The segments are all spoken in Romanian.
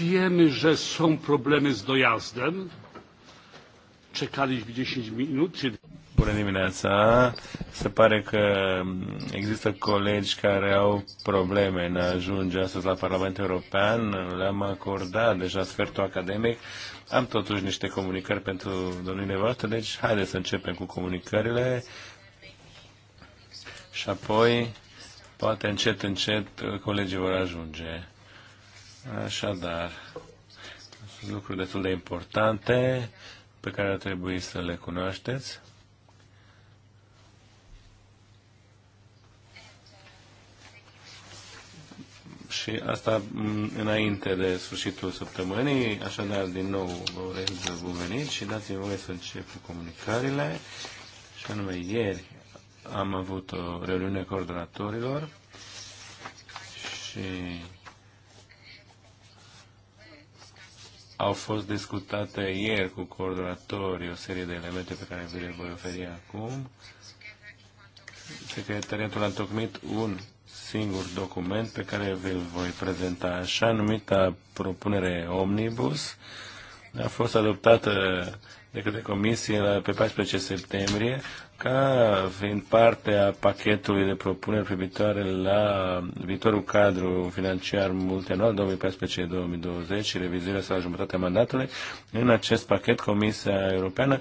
wiemy, że są problemy z dojazdem. Czekaliśmy 10 minut. Czy... Bună dimineața! Se pare că există colegi care au probleme în a ajunge astăzi la Parlamentul European. Le-am acordat deja sfertul academic. Am totuși niște comunicări pentru domnile voastre, deci haideți să începem cu comunicările și apoi poate încet, încet colegii vor ajunge. Așadar, sunt lucruri destul de importante pe care ar trebui să le cunoașteți. și asta înainte de sfârșitul săptămânii, așadar din nou vă urez bun venit și dați-mi voie să încep cu comunicările și anume ieri am avut o reuniune coordonatorilor și Au fost discutate ieri cu coordonatorii o serie de elemente pe care vi le voi oferi acum. Secretariatul a întocmit un singur document pe care vi-l voi prezenta, așa numita propunere Omnibus. A fost adoptată de către Comisie pe 14 septembrie ca fiind parte a pachetului de propuneri privitoare la viitorul cadru financiar multianual 2014-2020 și revizuirea sau jumătatea mandatului. În acest pachet, Comisia Europeană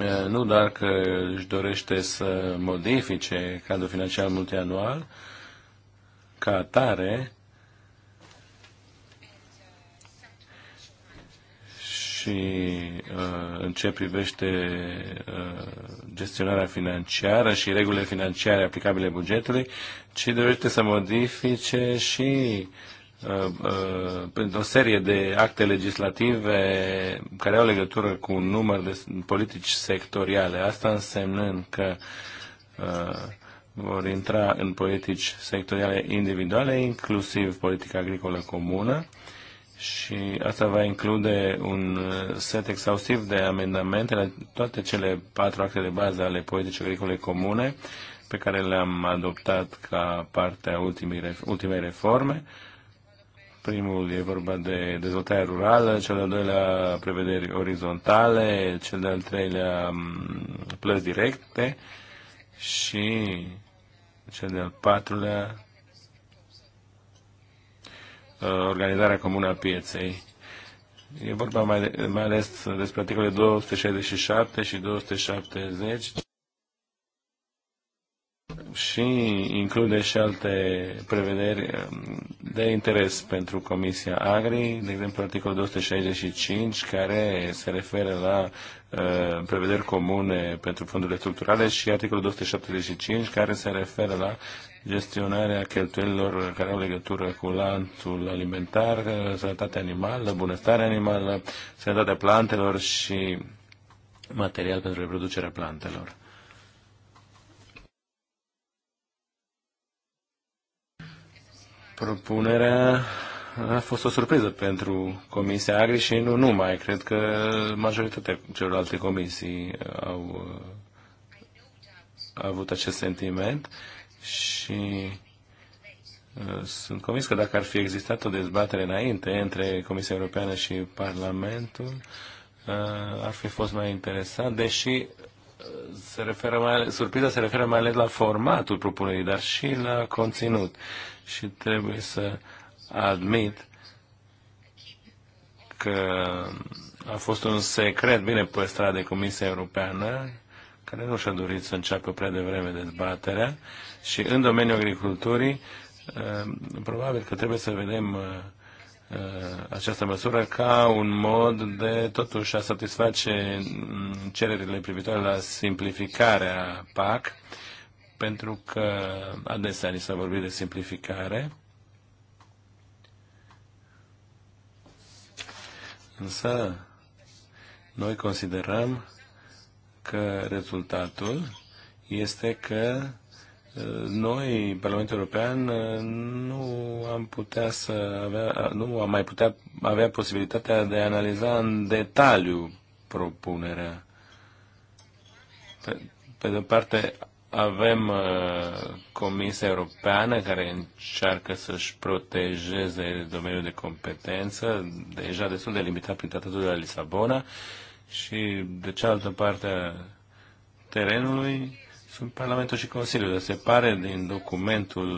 eh, nu doar că își dorește să modifice cadrul financiar multianual ca atare, și uh, în ce privește uh, gestionarea financiară și regulile financiare aplicabile bugetului, ci dorește să modifice și uh, o serie de acte legislative care au legătură cu un număr de politici sectoriale. Asta însemnând că vor intra în politici sectoriale individuale, inclusiv politica agricolă comună, și asta va include un uh, set exhaustiv de amendamente la toate cele patru acte de bază ale politicii agricole comune pe care le-am adoptat ca parte a ultimei, reforme. Primul e vorba de dezvoltare rurală, cel de-al doilea prevederi orizontale, cel de-al treilea mm, plăți directe și cel de-al patrulea Uh, organizarea comună a pieței. E vorba mai, de, mai ales despre articolele 267 și 270 și include și alte prevederi de interes pentru Comisia Agri, de exemplu articolul 265, care se referă la uh, prevederi comune pentru fondurile structurale și articolul 275, care se referă la gestionarea cheltuielilor care au legătură cu lanțul alimentar, sănătatea animală, bunăstarea animală, sănătatea plantelor și material pentru reproducerea plantelor. Propunerea a fost o surpriză pentru Comisia Agri și nu numai. Cred că majoritatea celorlalte comisii au uh, avut acest sentiment și uh, sunt convins că dacă ar fi existat o dezbatere înainte între Comisia Europeană și Parlamentul, uh, ar fi fost mai interesant, deși uh, se referă mai ales, surpriza se referă mai ales la formatul propunerii, dar și la conținut. Și trebuie să admit că a fost un secret bine păstrat de Comisia Europeană care nu și-a dorit să înceapă prea devreme dezbaterea și în domeniul agriculturii eh, probabil că trebuie să vedem eh, eh, această măsură ca un mod de totuși a satisface mm, cererile privitoare la simplificarea PAC, pentru că adesea ni s-a vorbit de simplificare, însă noi considerăm că rezultatul este că uh, noi, Parlamentul European, uh, nu am putea să avea, uh, nu am mai putea avea posibilitatea de a analiza în detaliu propunerea. Pe, pe de-o parte, avem uh, Comisia Europeană care încearcă să-și protejeze domeniul de competență, deja destul de limitat prin Tratatul de la Lisabona, uh, și de cealaltă parte a terenului sunt Parlamentul și Consiliul. Se pare din documentul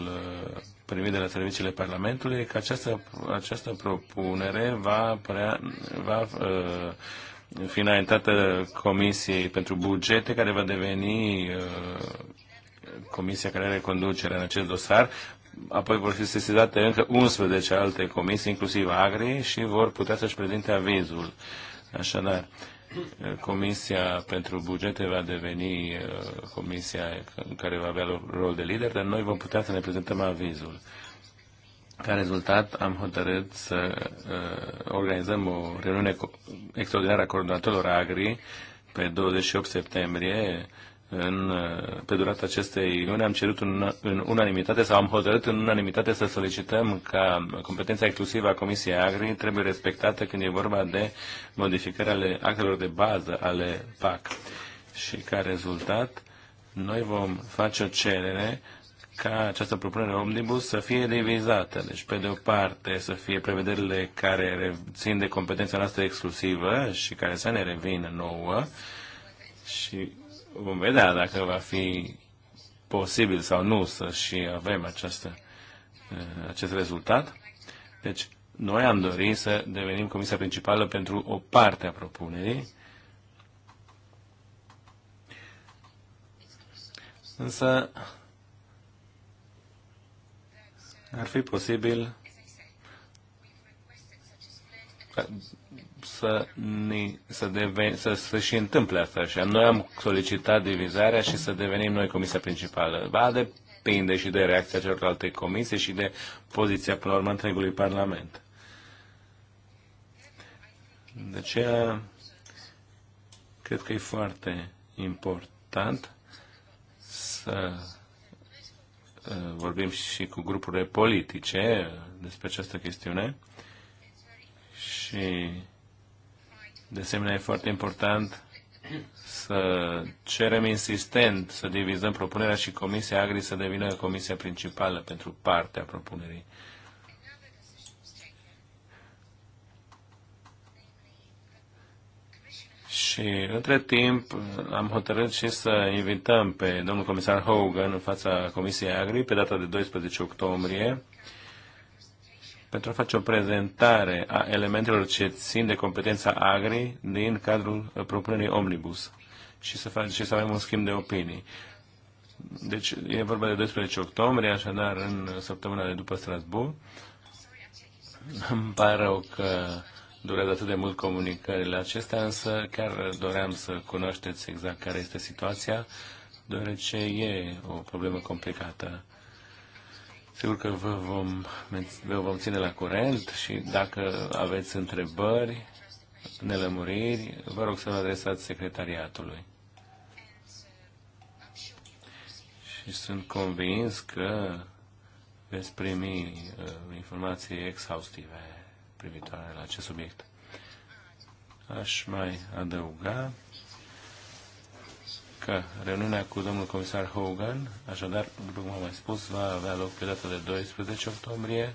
uh, primit de la serviciile Parlamentului că această, această propunere va, prea, va uh, fi înaintată Comisiei pentru Bugete, care va deveni uh, comisia care are conducerea în acest dosar. Apoi vor fi sesizate încă 11 alte comisii, inclusiv Agri, și vor putea să-și prezinte avizul. Așadar, uh, Comisia pentru bugete va deveni uh, comisia care va avea rol de lider, dar noi vom putea să ne prezentăm avizul. Ca rezultat, am hotărât să uh, organizăm o reuniune extraordinară a coordonatorilor agri pe 28 septembrie în, pe durata acestei luni am cerut în, în unanimitate sau am hotărât în unanimitate să solicităm ca competența exclusivă a Comisiei Agri trebuie respectată când e vorba de modificări ale actelor de bază ale PAC. Și ca rezultat, noi vom face o cerere ca această propunere omnibus să fie divizată. Deci, pe de o parte, să fie prevederile care țin de competența noastră exclusivă și care să ne revină nouă și Vom vedea dacă va fi posibil sau nu să și avem această, uh, acest rezultat. Deci, noi am dorit să devenim comisia principală pentru o parte a propunerii, însă ar fi posibil să, ni, să, deveni, să, să și întâmple asta și Noi am solicitat divizarea și să devenim noi comisia principală. Va depinde și de reacția celorlalte comisii și de poziția, până la urmă, întregului Parlament. De aceea, cred că e foarte important să uh, vorbim și cu grupurile politice despre această chestiune și de asemenea, e foarte important să cerem insistent să divizăm propunerea și Comisia Agri să devină comisia principală pentru partea propunerii. Și între timp am hotărât și să invităm pe domnul comisar Hogan în fața Comisiei Agri pe data de 12 octombrie pentru a face o prezentare a elementelor ce țin de competența agri din cadrul propunerii Omnibus și să, face, și să avem un schimb de opinii. Deci e vorba de 12 octombrie, așadar în săptămâna de după Strasbourg. Îmi pare rău că durează atât de mult comunicările acestea, însă chiar doream să cunoașteți exact care este situația, deoarece e o problemă complicată. Sigur că vă vom, vă vom ține la curent și dacă aveți întrebări, nelămuriri, vă rog să vă adresați secretariatului. Și sunt convins că veți primi uh, informații exhaustive privitoare la acest subiect. Aș mai adăuga că reuniunea cu domnul comisar Hogan, așadar, după cum am mai spus, va avea loc pe data de 12 octombrie.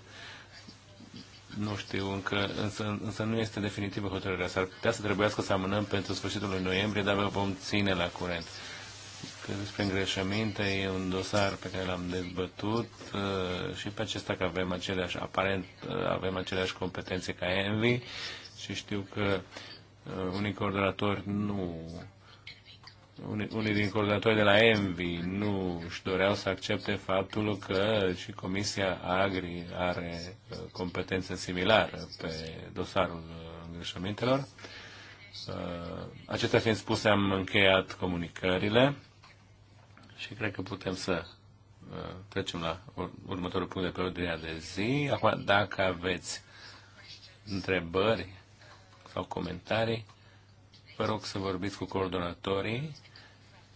Nu știu încă, însă, însă nu este definitivă hotărârea. S-ar putea să trebuiască să amânăm pentru sfârșitul lui noiembrie, dar vă vom ține la curent. Că despre îngreșăminte e un dosar pe care l-am dezbătut uh, și pe acesta că avem aceleași, aparent, uh, avem aceleași competențe ca Envy și știu că uh, unii coordonatori nu unii, unii din coordonatorii de la Envi nu își doreau să accepte faptul că și Comisia Agri are uh, competență similară pe dosarul uh, îngreșămintelor. Uh, acestea fiind spuse, am încheiat comunicările și cred că putem să trecem la următorul punct de pe ordinea de zi. Acum, dacă aveți întrebări sau comentarii, vă rog să vorbiți cu coordonatorii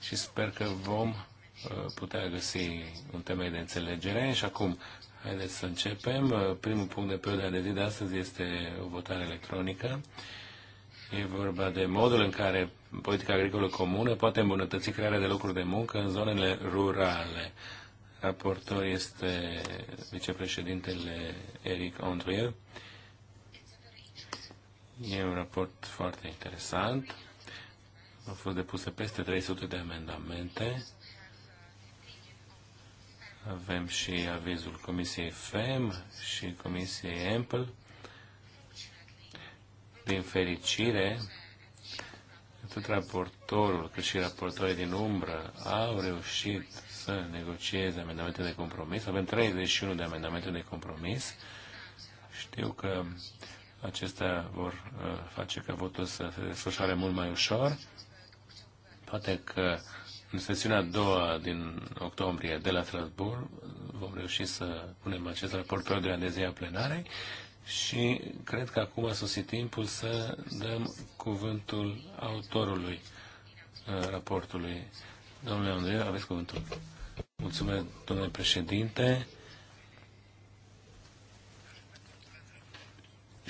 și sper că vom uh, putea găsi un temei de înțelegere. Și acum, haideți să începem. Uh, primul punct de pe ordinea de zi de astăzi este o votare electronică. E vorba de modul în care politica agricolă comună poate îmbunătăți crearea de locuri de muncă în zonele rurale. Raportor este vicepreședintele Eric Andrieu. E un raport foarte interesant au fost depuse peste 300 de amendamente. Avem și avizul Comisiei FEM și Comisiei EMPL. Din fericire, atât raportorul cât și raportorii din umbră au reușit să negocieze amendamente de compromis. Avem 31 de amendamente de compromis. Știu că acestea vor uh, face ca votul să se desfășoare mult mai ușor. Poate că în sesiunea a doua din octombrie de la Strasbourg vom reuși să punem acest raport pe ordinea de zi a plenarei și cred că acum a sosit timpul să dăm cuvântul autorului uh, raportului. Domnule Andrei, aveți cuvântul. Mulțumesc, domnule președinte.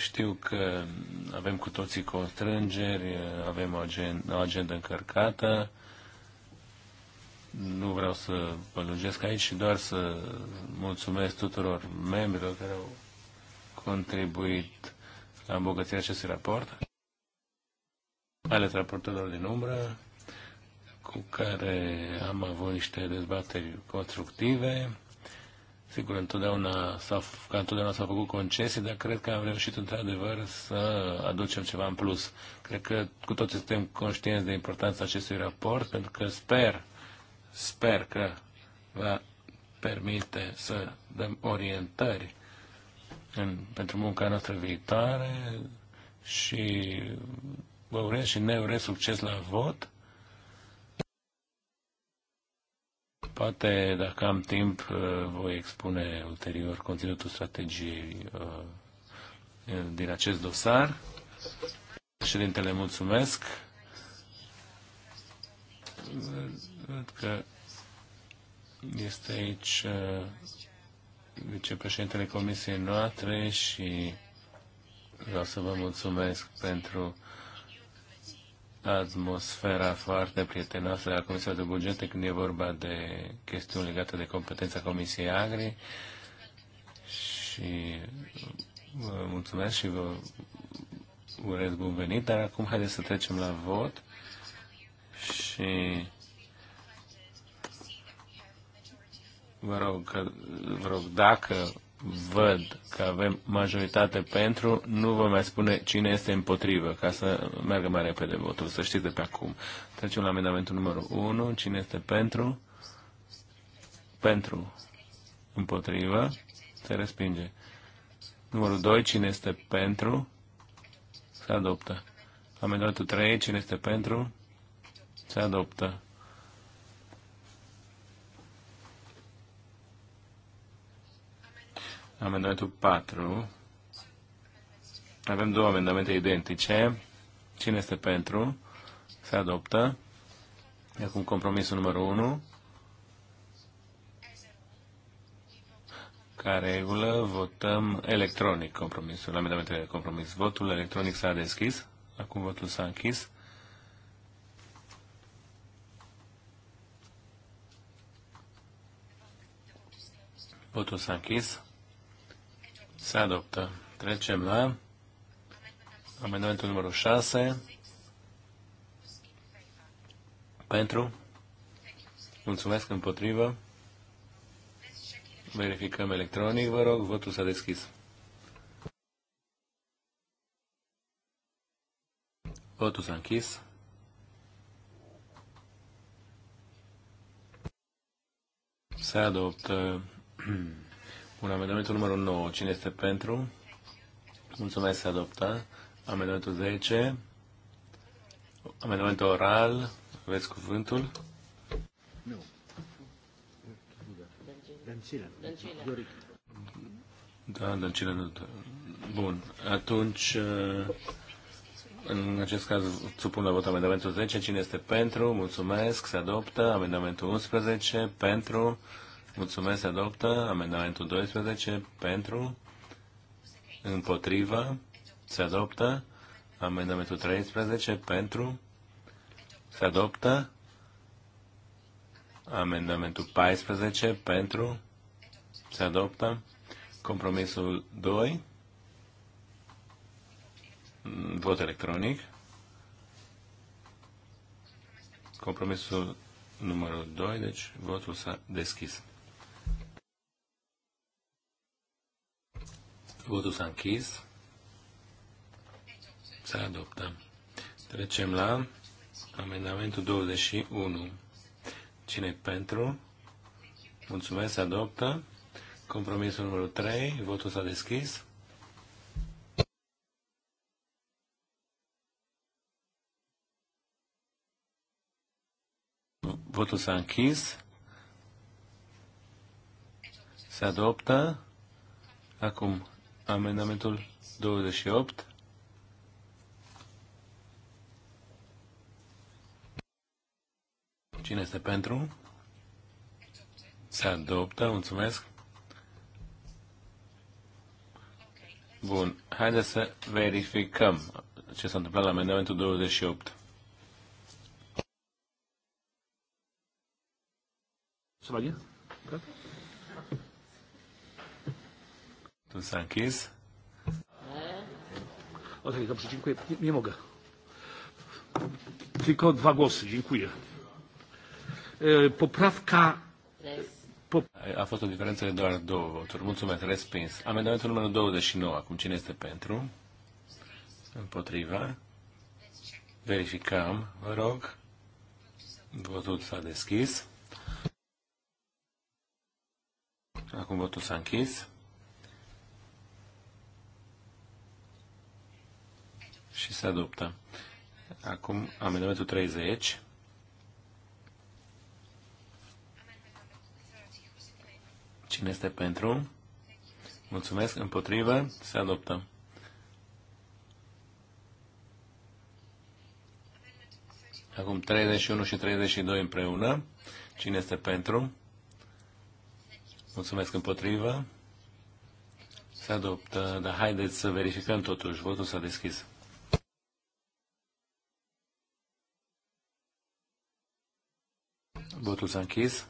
Știu că avem cu toții constrângeri, avem o agendă o încărcată. Nu vreau să pălungesc aici și doar să mulțumesc tuturor membrilor care au contribuit la îmbogățirea acestui raport, ales raportelor din umbră, cu care am avut niște dezbateri constructive Sigur, întotdeauna s-a, ca întotdeauna s-au făcut concesii, dar cred că am reușit într-adevăr să aducem ceva în plus. Cred că cu toți suntem conștienți de importanța acestui raport, pentru că sper, sper că va permite să dăm orientări în, pentru munca noastră viitoare și vă urez și ne urez succes la vot Poate, dacă am timp, uh, voi expune ulterior conținutul strategiei uh, din acest dosar. Președintele, mulțumesc. Văd că este aici uh, vicepreședintele comisiei noastre și vreau să vă mulțumesc pentru atmosfera foarte prietenoasă la Comisia de Bugete când e vorba de chestiuni legate de competența Comisiei Agri și vă mulțumesc și vă urez bun venit, dar acum haideți să trecem la vot și vă rog, că, vă rog dacă văd că avem majoritate pentru, nu vă mai spune cine este împotrivă, ca să meargă mai repede votul, să știți de pe acum. Trecem la amendamentul numărul 1, cine este pentru, pentru, împotrivă, se respinge. Numărul 2, cine este pentru, se adoptă. Amendamentul 3, cine este pentru, se adoptă. Amendamentul 4. Avem două amendamente identice. Cine este pentru? Se adoptă. Acum compromisul numărul 1. Ca regulă, votăm electronic compromisul, Amendamentul de compromis. Votul electronic s-a deschis, acum votul s-a închis. Votul s-a închis. Se adoptă. Trecem la amendamentul numărul 6. Pentru. Mulțumesc împotrivă. Verificăm electronic, vă rog, votul s-a deschis. Votul s-a închis. Se adoptă Bun, amendamentul numărul 9. Cine este pentru? Mulțumesc, se adoptă. Amendamentul 10. Amendamentul oral. Aveți cuvântul? Nu. Dăncilă. Da, Dăncilă Bun. Atunci, în acest caz, supun la vot amendamentul 10. Cine este pentru? Mulțumesc. Se adoptă. Amendamentul 11. Pentru. Mulțumesc, adoptă. Amendamentul 12 pentru, împotriva, se adoptă. Amendamentul 13 pentru, se adoptă. Amendamentul 14 pentru, se adoptă. Compromisul 2, vot electronic. Compromisul numărul 2, deci votul s-a deschis. Votul s-a închis. Se adoptă. Trecem la amendamentul 21. Cine pentru? Mulțumesc, se adoptă. Compromisul numărul 3, votul s-a deschis. Votul s-a închis. Se adoptă. Acum Amendamentul 28. Cine este pentru? Se adoptă, mulțumesc. Bun, haideți să verificăm ce s-a întâmplat la amendamentul 28. Să vă Tu s-a închis. O tak, dobrze, dziękuję. Nie, nie mogę. Tylko dwa głosy, dziękuję. Poprawka... Pop... A fost o diferență de doar două voturi. Mulțumesc, respins. Amendamentul numărul 29. Acum cine este pentru? Împotriva. Verificăm, vă rog. Votul s-a deschis. Acum votul s-a închis. și se adoptă. Acum amendamentul 30. Cine este pentru? Mulțumesc. Împotrivă? Se adoptă. Acum 31 și 32 împreună. Cine este pentru? Mulțumesc împotrivă. Se adoptă, dar haideți să verificăm totuși. Votul s-a deschis. Votul s-a închis.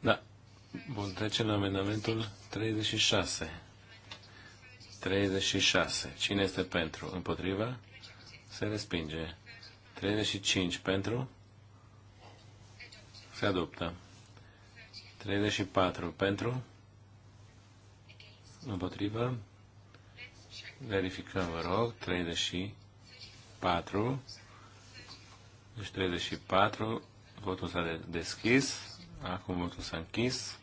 Da. Bun, trecem la amendamentul 36. 36. Cine este pentru? Împotriva? Se respinge. 35 pentru? Se adoptă. 34 pentru? Împotrivă. Verificăm, vă rog, 34. Deci 34, votul s-a deschis, acum votul s-a închis.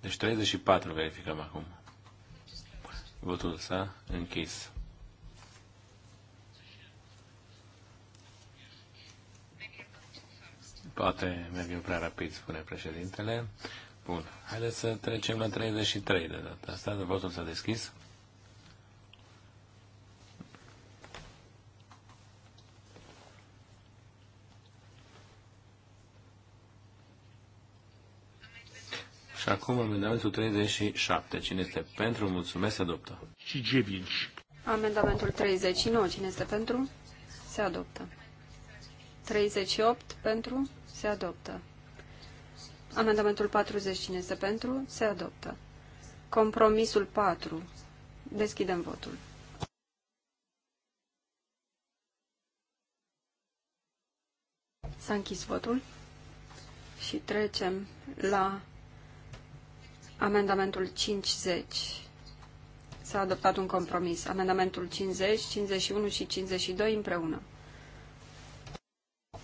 Deci 34 verificăm acum. Votul s-a închis. Poate merg eu prea rapid, spune președintele. Bun. Haideți să trecem la 33 de data asta. Deci votul s-a deschis. Și acum amendamentul 37. Cine este pentru? Mulțumesc, se adoptă. Și Gevinci. Amendamentul 39. Cine este pentru? Se adoptă. 38 pentru? Se adoptă. Amendamentul 40. Cine este pentru? Se adoptă. Compromisul 4. Deschidem votul. S-a închis votul și trecem la amendamentul 50. S-a adoptat un compromis. Amendamentul 50, 51 și 52 împreună.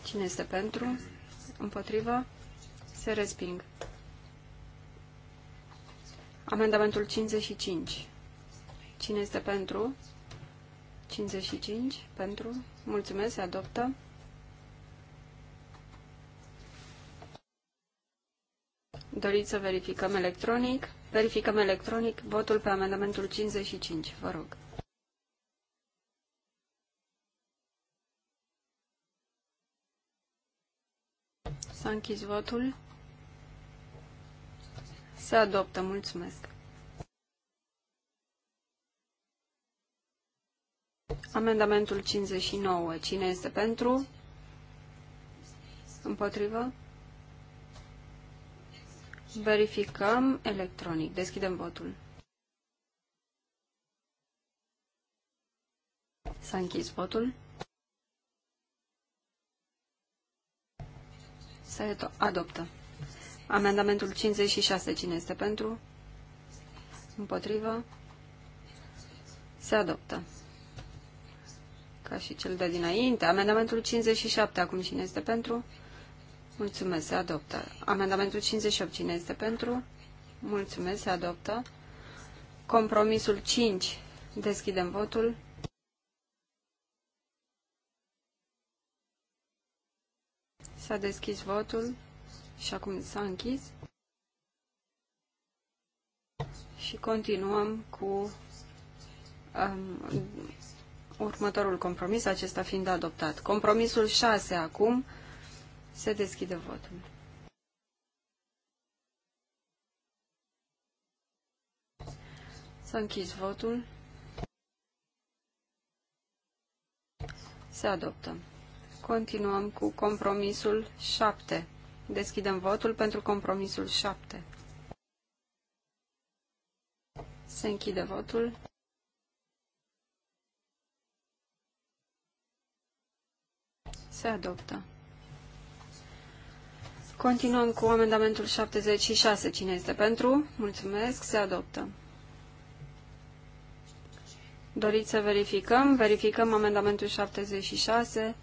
Cine este pentru? Împotrivă? Se resping. Amendamentul 55. Cine este pentru? 55. Pentru. Mulțumesc. Se adoptă. Doriți să verificăm electronic? Verificăm electronic votul pe amendamentul 55. Vă rog. S-a închis votul. Se adoptă. Mulțumesc. Amendamentul 59. Cine este pentru? Împotrivă? Verificăm electronic. Deschidem votul. S-a închis votul. Se adoptă. Amendamentul 56. Cine este pentru? Împotrivă? Se adoptă. Ca și cel de dinainte. Amendamentul 57. Acum cine este pentru? Mulțumesc. Se adoptă. Amendamentul 58. Cine este pentru? Mulțumesc. Se adoptă. Compromisul 5. Deschidem votul. S-a deschis votul. Și acum s-a închis. Și continuăm cu um, următorul compromis, acesta fiind adoptat. Compromisul 6 acum se deschide votul. S-a închis votul. Se adoptă. Continuăm cu compromisul 7. Deschidem votul pentru compromisul 7. Se închide votul. Se adoptă. Continuăm cu amendamentul 76. Cine este pentru? Mulțumesc. Se adoptă. Doriți să verificăm? Verificăm amendamentul 76.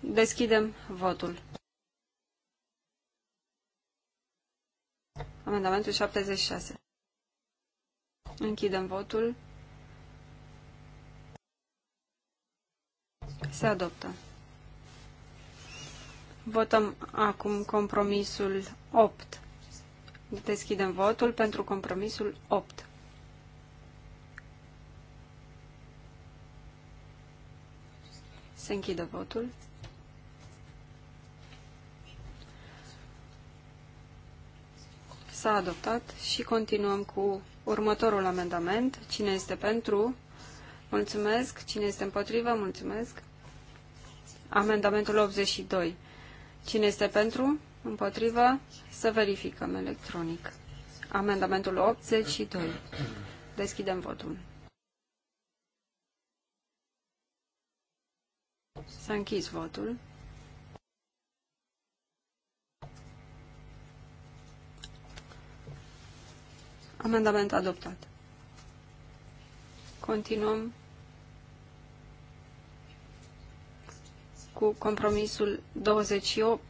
Deschidem votul. Amendamentul 76. Închidem votul. Se adoptă. Votăm acum compromisul 8. Deschidem votul pentru compromisul 8. Se închide votul. S-a adoptat și continuăm cu următorul amendament. Cine este pentru? Mulțumesc. Cine este împotrivă? Mulțumesc. Amendamentul 82. Cine este pentru? Împotrivă? Să verificăm electronic. Amendamentul 82. Deschidem votul. S-a închis votul. Amendament adoptat. Continuăm cu compromisul 28.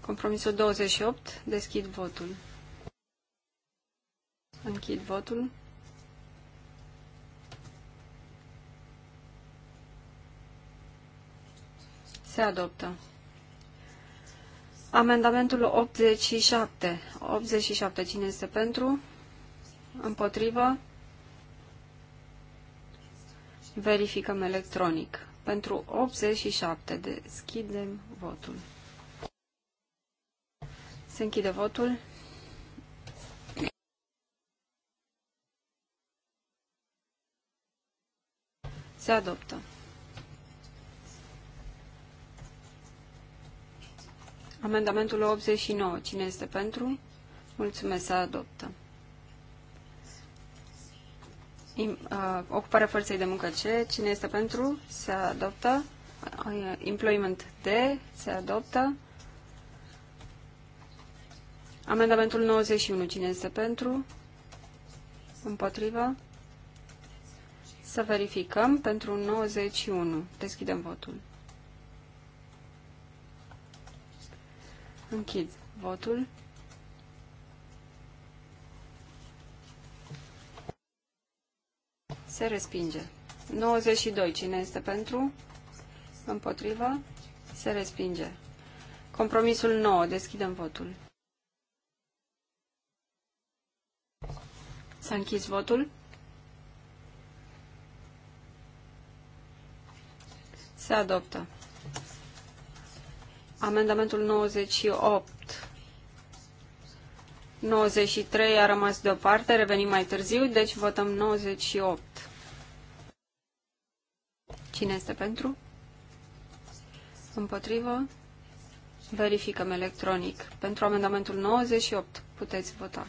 Compromisul 28. Deschid votul. Închid votul. Se adoptă. Amendamentul 87. 87. Cine este pentru? Împotrivă? Verificăm electronic. Pentru 87 deschidem votul. Se închide votul. Se adoptă. Amendamentul 89. Cine este pentru? Mulțumesc, se adoptă. Uh, ocuparea forței de muncă C. Cine este pentru? Se adoptă. Uh, employment D. Se adoptă. Amendamentul 91. Cine este pentru? Împotrivă. Să verificăm pentru 91. Deschidem votul. Închid votul. Se respinge. 92. Cine este pentru? Împotrivă? Se respinge. Compromisul 9. Deschidem votul. S-a închis votul. Se adoptă. Amendamentul 98. 93 a rămas deoparte, revenim mai târziu, deci votăm 98. Cine este pentru? Împotrivă? Verificăm electronic. Pentru amendamentul 98 puteți vota.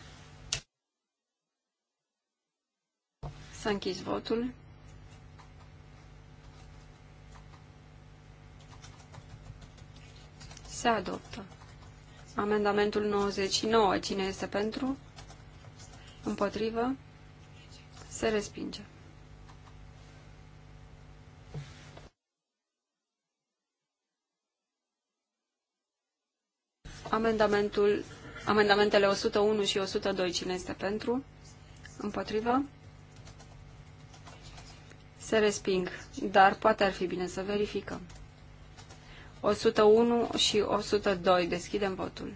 S-a închis votul. Se adoptă. Amendamentul 99. Cine este pentru? Împotrivă? Se respinge. Amendamentul, amendamentele 101 și 102. Cine este pentru? Împotrivă? Se resping, dar poate ar fi bine să verificăm. 101 și 102. Deschidem votul.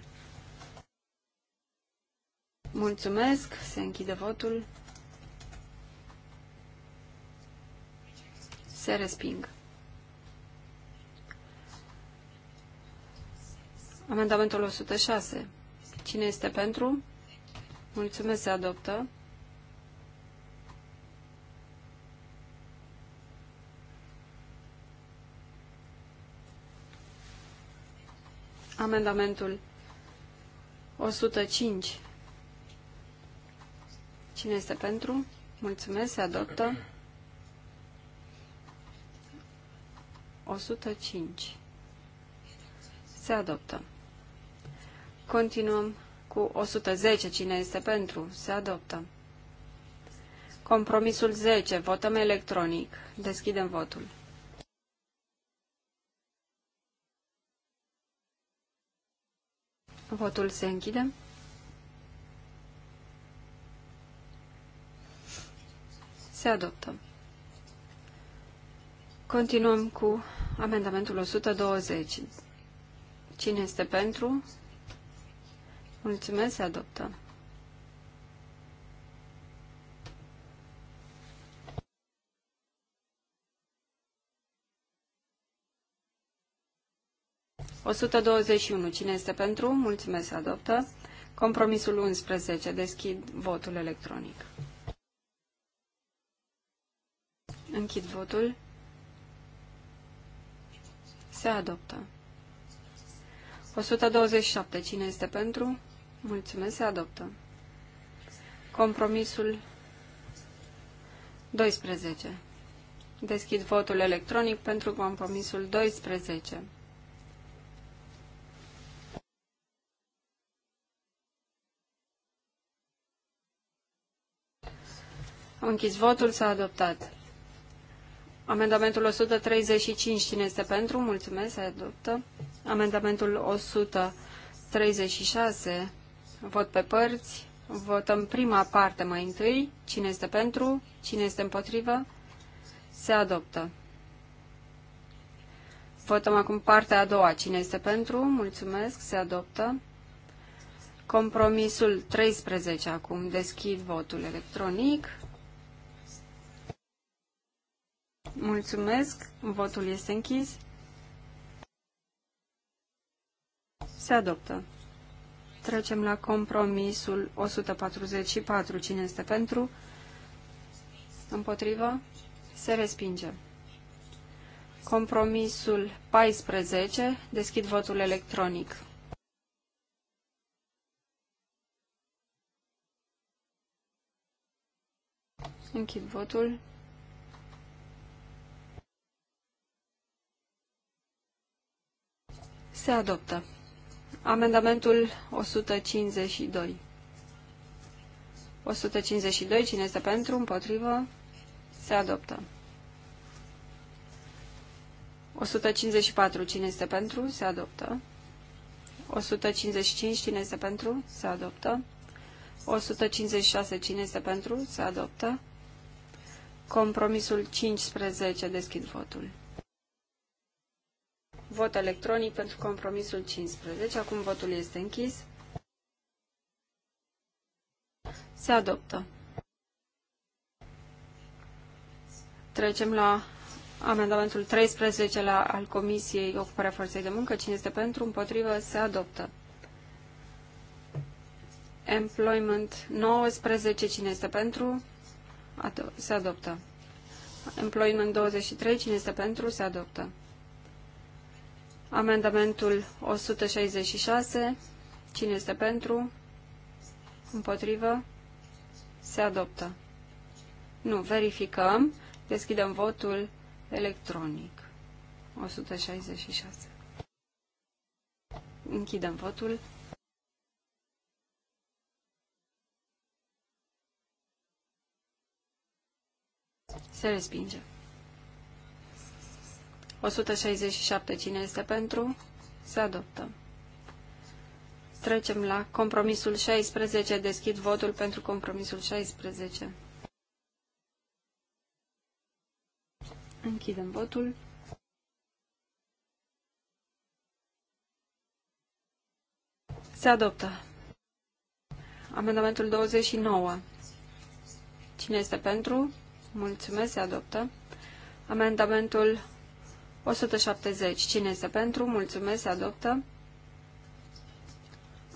Mulțumesc. Se închide votul. Se resping. Amendamentul 106. Cine este pentru? Mulțumesc, se adoptă. amendamentul 105. Cine este pentru? Mulțumesc, se adoptă. 105. Se adoptă. Continuăm cu 110. Cine este pentru? Se adoptă. Compromisul 10. Votăm electronic. Deschidem votul. Votul se închide. Se adoptă. Continuăm cu amendamentul 120. Cine este pentru? Mulțumesc, se adoptă. 121. Cine este pentru? Mulțumesc, se adoptă. Compromisul 11. Deschid votul electronic. Închid votul. Se adoptă. 127. Cine este pentru? Mulțumesc, se adoptă. Compromisul 12. Deschid votul electronic pentru compromisul 12. închis votul, s-a adoptat. Amendamentul 135, cine este pentru? Mulțumesc, se adoptă. Amendamentul 136, vot pe părți. Votăm prima parte mai întâi. Cine este pentru? Cine este împotrivă? Se adoptă. Votăm acum partea a doua. Cine este pentru? Mulțumesc, se adoptă. Compromisul 13 acum. Deschid votul electronic. Mulțumesc. Votul este închis. Se adoptă. Trecem la compromisul 144. Cine este pentru? Împotrivă? Se respinge. Compromisul 14. Deschid votul electronic. Închid votul. Se adoptă. Amendamentul 152. 152. Cine este pentru? Împotrivă? Se adoptă. 154. Cine este pentru? Se adoptă. 155. Cine este pentru? Se adoptă. 156. Cine este pentru? Se adoptă. Compromisul 15. Deschid votul. Vot electronic pentru compromisul 15. Acum votul este închis. Se adoptă. Trecem la amendamentul 13 la, al Comisiei Ocuparea Forței de Muncă. Cine este pentru, împotrivă, se adoptă. Employment 19. Cine este pentru, se adoptă. Employment 23. Cine este pentru, se adoptă. Amendamentul 166. Cine este pentru? Împotrivă? Se adoptă. Nu, verificăm. Deschidem votul electronic. 166. Închidem votul. Se respinge. 167. Cine este pentru? Se adoptă. Trecem la compromisul 16. Deschid votul pentru compromisul 16. Închidem votul. Se adoptă. Amendamentul 29. Cine este pentru? Mulțumesc, se adoptă. Amendamentul 170. Cine este pentru? Mulțumesc. Se adoptă.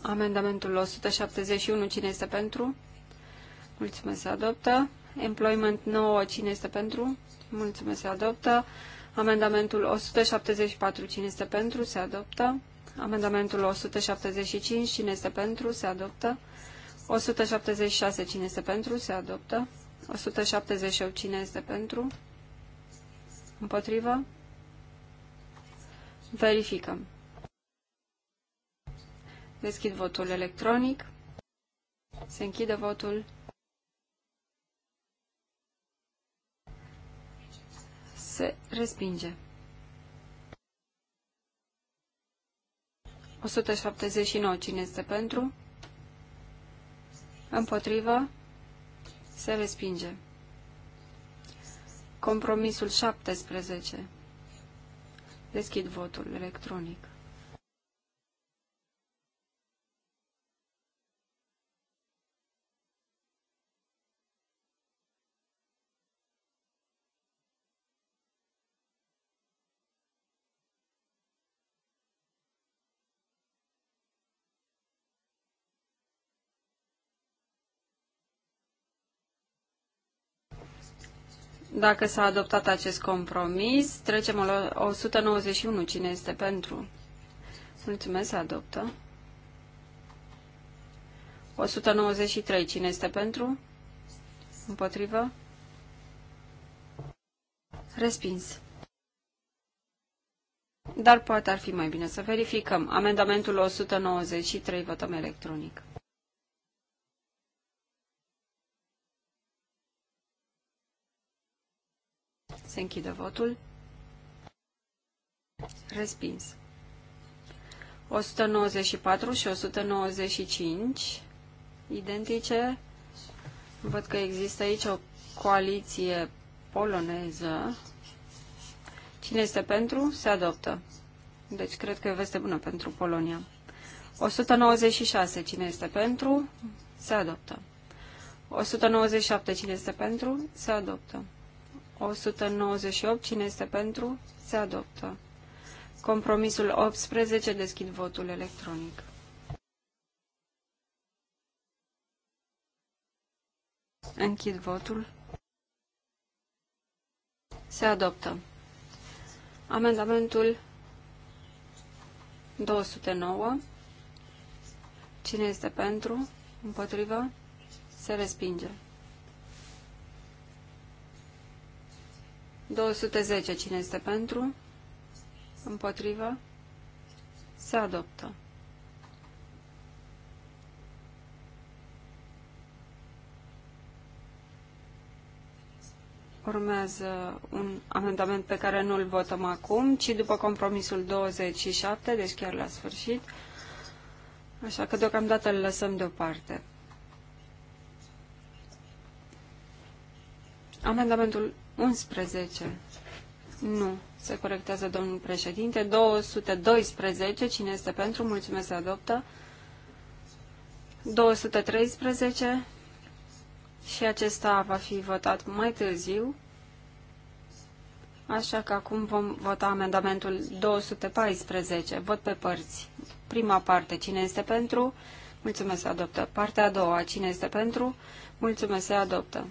Amendamentul 171. Cine este pentru? Mulțumesc. Se adoptă. Employment 9. Cine este pentru? Mulțumesc. Se adoptă. Amendamentul 174. Cine este pentru? Se adoptă. Amendamentul 175. Cine este pentru? Se adoptă. 176. Cine este pentru? Se adoptă. 178. Cine este pentru? Împotrivă? Verificăm. Deschid votul electronic. Se închide votul. Se respinge. 179. Cine este pentru? Împotrivă? Se respinge. Compromisul 17. Deschid votul electronic. Dacă s-a adoptat acest compromis, trecem la 191. Cine este pentru? Mulțumesc, se adoptă. 193. Cine este pentru? Împotrivă? Respins. Dar poate ar fi mai bine să verificăm. Amendamentul 193, votăm electronic. Se închide votul. Respins. 194 și 195 identice. Văd că există aici o coaliție poloneză. Cine este pentru, se adoptă. Deci cred că e veste bună pentru Polonia. 196. Cine este pentru, se adoptă. 197. Cine este pentru, se adoptă. 198. Cine este pentru? Se adoptă. Compromisul 18. Deschid votul electronic. Închid votul. Se adoptă. Amendamentul 209. Cine este pentru? Împotrivă? Se respinge. 210. Cine este pentru? Împotrivă? Se adoptă. Urmează un amendament pe care nu-l votăm acum, ci după compromisul 27, deci chiar la sfârșit. Așa că deocamdată îl lăsăm deoparte. Amendamentul 11. Nu. Se corectează domnul președinte. 212. Cine este pentru? Mulțumesc, se adoptă. 213. Și acesta va fi votat mai târziu. Așa că acum vom vota amendamentul 214. Vot pe părți. Prima parte. Cine este pentru? Mulțumesc, se adoptă. Partea a doua. Cine este pentru? Mulțumesc, se adoptă.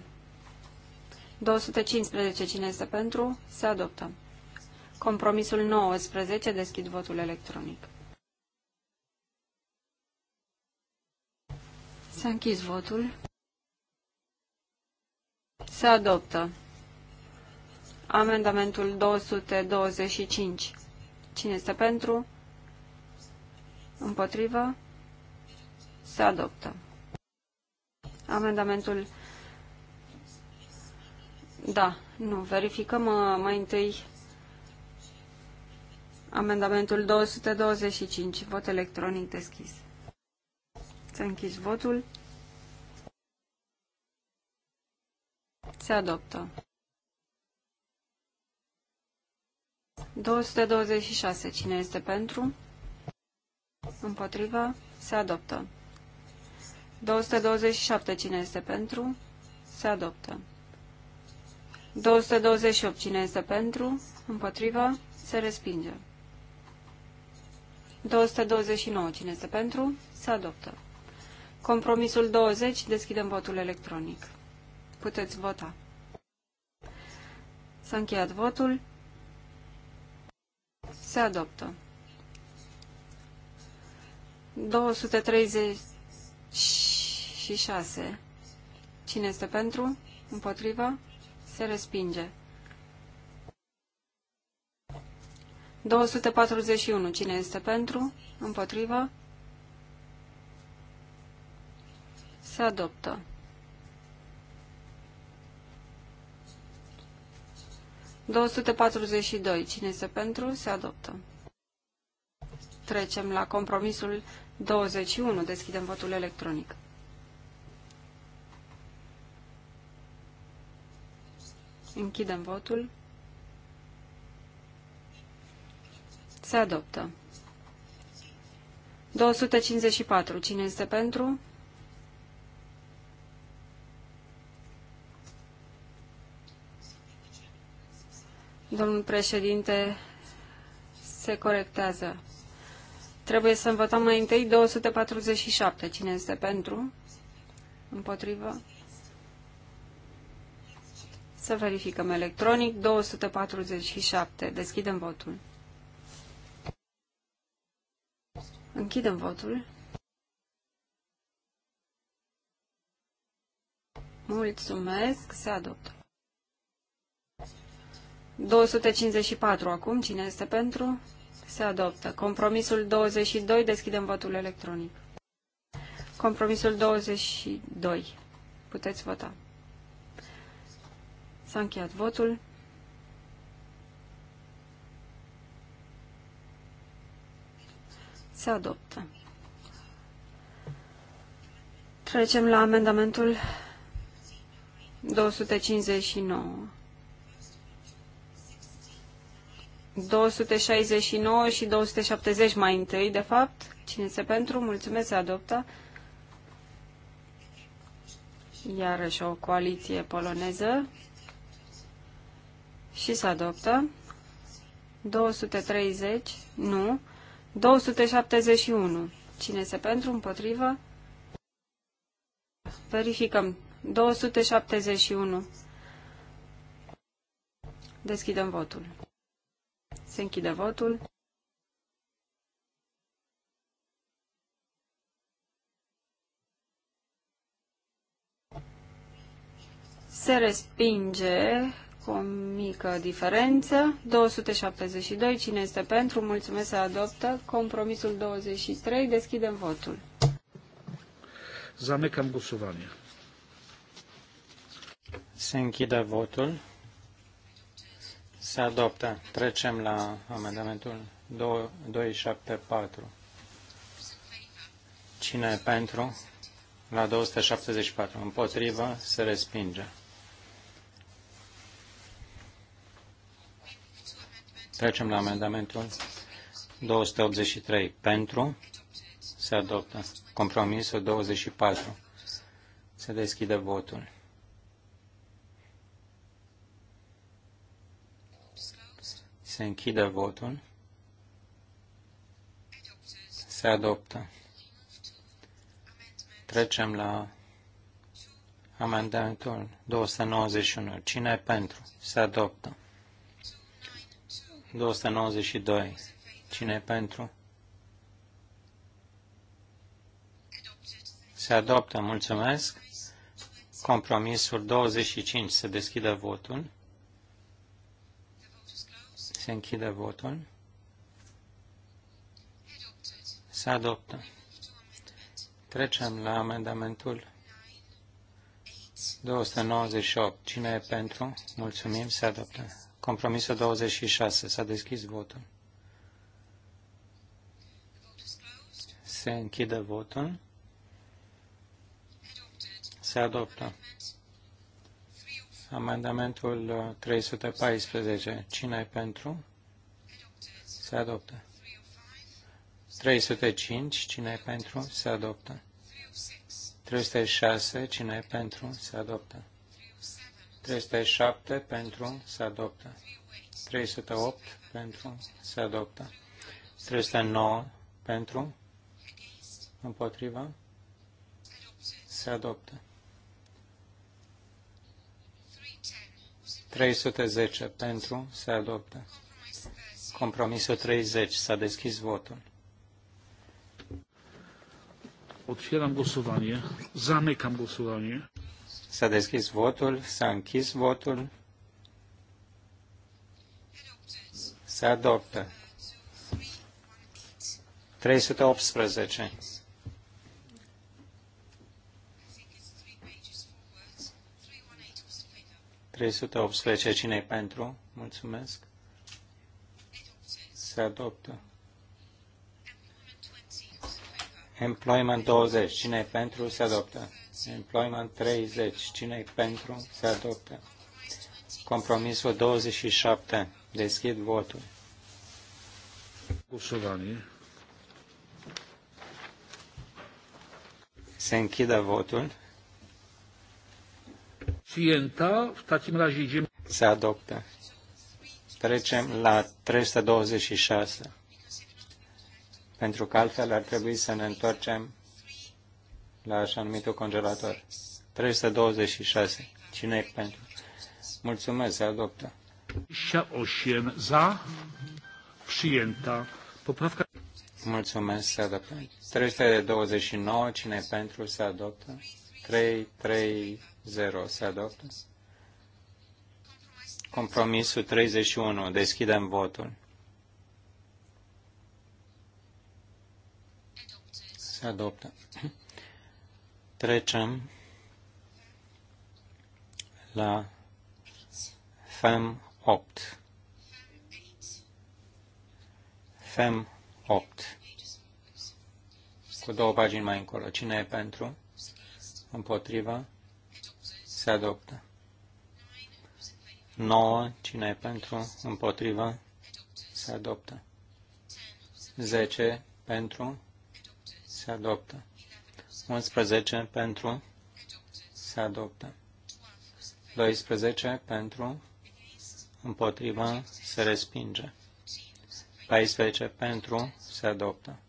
215. Cine este pentru? Se adoptă. Compromisul 19. Deschid votul electronic. S-a închis votul. Se adoptă. Amendamentul 225. Cine este pentru? Împotrivă? Se adoptă. Amendamentul da, nu, verificăm uh, mai întâi amendamentul 225, vot electronic deschis. Să închis votul. Se adoptă. 226. Cine este pentru? Împotriva? Se adoptă. 227. Cine este pentru? Se adoptă. 228. Cine este pentru? Împotrivă? Se respinge. 229. Cine este pentru? Se adoptă. Compromisul 20. Deschidem votul electronic. Puteți vota. S-a încheiat votul. Se adoptă. 236. Cine este pentru? Împotriva? Se respinge. 241. Cine este pentru? Împotrivă? Se adoptă. 242. Cine este pentru? Se adoptă. Trecem la compromisul 21. Deschidem votul electronic. Închidem votul. Se adoptă. 254. Cine este pentru? Domnul președinte, se corectează. Trebuie să votăm mai întâi 247. Cine este pentru? Împotrivă? Să verificăm electronic. 247. Deschidem votul. Închidem votul. Mulțumesc. Se adoptă. 254 acum. Cine este pentru? Se adoptă. Compromisul 22. Deschidem votul electronic. Compromisul 22. Puteți vota. S-a încheiat votul. Se adoptă. Trecem la amendamentul 259. 269 și 270 mai întâi, de fapt. Cine se pentru? Mulțumesc, se adoptă. Iarăși o coaliție poloneză și se adoptă. 230, nu. 271. Cine se pentru, împotrivă? Verificăm. 271. Deschidem votul. Se închide votul. Se respinge cu o mică diferență. 272. Cine este pentru? Mulțumesc. Se adoptă. Compromisul 23. Deschidem votul. Zamecam głosowanie. Se închide votul. Se adoptă. Trecem la amendamentul 274. Cine e pentru? La 274. Împotrivă se respinge. Trecem la amendamentul 283. Pentru se adoptă. Compromisul 24. Se deschide votul. Se închide votul. Se adoptă. Trecem la amendamentul 291. Cine e pentru? Se adoptă. 292. Cine e pentru? Se adoptă. Mulțumesc. Compromisul 25. Se deschide votul. Se închide votul. Se adoptă. Trecem la amendamentul 298. Cine e pentru? Mulțumim. Se adoptă. Compromisul 26. S-a deschis votul. Se închide votul. Se adoptă. Amendamentul 314. Cine e pentru? Se adoptă. 305. Cine e pentru? Se adoptă. 306. Cine e pentru? Se adoptă. 307 pentru se adoptă. 308 pentru se adoptă. 309 pentru împotriva se adoptă. 310 pentru se adoptă. Compromisul 30. S-a deschis votul. Otwieram głosowanie. Zamykam głosowanie. S-a deschis votul, s-a închis votul, se adoptă. 318. ...318. cine pentru? Mulțumesc. Se adoptă. Employment 20. cine pentru? Se adoptă. Employment 30. cine pentru? Se adoptă. Compromisul 27. Deschid votul. Głosowanie. Se închide votul. Se adoptă. Trecem la 326. Pentru că altfel ar trebui să ne întoarcem la așa numitul congelator. 326. Cine e pentru? Mulțumesc, se adoptă. 8 za, przyjęta. Poprawka... Mulțumesc, se adoptă. 329, cine e pentru, se adoptă. 330, se adoptă. Compromisul 31, deschidem votul. Se adoptă. Trecem la FEM 8. FEM 8. Cu două pagini mai încolo. Cine e pentru? Împotriva? Se adoptă. 9. Cine e pentru? Împotriva? Se adoptă. 10. Pentru? Se adoptă. 11 pentru se adoptă. 12 pentru împotriva se respinge. 14 pentru se adoptă.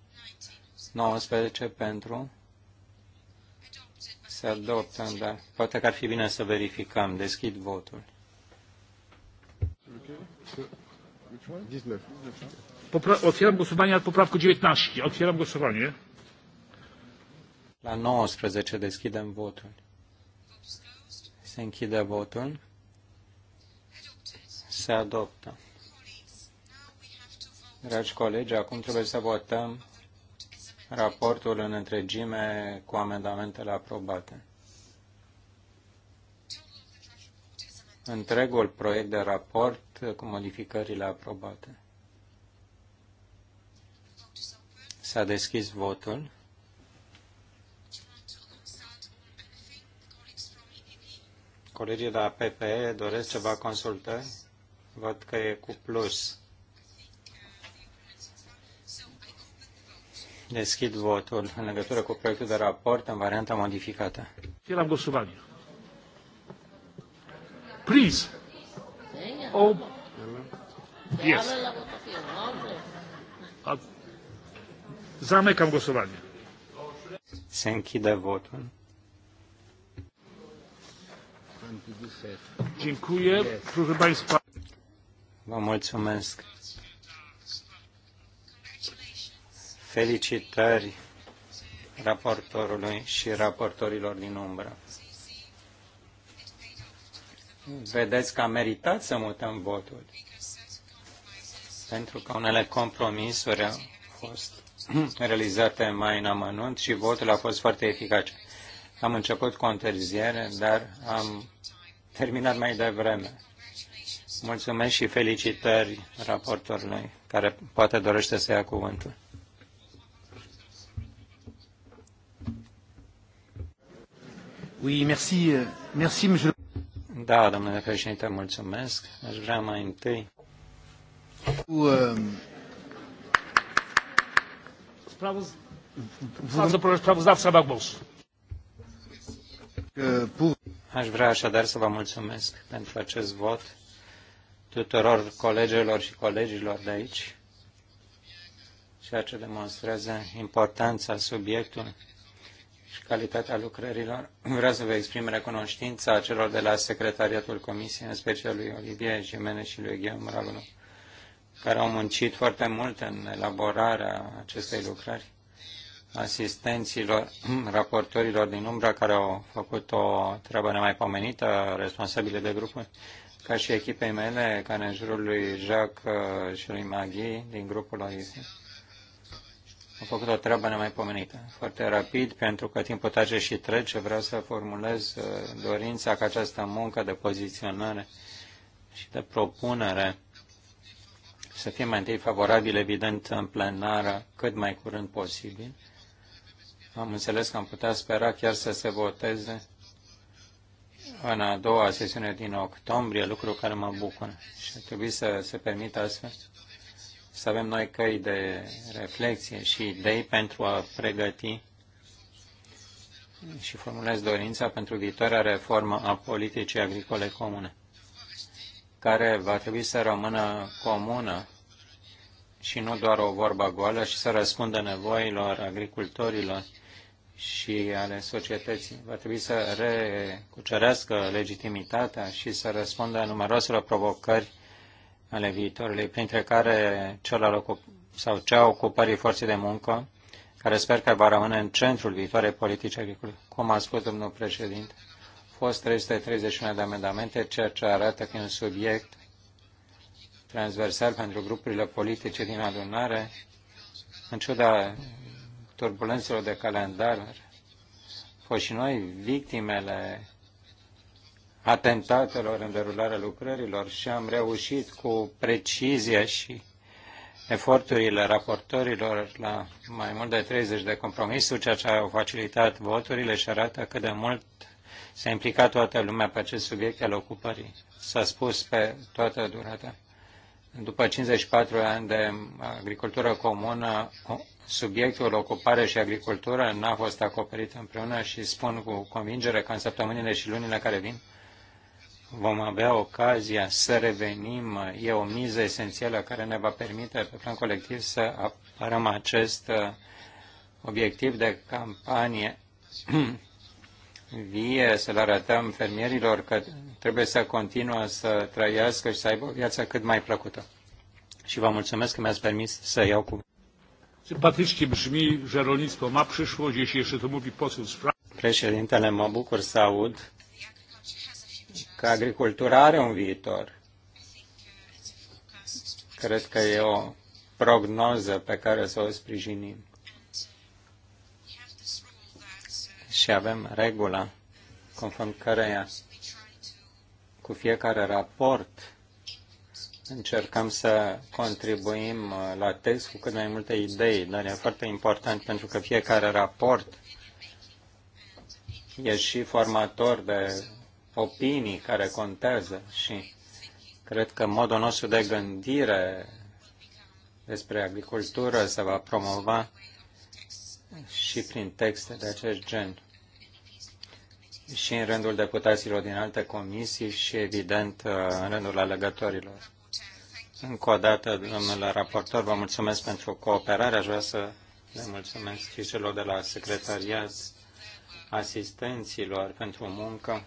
19 pentru se adoptă, dar poate că ar fi bine să verificăm. Deschid votul. Otwieram głosowanie nad poprawką 19. Otwieram głosowanie. La 19 deschidem votul. Se închide votul. Se adoptă. Dragi colegi, acum trebuie să votăm raportul în întregime cu amendamentele aprobate. Întregul proiect de raport cu modificările aprobate. S-a deschis votul. Colegii de la PPE doresc ceva consultări? Văd că e cu plus. Deschid votul în legătură cu proiectul de raport în varianta modificată. Otwieram głosowanie. Please. Oh. Yes. Zamykam głosowanie. Se închide votul. Dziękuję. Proszę Państwa. Vă mulțumesc. Felicitări raportorului și raportorilor din umbră. Vedeți că a meritat să mutăm votul, pentru că unele compromisuri au fost realizate mai în amănunt și votul a fost foarte eficace. Am început cu o întârziere, dar am terminat mai devreme. Mulțumesc și felicitări raportorului care poate dorește să ia cuvântul. Oui, merci, merci, monsieur. Da, domnule președinte, mulțumesc. Aș vrea mai întâi. Sprawozdawca ma głos. Aș vrea așadar să vă mulțumesc pentru acest vot tuturor colegilor și colegilor de aici, ceea ce demonstrează importanța subiectului și calitatea lucrărilor. Vreau să vă exprim recunoștința celor de la Secretariatul Comisiei, în special lui Olivier Jimene și lui Guillaume Raglu, care au muncit foarte mult în elaborarea acestei lucrări asistenților, raportorilor din umbra care au făcut o treabă nemaipomenită, responsabile de grupuri, ca și echipei mele, care în jurul lui Jacques uh, și lui Maghi din grupul OIS. au făcut o treabă nemaipomenită. Foarte rapid, pentru că timpul tace și trece, vreau să formulez uh, dorința ca această muncă de poziționare și de propunere să fie mai întâi favorabil, evident, în plenară, cât mai curând posibil, am înțeles că am putea spera chiar să se voteze în a doua sesiune din octombrie, lucru care mă bucură și ar trebui să se permită astfel să avem noi căi de reflexie și idei pentru a pregăti și formulez dorința pentru viitoarea reformă a politicii agricole comune, care va trebui să rămână comună și nu doar o vorbă goală, și să răspundă nevoilor agricultorilor și ale societății. Va trebui să recucerească legitimitatea și să răspundă numeroaselor provocări ale viitorului, printre care cel al ocup- sau cea ocupării forței de muncă, care sper că va rămâne în centrul viitoarei politice agricole. Cum a spus domnul președinte, au fost 331 de amendamente, ceea ce arată că e un subiect transversal pentru grupurile politice din adunare, în ciuda turbulențelor de calendar, fost și noi victimele atentatelor în derularea lucrărilor și am reușit cu precizie și eforturile raportorilor la mai mult de 30 de compromisuri, ceea ce au facilitat voturile și arată cât de mult s-a implicat toată lumea pe acest subiect al ocupării. S-a spus pe toată durata. După 54 ani de agricultură comună, subiectul ocupare și agricultură n-a fost acoperit împreună și spun cu convingere că în săptămânile și lunile care vin vom avea ocazia să revenim. E o miză esențială care ne va permite pe plan colectiv să apărăm acest uh, obiectiv de campanie vie, să l arătăm fermierilor că trebuie să continuă să trăiască și să aibă o viață cât mai plăcută. Și vă mulțumesc că mi-ați permis să iau cuvântul. Sympatycznie brzmi, że rolnictwo ma przyszłość, jeśli jeszcze to mówi poseł z Președintele, mă bucur să aud că agricultura are un viitor. Cred că e o prognoză pe care să o sprijinim. Și avem regula conform căreia cu fiecare raport încercăm să contribuim uh, la text cu cât mai multe idei, dar e foarte important pentru că fiecare raport e și formator de opinii care contează și cred că modul nostru de gândire despre agricultură se va promova și prin texte de acest gen și în rândul deputaților din alte comisii și, evident, uh, în rândul alegătorilor. Încă o dată, domnule raportor, vă mulțumesc pentru cooperare. Aș vrea să le mulțumesc și celor de la secretariat, asistenților pentru muncă.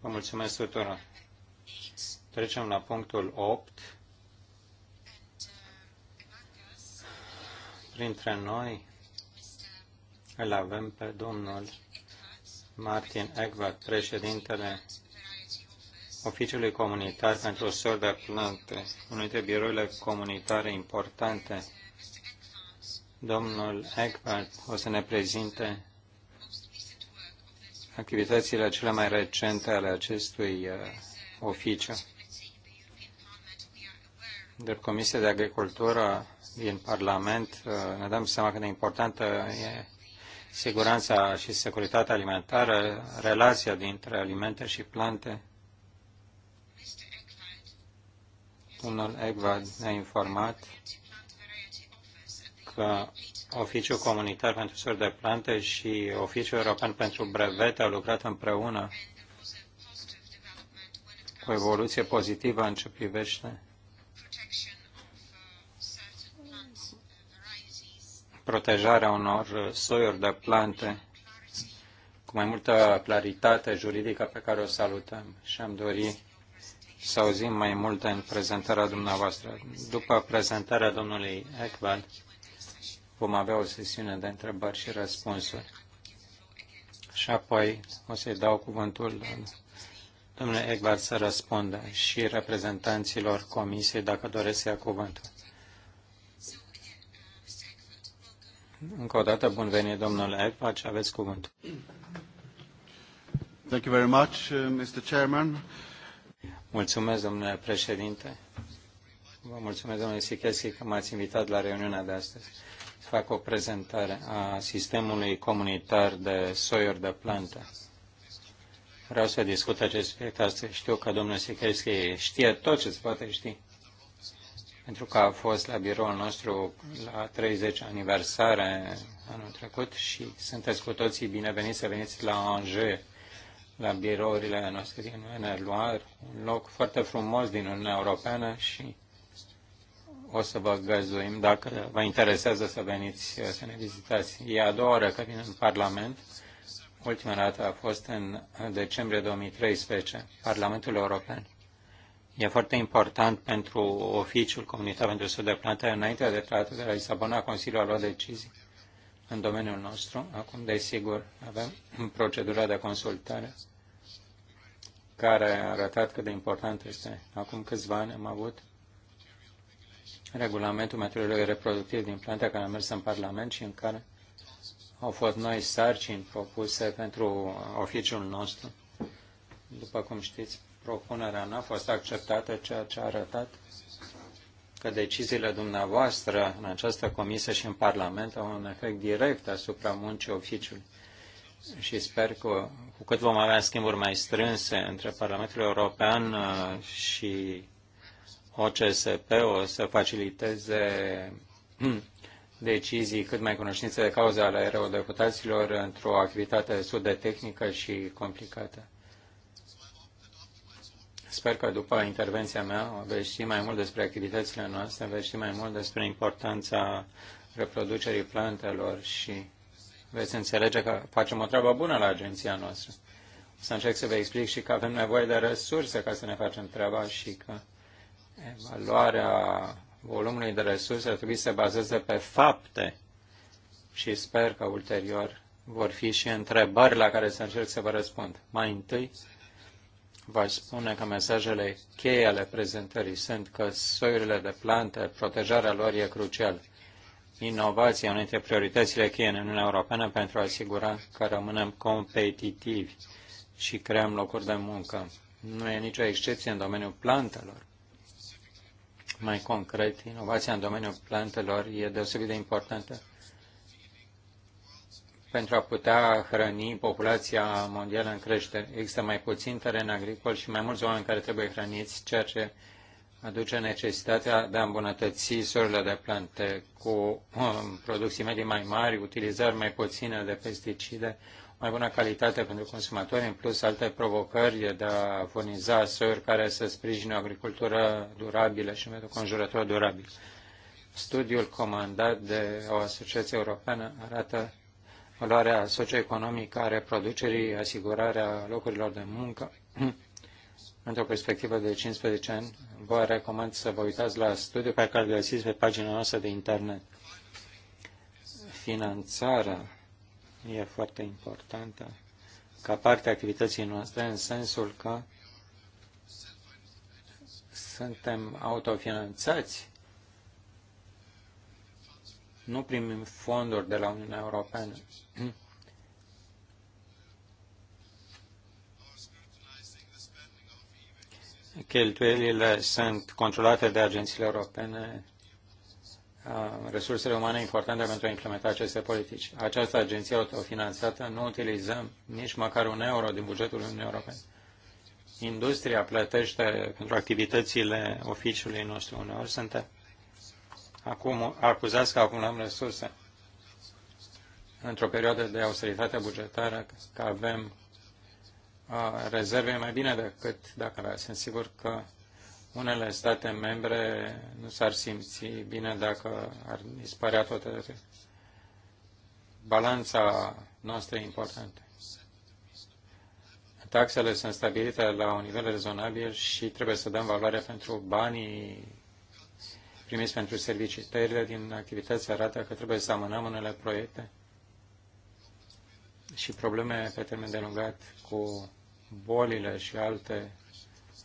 Vă mulțumesc tuturor. Trecem la punctul 8. Printre noi îl avem pe domnul Martin Egbert, președintele Oficiului Comunitar pentru Sori de Plante, unul dintre birourile comunitare importante. Domnul Eckbert o să ne prezinte activitățile cele mai recente ale acestui uh, oficiu. De Comisia de Agricultură din Parlament uh, ne dăm seama cât de importantă e siguranța și securitatea alimentară, relația dintre alimente și plante. Domnul Egvad ne-a informat că Oficiul Comunitar pentru Sori de Plante și Oficiul European pentru Brevete au lucrat împreună cu evoluție pozitivă în ce privește protejarea unor soiuri de plante cu mai multă claritate juridică pe care o salutăm și am dorit să auzim mai multe în prezentarea dumneavoastră. După prezentarea domnului Ekval, vom avea o sesiune de întrebări și răspunsuri. Și apoi o să-i dau cuvântul domnului Ekval să răspundă și reprezentanților comisiei dacă doresc să ia cuvântul. Încă o dată, bun venit, domnul Și aveți cuvântul. Thank you very much, uh, Mr. Chairman. Mulțumesc, domnule președinte. Vă mulțumesc, domnule Sicheschi, că m-ați invitat la reuniunea de astăzi să fac o prezentare a sistemului comunitar de soiuri de plante. Vreau să discut acest subiect astăzi. Știu că domnul Sicheschi știe tot ce se poate ști, pentru că a fost la biroul nostru la 30 aniversare anul trecut și sunteți cu toții bineveniți să veniți la Angers la birourile noastre din Veneluar, un loc foarte frumos din Uniunea Europeană și o să vă găzuim dacă vă interesează să veniți să ne vizitați. E a doua oră că vin în Parlament. Ultima dată a fost în decembrie 2013, Parlamentul European. E foarte important pentru oficiul comunitar pentru sud de plantă. Înainte de tratatul de la Lisabona, Consiliul a luat decizii în domeniul nostru. Acum, desigur, avem procedura de consultare care a arătat cât de important este. Acum câțiva ani am avut regulamentul materialului reproductiv din planta care a mers în Parlament și în care au fost noi sarcini propuse pentru oficiul nostru. După cum știți, propunerea n-a fost acceptată, ceea ce a arătat că deciziile dumneavoastră în această comisie și în Parlament au un efect direct asupra muncii oficiului. Și sper că cu cât vom avea schimburi mai strânse între Parlamentul European uh, și OCSP, o să faciliteze hmm, decizii cât mai cunoștințe de cauze ale eurodeputaților într-o activitate destul de tehnică și complicată. Sper că după intervenția mea veți ști mai mult despre activitățile noastre, veți ști mai mult despre importanța reproducerii plantelor și veți înțelege că facem o treabă bună la agenția noastră. Să încerc să vă explic și că avem nevoie de resurse ca să ne facem treaba și că evaluarea volumului de resurse ar trebui să se bazeze pe fapte și sper că ulterior vor fi și întrebări la care să încerc să vă răspund. Mai întâi, v spune că mesajele cheie ale prezentării sunt că soiurile de plante, protejarea lor e crucială. Inovația una dintre prioritățile cheie în Uniunea Europeană pentru a asigura că rămânem competitivi și creăm locuri de muncă. Nu e nicio excepție în domeniul plantelor. Mai concret, inovația în domeniul plantelor e deosebit de importantă pentru a putea hrăni populația mondială în creștere. Există mai puțin teren agricol și mai mulți oameni care trebuie hrăniți, ceea ce aduce necesitatea de a îmbunătăți sorile de plante cu um, producții medii mai mari, utilizări mai puține de pesticide, mai bună calitate pentru consumatori, în plus alte provocări de a furniza soiuri care să sprijine o agricultură durabilă și mediu conjurător durabil. Studiul comandat de o asociație europeană arată valoarea socioeconomică a reproducerii, asigurarea locurilor de muncă, într-o perspectivă de 15 ani, vă recomand să vă uitați la studiul pe care îl găsiți pe pagina noastră de internet. Finanțarea e foarte importantă ca parte a activității noastre, în sensul că suntem autofinanțați nu primim fonduri de la Uniunea Europeană. Cheltuielile sunt controlate de agențiile europene, resursele umane importante pentru a implementa aceste politici. Această agenție autofinanțată nu utilizăm nici măcar un euro din bugetul Uniunii Europene. Industria plătește pentru activitățile oficiului nostru uneori, suntem Acum acuzați că acum am resurse într-o perioadă de austeritate bugetară, că avem a, rezerve mai bine decât dacă avea. Sunt sigur că unele state membre nu s-ar simți bine dacă ar dispărea toate balanța noastră importantă. Taxele sunt stabilite la un nivel rezonabil și trebuie să dăm valoare pentru banii primiți pentru servicii. Tăierile din activități arată că trebuie să amânăm unele proiecte și probleme pe termen delungat cu bolile și alte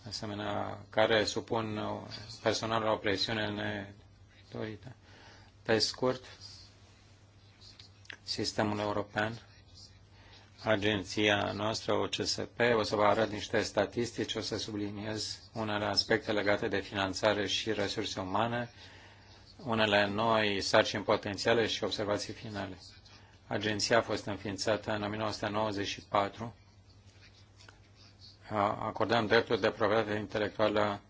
asemenea care supun personalul la o presiune nedorită. Pe scurt, sistemul european agenția noastră, OCSP. O să vă arăt niște statistici, o să subliniez unele aspecte legate de finanțare și resurse umane, unele noi sarcini potențiale și observații finale. Agenția a fost înființată în 1994. Acordăm dreptul de proprietate intelectuală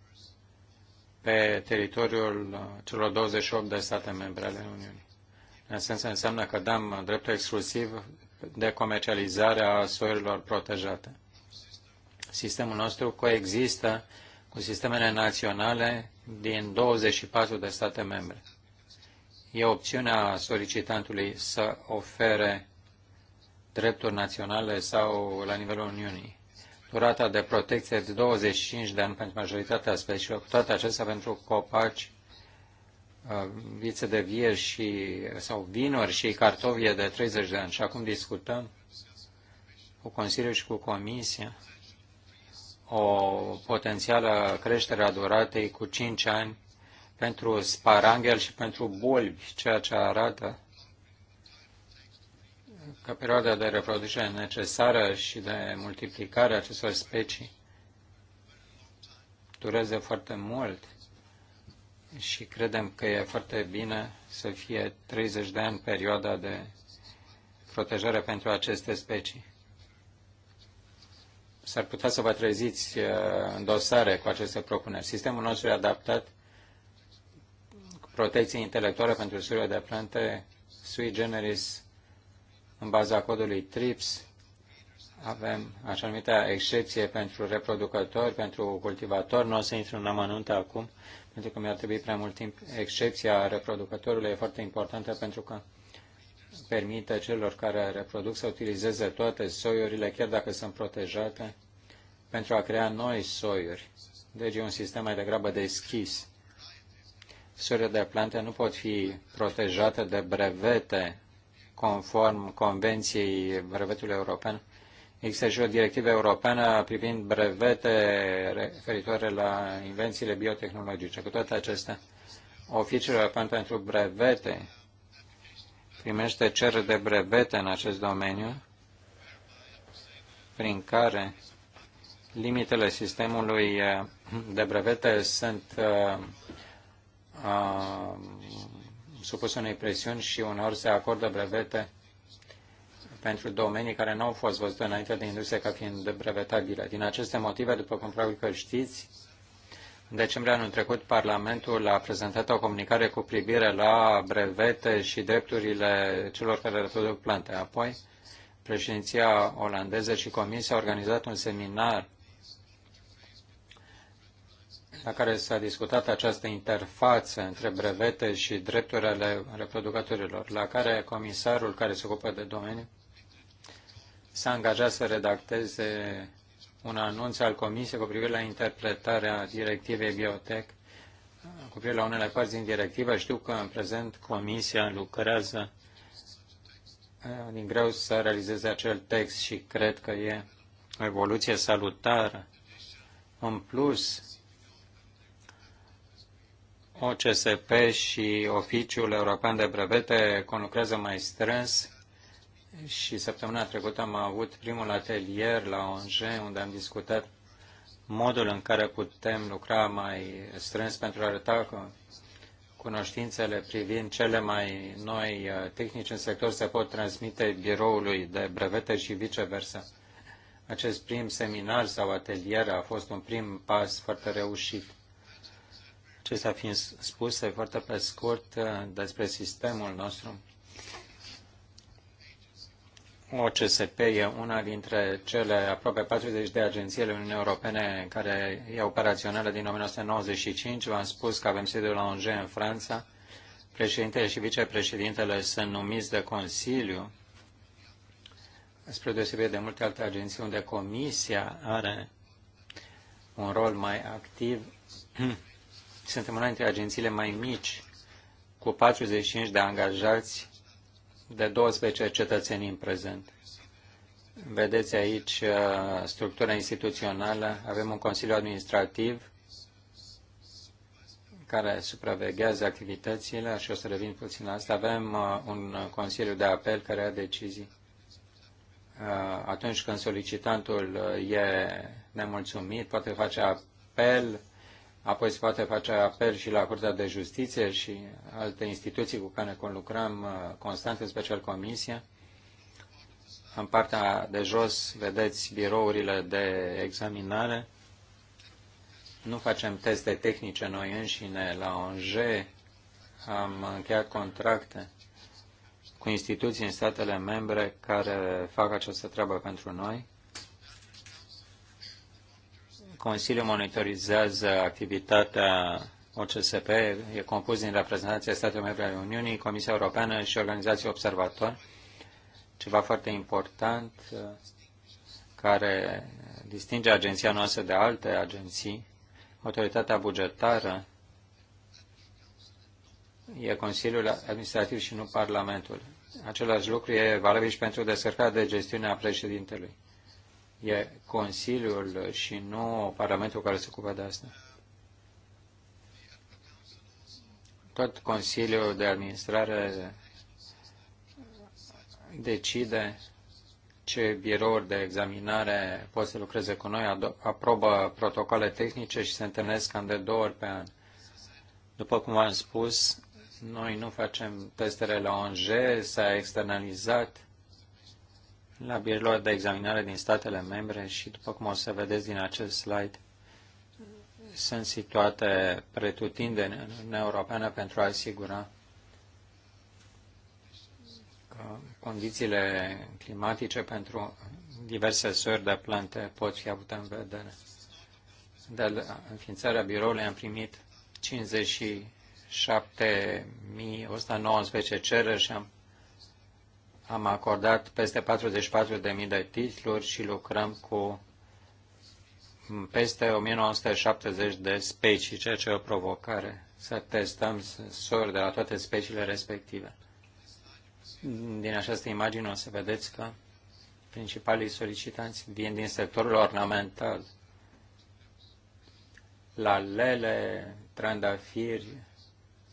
pe teritoriul celor 28 de state membre ale Uniunii. În sens înseamnă că dăm dreptul exclusiv de comercializare a soiurilor protejate. Sistemul nostru coexistă cu sistemele naționale din 24 de state membre. E opțiunea solicitantului să ofere drepturi naționale sau la nivelul Uniunii. Durata de protecție de 25 de ani pentru majoritatea speciilor, cu toate acestea pentru copaci Uh, viță de vie și, sau vinuri și cartofi de 30 de ani. Și acum discutăm cu Consiliul și cu Comisia o potențială creștere a duratei cu 5 ani pentru sparanghel și pentru bulbi, ceea ce arată că perioada de reproducere necesară și de multiplicare a acestor specii durează foarte mult și credem că e foarte bine să fie 30 de ani perioada de protejare pentru aceste specii. S-ar putea să vă treziți uh, în dosare cu aceste propuneri. Sistemul nostru e adaptat cu protecție intelectuală pentru surile de plante sui generis în baza codului TRIPS. Avem așa numită excepție pentru reproducători, pentru cultivatori. Nu o să intru în amănunte acum, pentru că mi-ar trebui prea mult timp. Excepția reproducătorului e foarte importantă pentru că permite celor care reproduc să utilizeze toate soiurile, chiar dacă sunt protejate, pentru a crea noi soiuri. Deci e un sistem mai degrabă deschis. Soiurile de plante nu pot fi protejate de brevete conform Convenției Brevetului European Există și o directivă europeană privind brevete referitoare la invențiile biotehnologice. Cu toate acestea, oficiul european pentru brevete primește cereri de brevete în acest domeniu, prin care limitele sistemului de brevete sunt uh, uh, supuse unei presiuni și uneori se acordă brevete pentru domenii care nu au fost văzute înainte de industrie ca fiind brevetabile. Din aceste motive, după cum probabil că știți, în decembrie anul trecut, Parlamentul a prezentat o comunicare cu privire la brevete și drepturile celor care reproduc plante. Apoi, președinția olandeză și Comisia au organizat un seminar la care s-a discutat această interfață între brevete și drepturile reproducătorilor, la care comisarul care se ocupă de domeniu s-a angajat să redacteze un anunț al Comisiei cu privire la interpretarea directivei biotech, cu privire la unele părți din directivă. Știu că în prezent Comisia lucrează uh, din greu să realizeze acel text și cred că e o evoluție salutară. În plus, OCSP și Oficiul European de Brevete conlucrează mai strâns și săptămâna trecută am avut primul atelier la ONG unde am discutat modul în care putem lucra mai strâns pentru a arăta cunoștințele privind cele mai noi uh, tehnici în sector se pot transmite biroului de brevete și viceversa. Acest prim seminar sau atelier a fost un prim pas foarte reușit. Acestea fiind spuse foarte pe scurt uh, despre sistemul nostru, OCSP e una dintre cele aproape 40 de agenții ale Uniunii Europene care e operațională din 1995. V-am spus că avem sediul la Angers în Franța. Președintele și vicepreședintele sunt numiți de Consiliu, spre deosebire de multe alte agenții unde Comisia are un rol mai activ. Suntem una dintre agențiile mai mici, cu 45 de angajați de 12 cetățeni în prezent. Vedeți aici uh, structura instituțională. Avem un Consiliu Administrativ care supraveghează activitățile și o să revin puțin la asta. Avem uh, un Consiliu de Apel care a decizii uh, atunci când solicitantul e nemulțumit, poate face apel Apoi se poate face apel și la Curtea de Justiție și alte instituții cu care conlucrăm uh, constant, în special Comisia. În partea de jos vedeți birourile de examinare. Nu facem teste tehnice noi înșine. La ONG am încheiat contracte cu instituții în statele membre care fac această treabă pentru noi. Consiliul monitorizează activitatea OCSP, e compus din reprezentanții statelor membre ale Uniunii, Comisia Europeană și organizații observatori, ceva foarte important care distinge agenția noastră de alte agenții. Autoritatea bugetară e Consiliul Administrativ și nu Parlamentul. Același lucru e valabil și pentru descărcarea de gestiune a președintelui. E Consiliul și nu Parlamentul care se ocupă de asta. Tot Consiliul de Administrare decide ce birouri de examinare pot să lucreze cu noi, aprobă protocoale tehnice și se întâlnesc cam de două ori pe an. După cum am spus, noi nu facem testele la ONG, s-a externalizat la birilor de examinare din statele membre și, după cum o să vedeți din acest slide, sunt situate pretutinde în Uniunea Europeană pentru a asigura că condițiile climatice pentru diverse sori de plante pot fi avute în vedere. De înființarea biroului am primit 57.119 cereri și am am acordat peste 44.000 de titluri și lucrăm cu peste 1970 de specii, ceea ce e o provocare să testăm sori de la toate speciile respective. Din această imagine o să vedeți că principalii solicitanți vin din sectorul ornamental. La lele, trandafiri,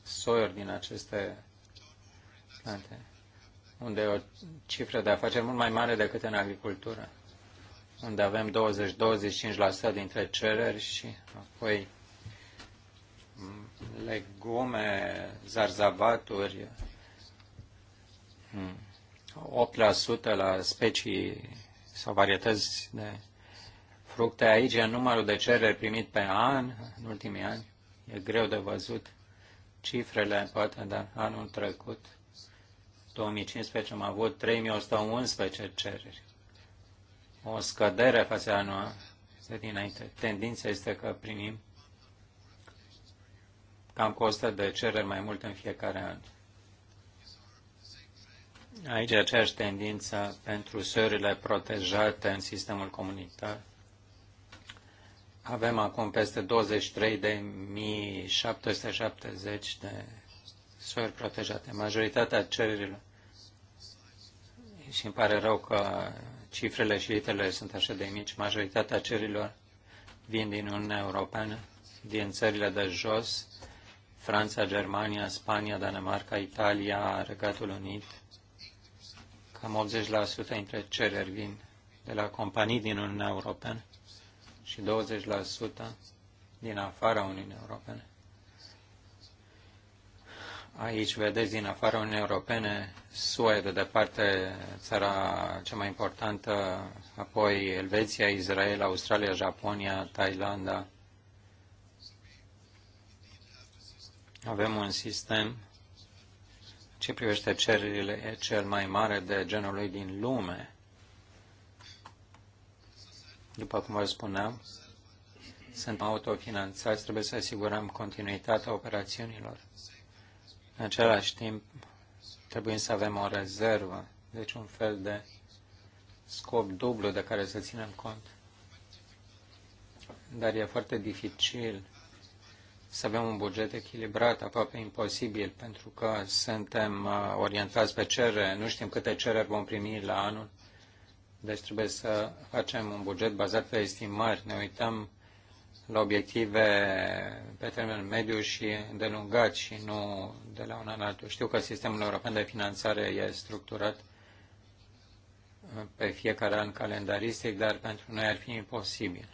soiuri din aceste plante unde e o cifră de afaceri mult mai mare decât în agricultură, unde avem 20-25% dintre cereri și apoi legume, zarzavaturi, 8% la specii sau varietăți de fructe. Aici e numărul de cereri primit pe an, în ultimii ani. E greu de văzut cifrele, poate, dar anul trecut 2015 am avut 3111 cereri. O scădere față de anul de dinainte. Tendința este că primim cam costă de cereri mai mult în fiecare an. Aici aceeași tendință pentru sările protejate în sistemul comunitar. Avem acum peste 23.770 de sări protejate. Majoritatea cererilor și îmi pare rău că cifrele și literele sunt așa de mici. Majoritatea cerilor vin din Uniunea Europeană, din țările de jos, Franța, Germania, Spania, Danemarca, Italia, Regatul Unit. Cam 80% dintre cereri vin de la companii din Uniunea Europeană și 20% din afara Uniunii Europene. Aici vedeți din afara Uniunii Europene, SUE de departe, țara cea mai importantă, apoi Elveția, Israel, Australia, Japonia, Thailanda. Avem un sistem ce privește cererile cel mai mare de genul lui din lume. După cum vă spuneam, sunt autofinanțați, trebuie să asigurăm continuitatea operațiunilor în același timp, trebuie să avem o rezervă, deci un fel de scop dublu de care să ținem cont. Dar e foarte dificil să avem un buget echilibrat, aproape imposibil, pentru că suntem uh, orientați pe cerere, nu știm câte cereri vom primi la anul, deci trebuie să facem un buget bazat pe estimări. Ne uităm la obiective pe termen mediu și îndelungat și nu de la un an altul. Știu că sistemul european de finanțare e structurat pe fiecare an calendaristic, dar pentru noi ar fi imposibil.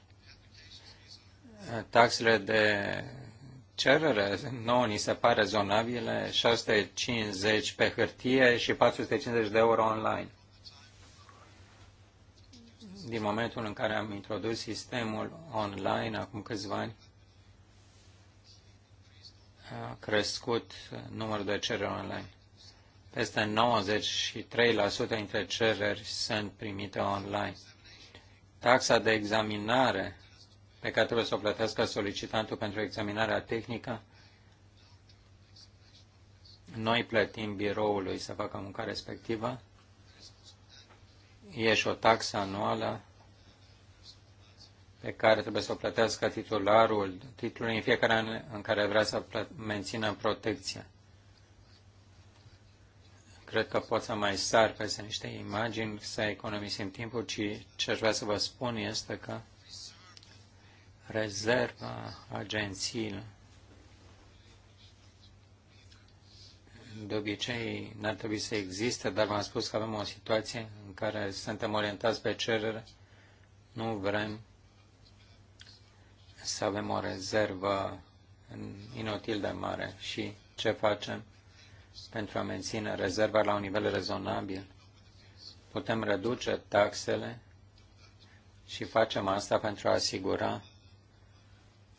Taxele de cerere nouă ni se pare rezonabile, 650 pe hârtie și 450 de euro online din momentul în care am introdus sistemul online acum câțiva ani, a crescut numărul de cereri online. Peste 93% dintre cereri sunt primite online. Taxa de examinare pe care trebuie să o plătească solicitantul pentru examinarea tehnică, noi plătim biroului să facă munca respectivă e și o taxă anuală pe care trebuie să o plătească titularul titlului în fiecare an în care vrea să mențină protecția. Cred că pot să mai sar peste niște imagini, să economisim timpul, ci ce aș vrea să vă spun este că rezerva agențiilor de obicei n-ar trebui să existe, dar v-am spus că avem o situație în care suntem orientați pe cerere. Nu vrem să avem o rezervă inutil de mare și ce facem pentru a menține rezerva la un nivel rezonabil. Putem reduce taxele și facem asta pentru a asigura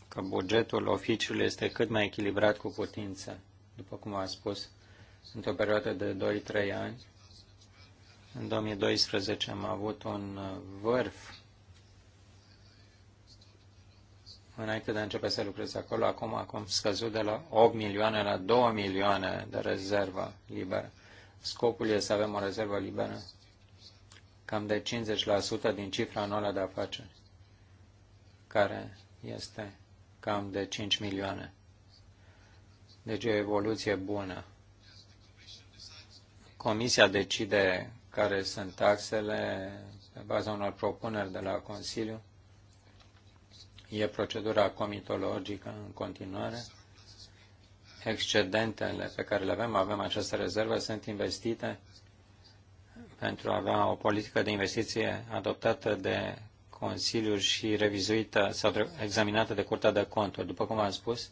că bugetul oficiului este cât mai echilibrat cu putință, după cum am spus într-o perioadă de 2-3 ani. În 2012 am avut un uh, vârf înainte de a începe să lucrez acolo. Acum, acum scăzut de la 8 milioane la 2 milioane de rezervă liberă. Scopul este să avem o rezervă liberă cam de 50% din cifra anuală de afaceri, care este cam de 5 milioane. Deci e o evoluție bună. Comisia decide care sunt taxele pe baza unor propuneri de la Consiliu. E procedura comitologică în continuare. Excedentele pe care le avem, avem această rezervă, sunt investite pentru a avea o politică de investiție adoptată de Consiliu și revizuită sau examinată de Curtea de Conturi. După cum am spus,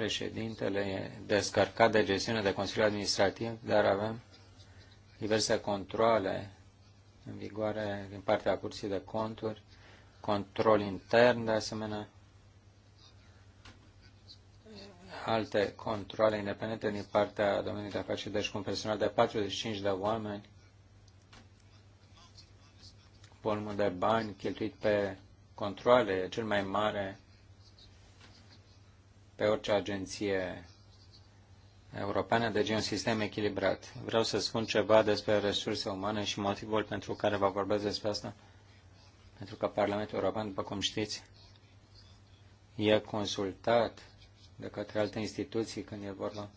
Președintele e descărcat de gestiune de Consiliul Administrativ, dar avem diverse controle în vigoare din partea Curții de Conturi, control intern de asemenea, alte controle independente din partea domeniului de afaceri, deci cu un personal de 45 de oameni, volumul de bani cheltuit pe controle cel mai mare pe orice agenție europeană, deci e un sistem echilibrat. Vreau să spun ceva despre resurse umane și motivul pentru care vă vorbesc despre asta. Pentru că Parlamentul European, după cum știți, e consultat de către alte instituții când e vorba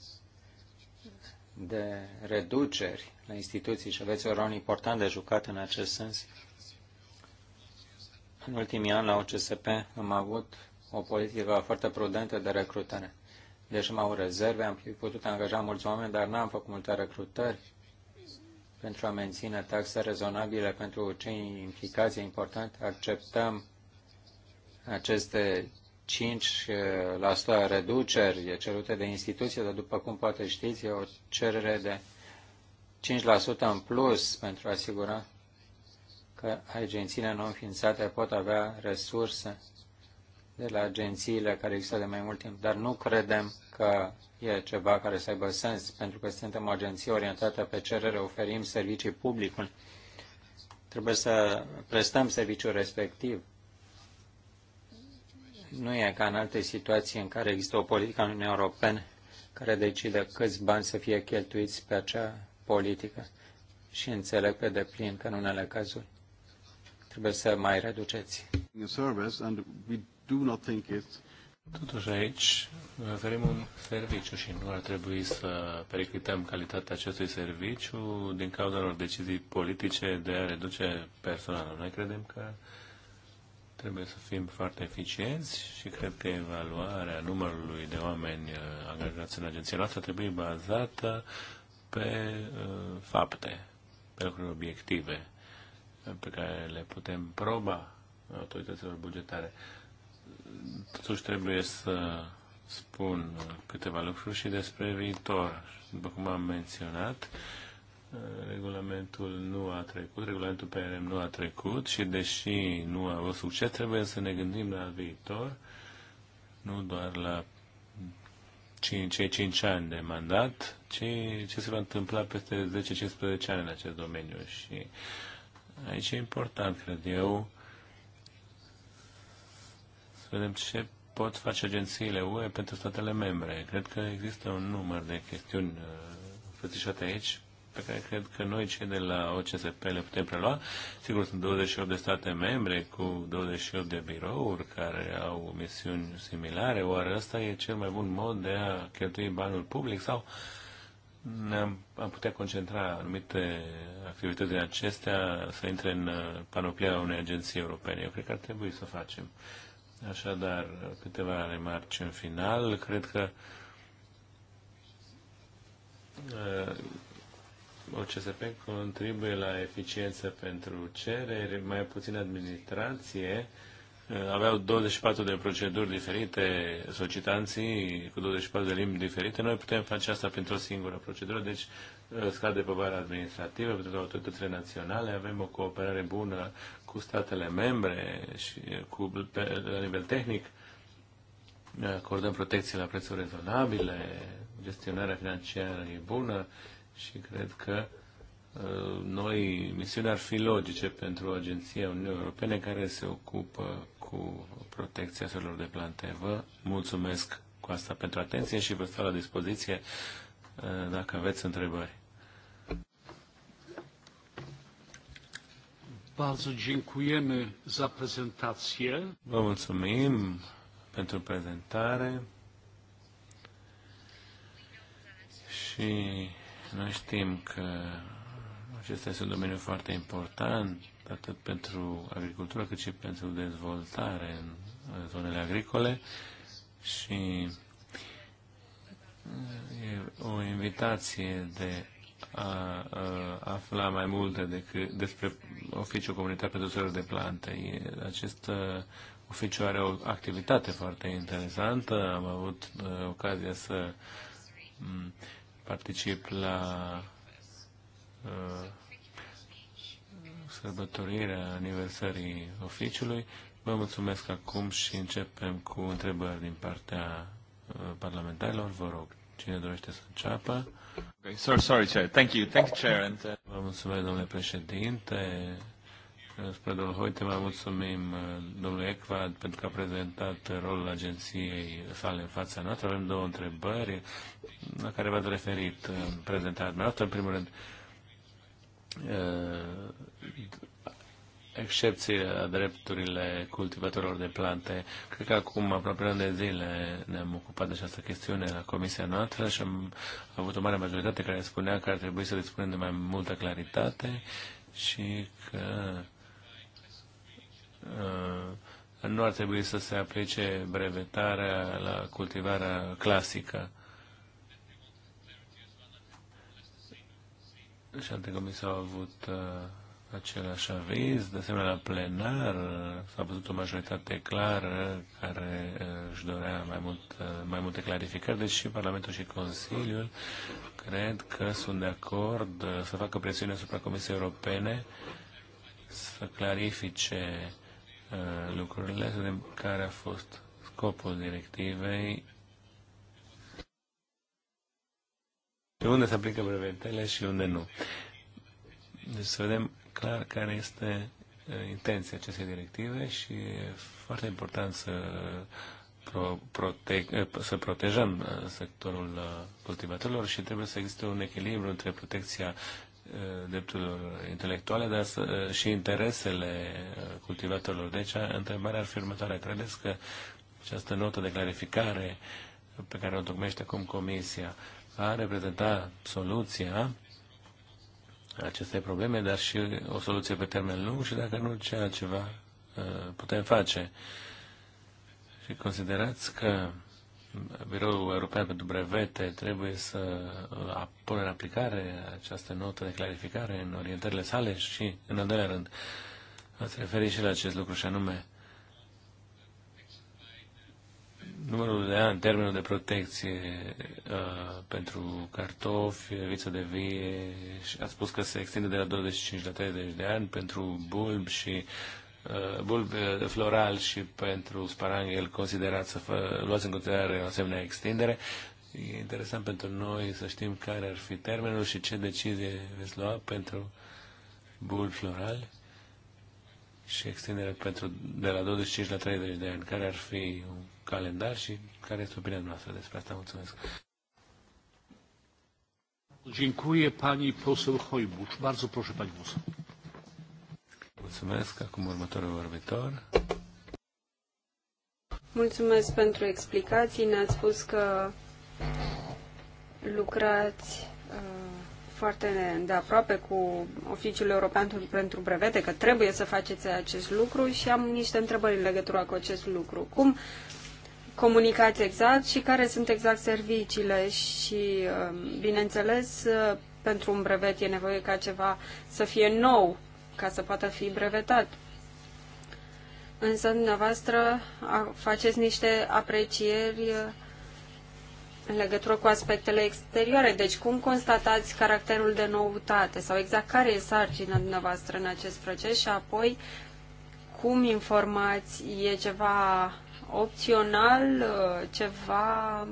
de reduceri la instituții și aveți un rol important de jucat în acest sens. În ultimii ani la OCSP am avut o politică foarte prudentă de recrutare. Deși am au rezerve, am putut angaja mulți oameni, dar n-am făcut multe recrutări pentru a menține taxe rezonabile pentru cei implicați important. Acceptăm aceste 5% reduceri cerute de instituție, dar după cum poate știți, e o cerere de 5% în plus pentru a asigura că agențiile non înființate pot avea resurse de la agențiile care există de mai mult timp, dar nu credem că e ceva care să aibă sens, pentru că suntem o agenție orientată pe cerere, oferim servicii publicului. Trebuie să prestăm serviciul respectiv. Nu e ca în alte situații în care există o politică în Uniunea Europeană care decide câți bani să fie cheltuiți pe acea politică și înțeleg pe deplin că în unele cazuri trebuie să mai reduceți. Totuși aici oferim un serviciu și nu ar trebui să periclităm calitatea acestui serviciu din cauza unor decizii politice de a reduce personalul. Noi credem că trebuie să fim foarte eficienți și cred că evaluarea numărului de oameni uh, angajați în agenția noastră trebuie bazată pe uh, fapte, pe lucruri obiective pe care le putem proba autorităților bugetare. Uh, totuși trebuie să spun câteva lucruri și despre viitor. După cum am menționat, regulamentul nu a trecut, regulamentul PRM nu a trecut și deși nu a avut succes, trebuie să ne gândim la viitor, nu doar la cei 5 ani de mandat, ci ce se va întâmpla peste 10-15 ani în acest domeniu. Și aici e important, cred eu, vedem ce pot face agențiile UE pentru statele membre. Cred că există un număr de chestiuni înfățișate uh, aici pe care cred că noi cei de la OCSP le putem prelua. Sigur, sunt 28 de state membre cu 28 de birouri care au misiuni similare. Oare ăsta e cel mai bun mod de a cheltui banul public sau ne-am am putea concentra anumite activități din acestea să intre în uh, panoplia unei agenții europene? Eu cred că ar trebui să facem. Așadar, câteva remarci în final. Cred că uh, OCSP contribuie la eficiență pentru cereri, mai puțin administrație. Uh, aveau 24 de proceduri diferite, solicitanții cu 24 de limbi diferite. Noi putem face asta pentru o singură procedură, deci uh, scade povara administrativă pentru autoritățile naționale, avem o cooperare bună cu statele membre și cu, pe, la nivel tehnic, acordăm protecție la prețuri rezonabile, gestionarea financiară e bună și cred că noi, misiunea ar fi logice pentru Agenția Uniunii Europene care se ocupă cu protecția celor de plante. Vă mulțumesc cu asta pentru atenție și vă stau la dispoziție dacă aveți întrebări. Bardzo dziękujemy za prezentację. Vă mulțumim pentru prezentare. Și noi știm că acesta este un domeniu foarte important, atât pentru agricultură, cât și pentru dezvoltare în zonele agricole. Și e o invitație de a, a afla mai multe decât despre oficiul comunitar pentru soiuri de plante. Acest oficiu are o activitate foarte interesantă. Am avut ocazia să particip la sărbătorirea aniversării oficiului. Vă mulțumesc acum și începem cu întrebări din partea parlamentarilor. Vă rog, cine dorește să înceapă? Okay, sorry, sorry, Chair. Thank you. Thank you, Chair. And, uh... Vă mulțumesc, domnule președinte. Uh, spre domnul Hoite, vă mulțumim uh, domnului Ecvad pentru că a prezentat rolul agenției sale în fața noastră. Avem două întrebări la care v-ați referit în prezentarea noastră. În primul rând, uh, excepție a drepturile cultivatorilor de plante. Cred că acum aproape de zile ne-am ocupat de această chestiune la comisia noastră și am avut o mare majoritate care spunea că ar trebui să dispunem de mai multă claritate și că uh, nu ar trebui să se aplice brevetarea la cultivarea clasică. Și comisii au avut uh, același aviz, de asemenea la plenar s-a văzut o majoritate clară care eh, își dorea mai, mult, eh, mai multe clarificări, deci și Parlamentul și Consiliul cred că sunt de acord eh, să facă presiune asupra Comisiei Europene să clarifice lucrurile, să vedem care a fost scopul directivei și unde se aplică brevetele și unde nu. Deci să vedem clar care este uh, intenția acestei directive și e foarte important să, pro, prote, uh, să protejăm uh, sectorul cultivatorilor și trebuie să existe un echilibru între protecția drepturilor intelectuale dar să, și interesele cultivatorilor. Deci, întrebarea ar fi următoare. Credeți că această notă de clarificare pe care o tocmește acum Comisia a reprezenta soluția aceste probleme, dar și o soluție pe termen lung și dacă nu, ce altceva uh, putem face. Și considerați că Biroul European pentru Brevete trebuie să uh, pună în aplicare această notă de clarificare în orientările sale și, în al doilea rând, ați referit și la acest lucru și anume numărul de ani, termenul de protecție uh, pentru cartofi, viță de vie, și a spus că se extinde de la 25 la 30 de ani pentru bulb și uh, bulb uh, floral și pentru sparanghel considerat să fă, luați în considerare o asemenea extindere. E interesant pentru noi să știm care ar fi termenul și ce decizie veți lua pentru bulb floral și extindere pentru de la 25 la 30 de ani. Care ar fi un calendar și care este opinia noastră despre asta. Mulțumesc. Dziękuję pani poseł Hojbucz. Bardzo proszę pani poseł. Mulțumesc. Acum următorul vorbitor. Mulțumesc pentru explicații. Ne-ați spus că lucrați uh, foarte de aproape cu Oficiul European pentru Brevete, că trebuie să faceți acest lucru și am niște întrebări în legătură cu acest lucru. Cum comunicați exact și care sunt exact serviciile și, um, bineînțeles, uh, pentru un brevet e nevoie ca ceva să fie nou ca să poată fi brevetat. Însă dumneavoastră faceți niște aprecieri uh, în legătură cu aspectele exterioare. Deci cum constatați caracterul de noutate sau exact care e sarcina dumneavoastră în acest proces și apoi cum informați e ceva opțional uh, ceva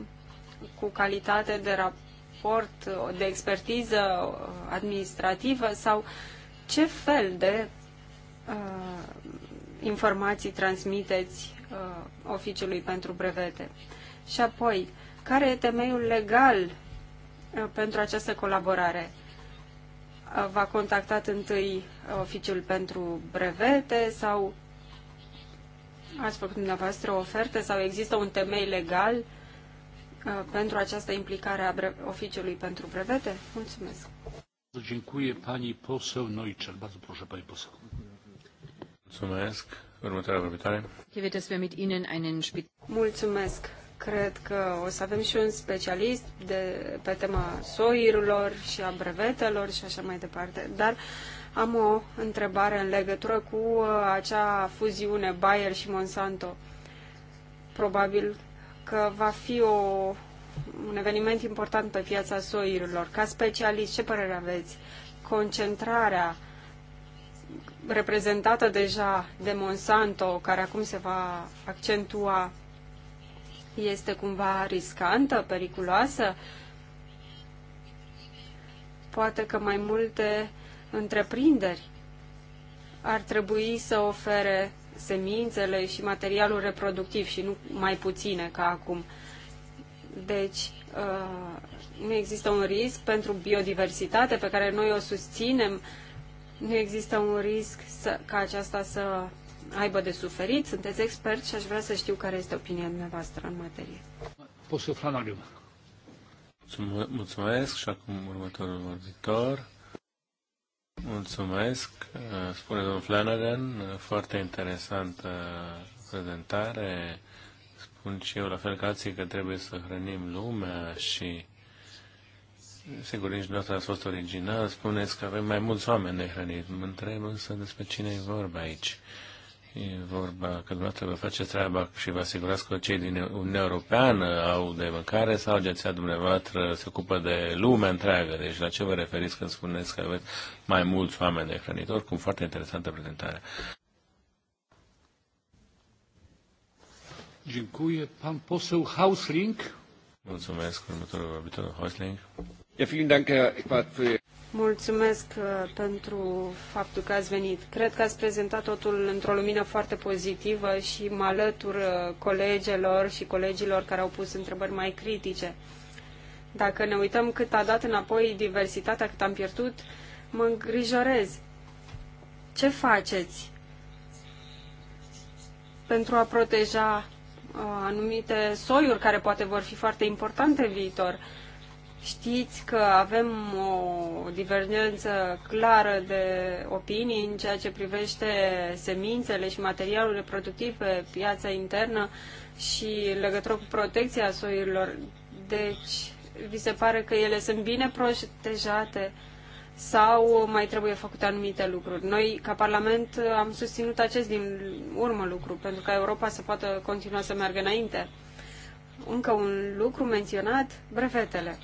cu calitate de raport, uh, de expertiză uh, administrativă sau ce fel de uh, informații transmiteți uh, oficiului pentru brevete? Și apoi, care e temeiul legal uh, pentru această colaborare? Uh, v-a contactat întâi oficiul pentru brevete sau Ați făcut dumneavoastră o ofertă sau există un temei legal uh, pentru această implicare a oficiului pentru brevete? Mulțumesc. Dziękuję pani poseł Neuchel. Bardzo proszę pani poseł. Mulțumesc. Următoarea vorbitoare. Mulțumesc. Cred că o să avem și un specialist de, pe tema soirilor și a brevetelor și așa mai departe. Dar uh, am o întrebare în legătură cu uh, acea fuziune Bayer și Monsanto. Probabil că va fi o, un eveniment important pe piața soiurilor. Ca specialist, ce părere aveți? Concentrarea reprezentată deja de Monsanto, care acum se va accentua, este cumva riscantă, periculoasă? Poate că mai multe întreprinderi ar trebui să ofere semințele și materialul reproductiv și nu mai puține ca acum. Deci, uh, nu există un risc pentru biodiversitate pe care noi o susținem, nu există un risc să, ca aceasta să aibă de suferit. Sunteți expert și aș vrea să știu care este opinia dumneavoastră în materie. Poți să Mulțumesc și acum următorul vorbitor. Mulțumesc, spune domnul Flanagan, foarte interesantă prezentare. Spun și eu, la fel ca alții, că trebuie să hrănim lumea și sigur, nici noastră a fost original, spuneți că avem mai mulți oameni de hrănit. Mă întreb însă despre cine e vorba aici. Uh, E vorba că dumneavoastră vă face treaba și vă asigurați că cei din Uniunea Europeană au de mâncare sau agenția dumneavoastră se ocupă de lumea întreagă. Deci la ce vă referiți când spuneți că aveți mai mulți oameni de hrănitori? Oricum, foarte interesantă prezentare. Dziękuję. Pan poseł Hausling. Mulțumesc, următorul vorbitor Hausling. Ja, vielen Dank, Herr Eckbart, für Mulțumesc uh, pentru faptul că ați venit. Cred că ați prezentat totul într-o lumină foarte pozitivă și mă alătur uh, colegelor și colegilor care au pus întrebări mai critice. Dacă ne uităm cât a dat înapoi diversitatea, cât am pierdut, mă îngrijorez. Ce faceți pentru a proteja uh, anumite soiuri care poate vor fi foarte importante în viitor? Știți că avem o divergență clară de opinii în ceea ce privește semințele și materialul reproductiv pe piața internă și legătură cu protecția soiurilor. Deci, vi se pare că ele sunt bine protejate sau mai trebuie făcute anumite lucruri? Noi, ca Parlament, am susținut acest din urmă lucru, pentru ca Europa să poată continua să meargă înainte. Încă un lucru menționat, brevetele.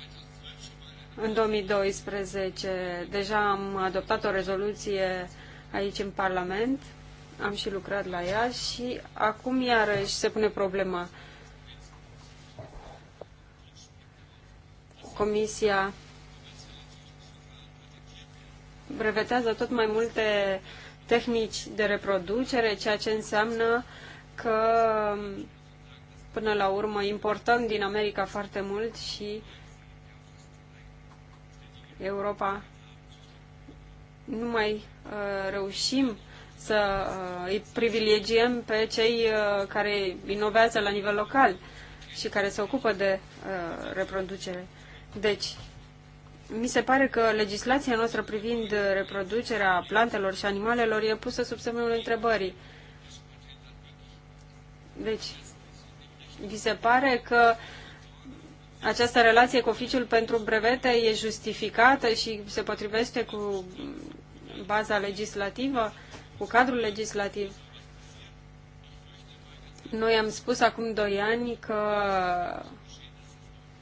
În 2012 deja am adoptat o rezoluție aici în Parlament, am și lucrat la ea și acum iarăși se pune problema. Comisia brevetează tot mai multe tehnici de reproducere, ceea ce înseamnă că până la urmă importăm din America foarte mult și uh, Europa nu mai uh, reușim să uh, îi privilegiem pe cei uh, care inovează la nivel local și care se ocupă de uh, reproducere. Deci, mi se pare că legislația noastră privind reproducerea plantelor și animalelor e pusă sub semnul întrebării. Deci, vi se pare că uh, această relație cu oficiul pentru brevete e justificată și se potrivește cu baza legislativă, cu cadrul legislativ. Noi am spus acum doi ani că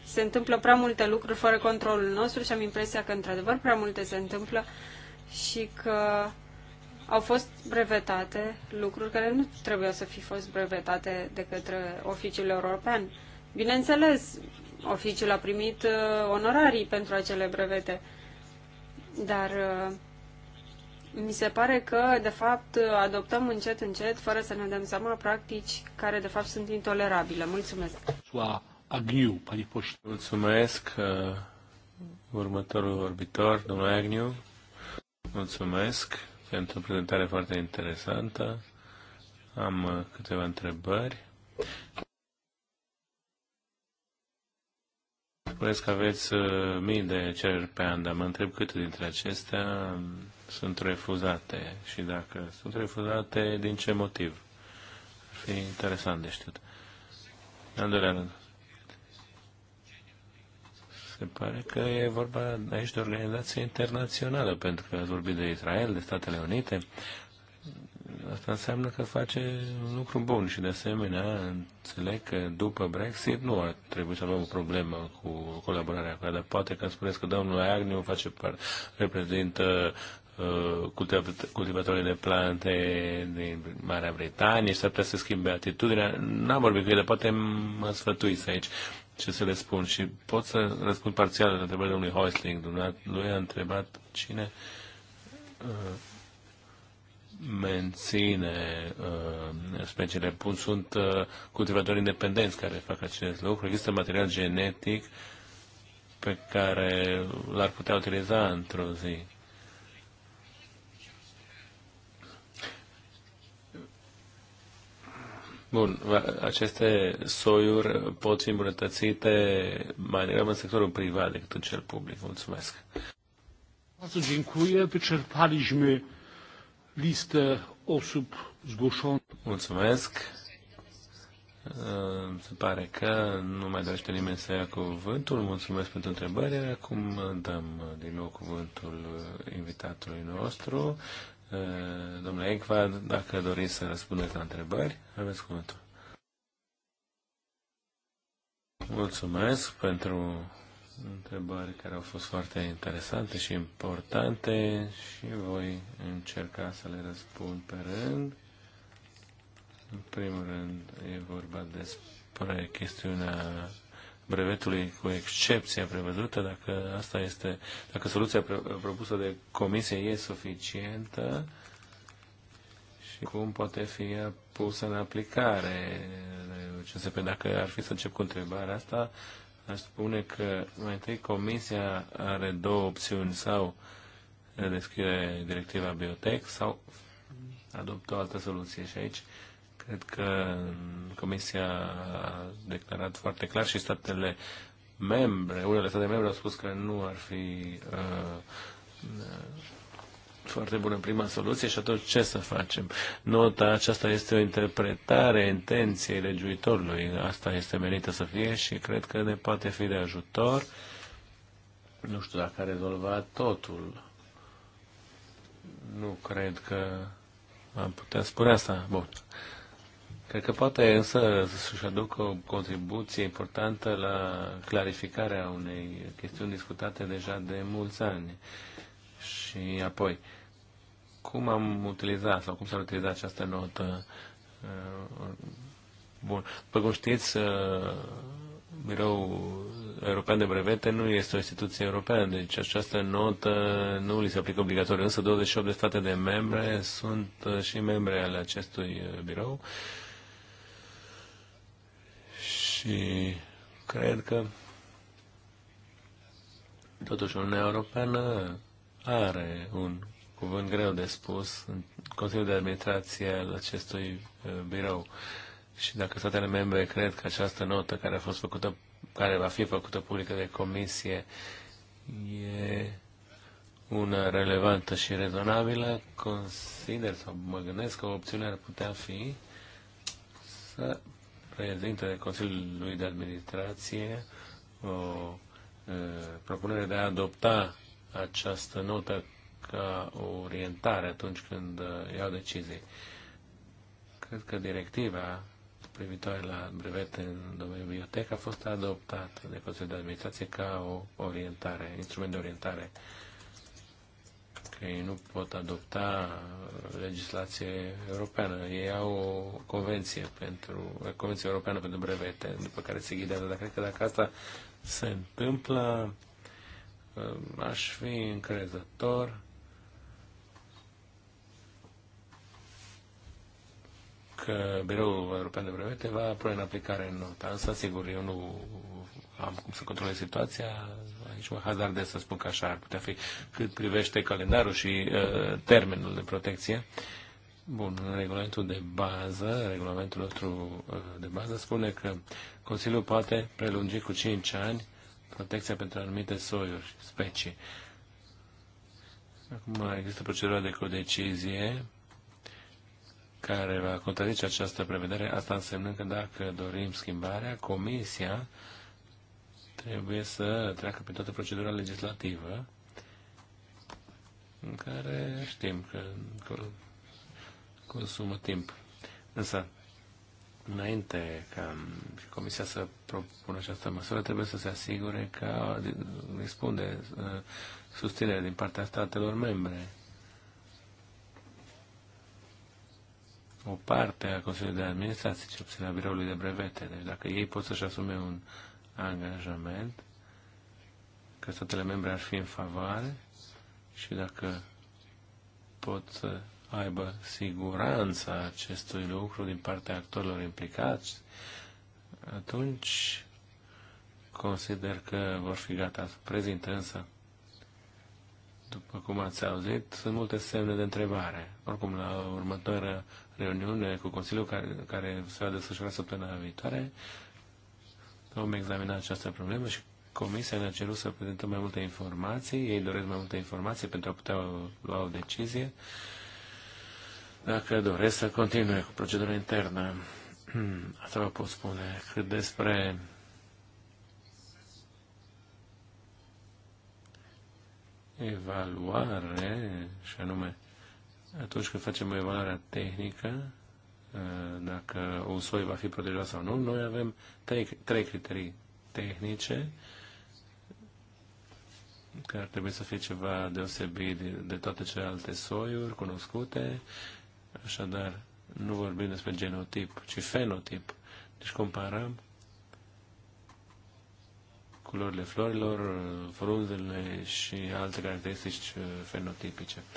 se întâmplă prea multe lucruri fără controlul nostru și am impresia că într-adevăr prea multe se întâmplă și că au fost brevetate lucruri care nu trebuiau să fi fost brevetate de către oficiul european. Bineînțeles, oficiul a primit uh, onorarii pentru acele brevete. Dar uh, mi se pare că, de fapt, adoptăm încet, încet, fără să ne dăm seama, practici care, de fapt, sunt intolerabile. Mulțumesc! Agniu, pani poștă. Mulțumesc, uh, următorul orbitor, domnul Agniu. Mulțumesc pentru o prezentare foarte interesantă. Am câteva întrebări. Spuneți că aveți uh, mii de cereri pe an, dar mă întreb câte dintre acestea sunt refuzate și dacă sunt refuzate, din ce motiv? Ar fi interesant de știut. În doilea rând, se pare că e vorba aici de organizație internațională, pentru că ați vorbit de Israel, de Statele Unite. Asta înseamnă că face un lucru bun și de asemenea înțeleg că după Brexit nu ar trebui să avem o problemă cu colaborarea cu dar poate că spuneți că domnul Agnew face parte. reprezintă uh, cultivatorii de plante din Marea Britanie și s-ar putea să schimbe atitudinea. N-am vorbit cu el, dar poate mă sfătuiți aici ce să le spun și pot să răspund parțial la întrebarea domnului Hoisling. Lui a întrebat cine uh, menține uh, speciile pun sunt uh, cultivatori independenți care fac acest lucru. Există material genetic pe care l-ar putea utiliza într-o zi. Bun, aceste soiuri pot fi îmbunătățite mai degrabă în sectorul privat decât în cel public. Mulțumesc. Bardzo dziękuję. Wyczerpaliśmy listă osub zgușon. Mulțumesc. Se pare că nu mai dorește nimeni să ia cuvântul. Mulțumesc pentru întrebări. Acum dăm din nou cuvântul invitatului nostru. Domnule Ecva, dacă doriți să răspundeți la întrebări, aveți cuvântul. Mulțumesc pentru întrebări care au fost foarte interesante și importante și voi încerca să le răspund pe rând. În primul rând e vorba despre chestiunea brevetului cu excepția prevăzută, dacă asta este, dacă soluția propusă de comisie e suficientă și cum poate fi pusă în aplicare. Ce înseamnă dacă ar fi să încep cu întrebarea asta, aș spune că mai întâi Comisia are două opțiuni, sau descrie directiva Biotec, sau adoptă o altă soluție și aici cred că Comisia a declarat foarte clar și statele membre, unele state membre au spus că nu ar fi uh, foarte bună prima soluție și atunci ce să facem? Nota aceasta este o interpretare a intenției legiuitorului. Asta este menită să fie și cred că ne poate fi de ajutor. Nu știu dacă a rezolvat totul. Nu cred că am putea spune asta. Bun. Cred că poate însă să-și aducă o contribuție importantă la clarificarea unei chestiuni discutate deja de mulți ani. Și apoi, cum am utilizat sau cum s-ar utiliza această notă. Uh, bun. După cum știți, uh, Biroul European de Brevete nu este o instituție europeană, deci această notă nu li se aplică obligatoriu, însă 28 de state de membre sunt uh, și membre ale acestui birou și cred că totuși Uniunea Europeană are un cuvânt greu de spus în Consiliul de Administrație al acestui uh, birou. Și dacă statele membre cred că această notă care a fost făcută, care va fi făcută publică de comisie, e una relevantă și rezonabilă, consider sau mă gândesc că opțiunea ar putea fi să prezinte Consiliului de Administrație o e, uh, propunere de a adopta această notă ca o orientare atunci când uh, iau decizii. Cred că directiva privitoare la brevete în domeniul biotec a fost adoptată de Consiliul de Administrație ca o orientare, instrument de orientare. Că ei nu pot adopta legislație europeană. Ei au o convenție pentru, o convenție europeană pentru brevete, după care se ghidează. Dar cred că dacă asta se întâmplă, uh, aș fi încrezător că Biroul European de Brevete va pune în aplicare nota, însă, sigur, eu nu am cum să controlez situația, aici mă hazardez să spun că așa ar putea fi cât privește calendarul și uh, termenul de protecție. Bun, în regulamentul de bază, regulamentul nostru uh, de bază spune că Consiliul poate prelungi cu 5 ani protecția pentru anumite soiuri, specii. Acum există procedura de codecizie care va contrazice această prevedere, asta însemnând că dacă dorim schimbarea, Comisia trebuie să treacă pe toată procedura legislativă în care știm că consumă timp. Însă, înainte ca Comisia să propună această măsură, trebuie să se asigure că răspunde susținere din partea statelor membre o parte a Consiliului de Administrație, ce obține biroului de brevete. Deci dacă ei pot să-și asume un angajament, că statele membre ar fi în favoare și dacă pot să aibă siguranța acestui lucru din partea actorilor implicați, atunci consider că vor fi gata să prezintă, însă, după cum ați auzit, sunt multe semne de întrebare. Oricum, la următoarea reuniune cu Consiliul care, care se va desfășura săptămâna viitoare. Vom examina această problemă și Comisia ne-a cerut să prezentăm mai multe informații. Ei doresc mai multe informații pentru a putea lua o decizie dacă doresc să continue cu procedura internă. Asta vă pot spune. Cât despre evaluare, și anume atunci când facem o evaluare tehnică, ă, dacă un soi va fi protejat sau nu, noi avem trei, trei criterii tehnice care ar trebui să fie ceva deosebit de, de toate celelalte soiuri cunoscute. Așadar, nu vorbim despre genotip, ci fenotip. Deci comparăm culorile florilor, frunzele și alte caracteristici fenotipice. Uh,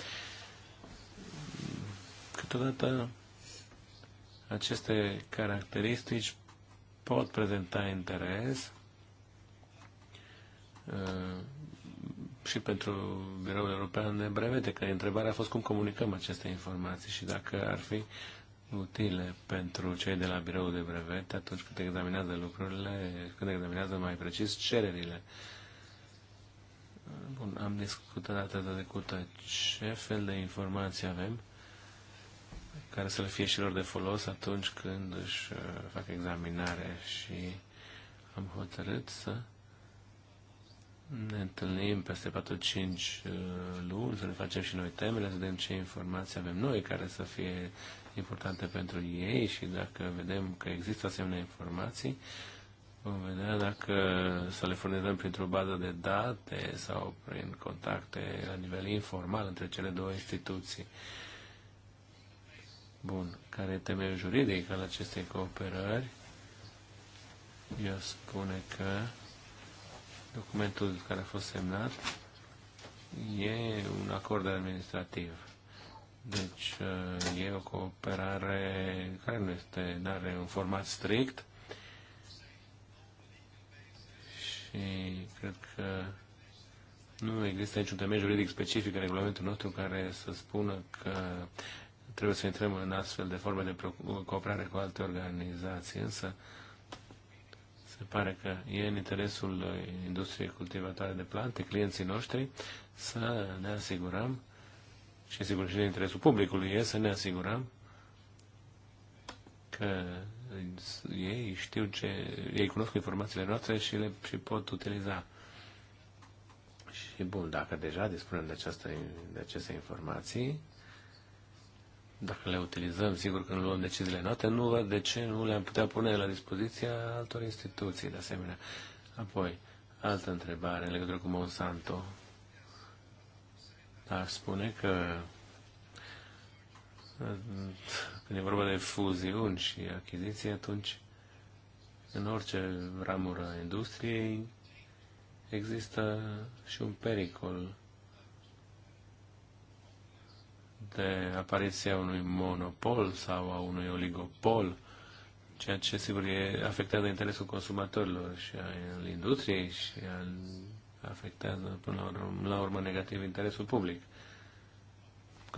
Totodată, aceste caracteristici pot prezenta interes uh, și pentru Biroul European de Brevete, că întrebarea a fost cum comunicăm aceste informații și dacă ar fi utile pentru cei de la Biroul de Brevete atunci când examinează lucrurile, când examinează mai precis cererile. Bun, am discutat data trecută ce fel de informații avem care să le fie și lor de folos atunci când își uh, fac examinare și am hotărât să ne întâlnim peste 4-5 uh, luni, să ne facem și noi temele, să vedem ce informații avem noi care să fie importante pentru ei și dacă vedem că există asemenea informații, vom vedea dacă să le furnizăm printr-o bază de date sau prin contacte la nivel informal între cele două instituții. Bun. Care e temeiul juridic al acestei cooperări? Eu spune că documentul care a fost semnat e un acord administrativ. Deci e o cooperare care nu este, nu are un format strict și cred că nu există niciun temei juridic specific în regulamentul nostru care să spună că trebuie să intrăm în astfel de forme de cooperare cu alte organizații, însă se pare că e în interesul uh, industriei cultivatoare de plante, clienții noștri, să ne asigurăm, și sigur și în interesul publicului e să ne asigurăm că ei știu ce, ei cunosc informațiile noastre și le și pot utiliza. Și bun, dacă deja dispunem de, această, de aceste informații, dacă le utilizăm, sigur când luăm deciziile noastre, nu văd de ce nu le-am putea pune la dispoziția altor instituții, de asemenea. Apoi, altă întrebare în legătură cu Monsanto. Ar spune că când e vorba de fuziuni și achiziții, atunci în orice ramură a industriei există și un pericol de apariția unui monopol sau a unui oligopol, ceea ce sigur e afectează interesul consumatorilor și al industriei și al afectează până la urmă, la urmă negativ interesul public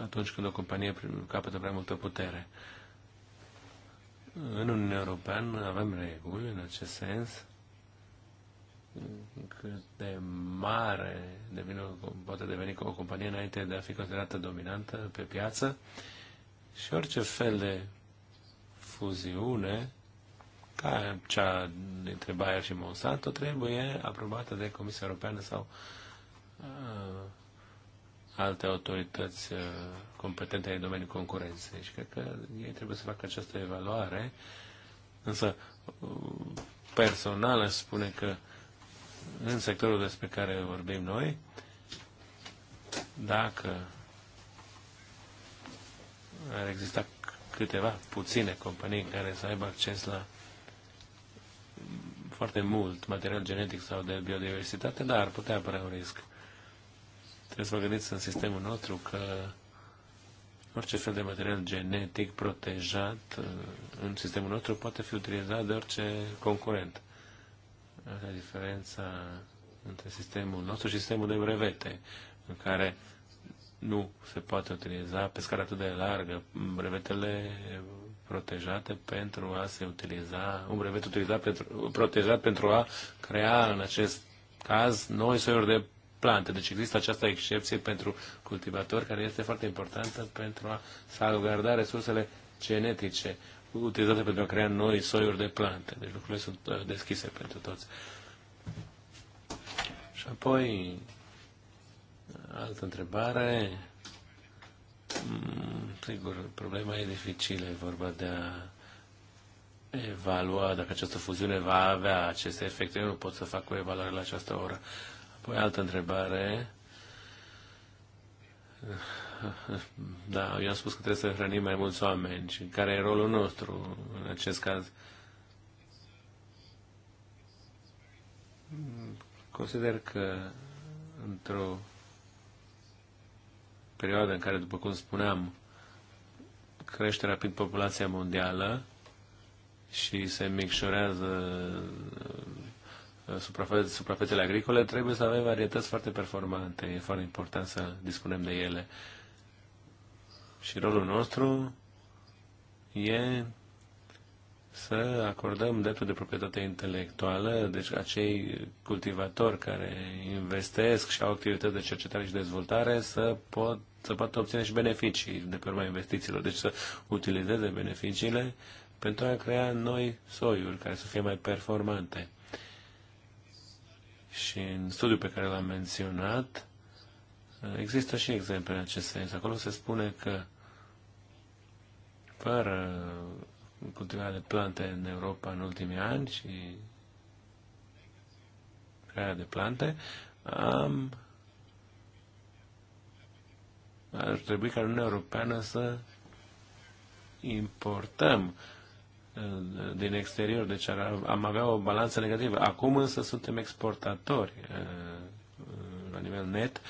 atunci când o companie capătă prea multă putere. În Uniunea Europeană avem reguli în acest sens cât de mare devine, poate deveni o companie înainte de a fi considerată dominantă pe piață și orice fel de fuziune, ca cea dintre Bayer și Monsanto, trebuie aprobată de Comisia Europeană sau uh, alte autorități uh, competente în domeniul concurenței. Și cred că ei trebuie să facă această evaluare, însă uh, personal spune că uh, în sectorul despre care vorbim noi, dacă ar exista câteva puține companii care să aibă acces la foarte mult material genetic sau de biodiversitate, dar ar putea apărea un risc. Trebuie să vă gândiți în sistemul nostru că orice fel de material genetic protejat uh, în sistemul nostru poate fi utilizat de orice concurent. Asta e diferența între sistemul nostru și sistemul de brevete, în care nu se poate utiliza pe scară atât de largă brevetele protejate pentru a se utiliza, un brevet utilizat pentru, protejat pentru a crea în acest caz noi soiuri de plante. Deci există această excepție pentru cultivatori care este foarte importantă pentru a salvgarda resursele genetice utilizate pentru a crea noi soiuri de plante. Deci lucrurile sunt uh, deschise pentru toți. Și apoi, altă întrebare. Mm, sigur, problema e dificilă, e vorba de a evalua dacă această fuziune va avea aceste efecte. Eu nu pot să fac o evaluare la această oră. Apoi altă întrebare da, eu am spus că trebuie să hrănim mai mulți oameni și care e rolul nostru în acest caz. Consider că într-o perioadă în care, după cum spuneam, crește rapid populația mondială și se micșorează uh, suprafe- suprafețele agricole, trebuie să avem varietăți foarte performante. E foarte important să dispunem de ele. Și rolul nostru e să acordăm dreptul de proprietate intelectuală, deci acei cultivatori care investesc și au activități de cercetare și dezvoltare să, pot, să poată obține și beneficii de pe urma investițiilor, deci să utilizeze beneficiile pentru a crea noi soiuri care să fie mai performante. Și în studiul pe care l-am menționat, Există și exemple în acest sens. Acolo se spune că fără cultivarea de plante în Europa în ultimii ani și crearea de plante, am, ar trebui ca Uniunea Europeană să importăm uh, din exterior, deci am avea o balanță negativă. Acum însă suntem exportatori uh, la nivel net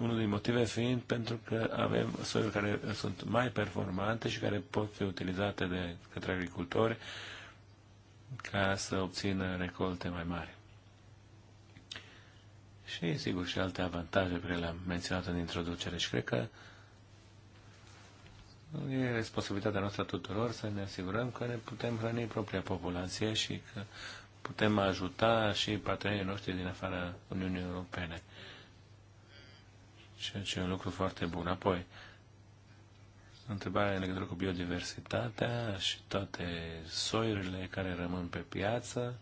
unul din motive fiind pentru că avem soiuri care sunt mai performante și care pot fi utilizate de către agricultori ca să obțină recolte mai mari. Și, sigur, și alte avantaje pe care le-am menționat în introducere și cred că e responsabilitatea noastră tuturor să ne asigurăm că ne putem hrăni propria populație și că putem ajuta și partenerii noștri din afara Uniunii Europene ceea ce e un lucru foarte bun. Apoi, întrebarea în legătură cu biodiversitatea și toate soiurile care rămân pe piață,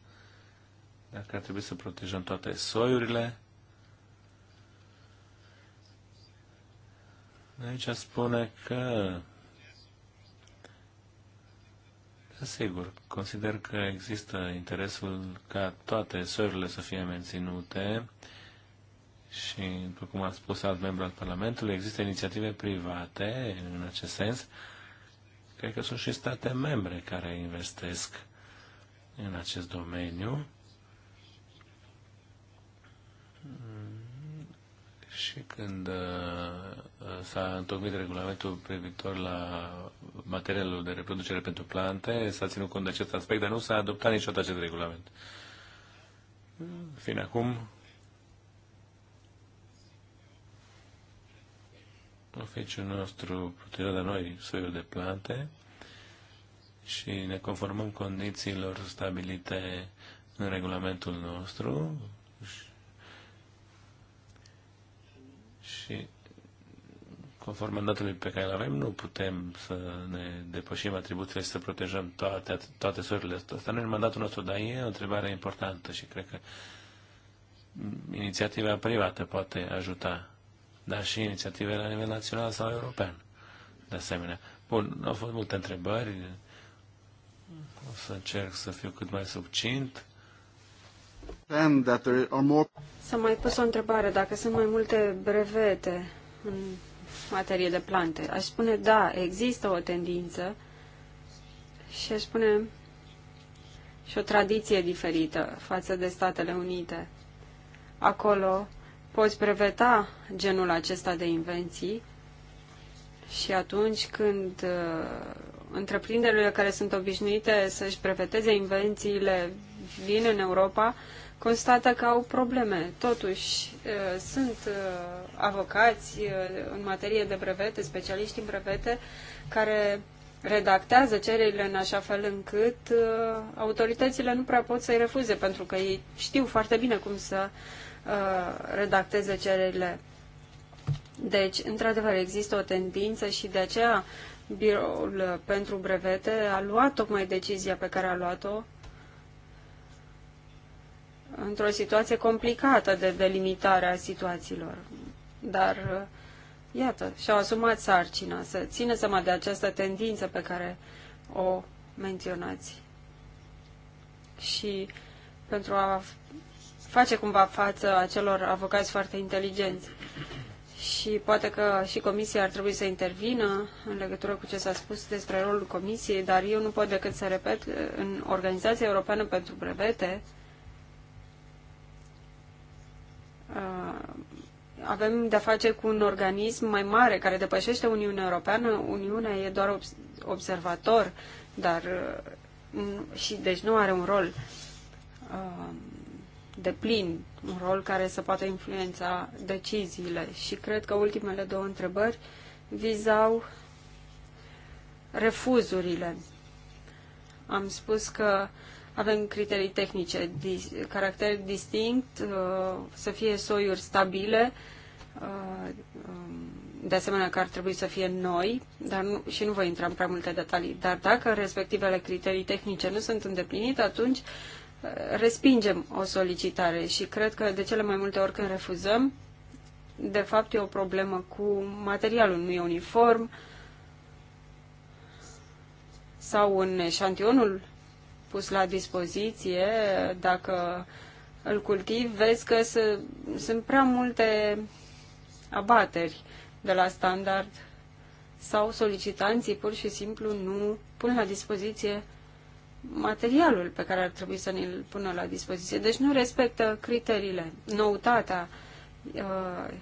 dacă ar trebui să protejăm toate soiurile. Aici spune că Sigur, consider că există interesul ca toate soiurile să fie menținute și, după cum a spus alt membru al Parlamentului, există inițiative private în acest sens. Cred că sunt și state membre care investesc în acest domeniu. Și când uh, s-a întocmit regulamentul privitor la materialul de reproducere pentru plante, s-a ținut cont de acest aspect, dar nu s-a adoptat niciodată acest regulament. Fiind acum, Oficiul nostru puterea de noi soiul de plante și ne conformăm condițiilor stabilite în regulamentul nostru și conform mandatului pe care îl avem, nu putem să ne depășim atribuțiile și să protejăm toate, toate sorile. Asta nu e mandatul nostru, dar e o întrebare importantă și cred că inițiativa privată poate ajuta dar și inițiative la nivel național sau european. De asemenea. Bun, au fost multe întrebări. O să încerc să fiu cât mai subcint. să mai pus o întrebare dacă sunt mai multe brevete în materie de plante. Aș spune da, există o tendință și aș spune și o tradiție diferită față de Statele Unite. Acolo poți breveta genul acesta de invenții și atunci când uh, întreprinderile care sunt obișnuite să-și breveteze invențiile vin în Europa, constată că au probleme. Totuși, uh, sunt uh, avocați uh, în materie de brevete, specialiști în brevete, care redactează cererile în așa fel încât uh, autoritățile nu prea pot să-i refuze, pentru că ei știu foarte bine cum să uh, Uh, redacteze cererile. Deci, într-adevăr, există o tendință și de aceea Biroul pentru Brevete a luat tocmai decizia pe care a luat-o într-o situație complicată de delimitare a situațiilor. Dar, uh, iată, și-au asumat sarcina să țină seama de această tendință pe care o menționați. Și pentru a face cumva față acelor avocați foarte inteligenți. Și poate că și comisia ar trebui să intervină în legătură cu ce s-a spus despre rolul comisiei, dar eu nu pot decât să repet, în Organizația Europeană pentru Brevete uh, avem de-a face cu un organism mai mare care depășește Uniunea Europeană. Uniunea e doar observator, dar uh, și deci nu are un rol uh, de plin, un rol care să poată influența deciziile. Și cred că ultimele două întrebări vizau refuzurile. Am spus că avem criterii tehnice, dis, caracter distinct, uh, să fie soiuri stabile, uh, um, de asemenea că ar trebui să fie noi, dar nu, și nu voi intra în prea multe detalii, dar dacă respectivele criterii tehnice nu sunt îndeplinite, atunci respingem o solicitare și cred că de cele mai multe ori când refuzăm, de fapt e o problemă cu materialul, nu e uniform sau în eșantionul pus la dispoziție, dacă îl cultiv vezi că sunt prea multe abateri de la standard sau solicitanții pur și simplu nu pun la dispoziție materialul pe care ar trebui să ne-l pună la dispoziție. Deci nu respectă criteriile. Noutatea, uh,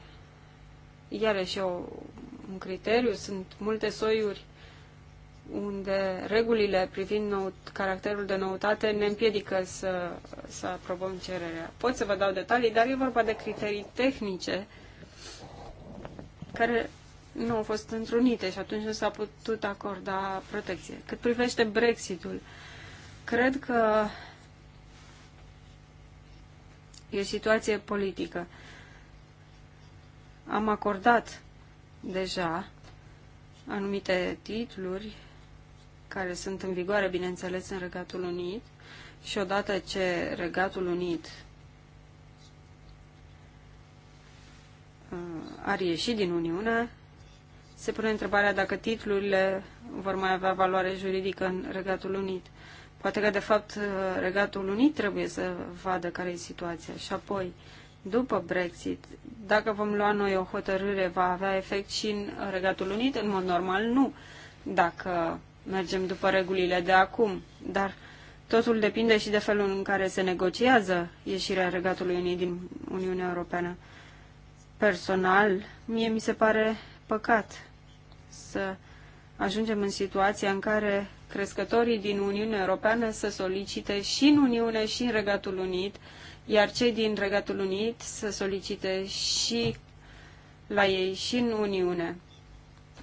iarăși eu, un criteriu, sunt multe soiuri unde regulile privind nou, caracterul de noutate ne împiedică să, să aprobăm cererea. Pot să vă dau detalii, dar e vorba de criterii tehnice care nu au fost întrunite și atunci nu s-a putut acorda protecție. Cât privește Brexitul, Cred că e situație politică. Am acordat deja anumite titluri care sunt în vigoare, bineînțeles, în Regatul Unit și odată ce Regatul Unit uh, ar ieși din Uniune, se pune întrebarea dacă titlurile vor mai avea valoare juridică în Regatul Unit. Poate că, de fapt, Regatul Unit trebuie să vadă care e situația. Și apoi, după Brexit, dacă vom lua noi o hotărâre, va avea efect și în Regatul Unit? În mod normal, nu, dacă mergem după regulile de acum. Dar totul depinde și de felul în care se negociază ieșirea Regatului Unit din Uniunea Europeană. Personal, mie mi se pare păcat să ajungem în situația în care crescătorii din Uniunea Europeană să solicite și în Uniune și în Regatul Unit, iar cei din Regatul Unit să solicite și la ei și în Uniune.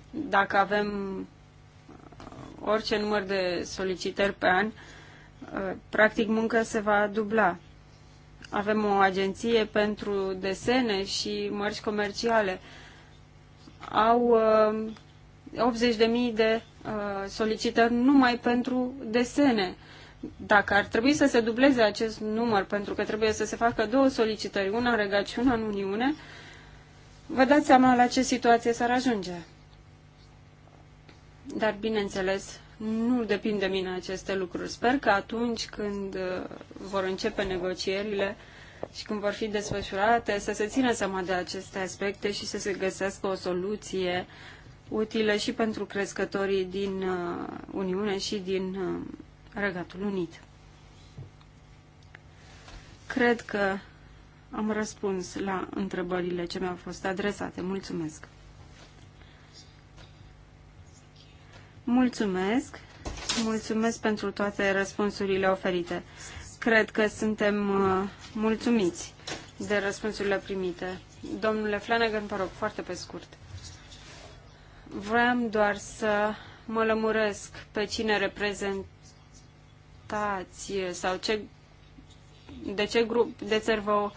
Dacă avem uh, orice număr de solicitări pe an, uh, practic munca se va dubla. Avem o agenție pentru desene și mărci comerciale. Au uh, 80.000 de uh, solicitări numai pentru desene. Dacă ar trebui să se dubleze acest număr, pentru că trebuie să se facă două solicitări, una în regat și una în Uniune, vă dați seama la ce situație s-ar ajunge. Dar, bineînțeles, nu depinde de mine aceste lucruri. Sper că atunci când uh, vor începe negocierile și când vor fi desfășurate, să se țină seama de aceste aspecte și să se găsească o soluție utilă și pentru crescătorii din uh, Uniune și din uh, Regatul Unit. Cred că am răspuns la întrebările ce mi-au fost adresate. Mulțumesc! Mulțumesc! Mulțumesc pentru toate răspunsurile oferite. Cred că suntem uh, mulțumiți de răspunsurile primite. Domnule Flanagan, vă rog, foarte pe scurt. Vreau doar să mă lămuresc pe cine reprezentați sau ce, de ce grup de țări vă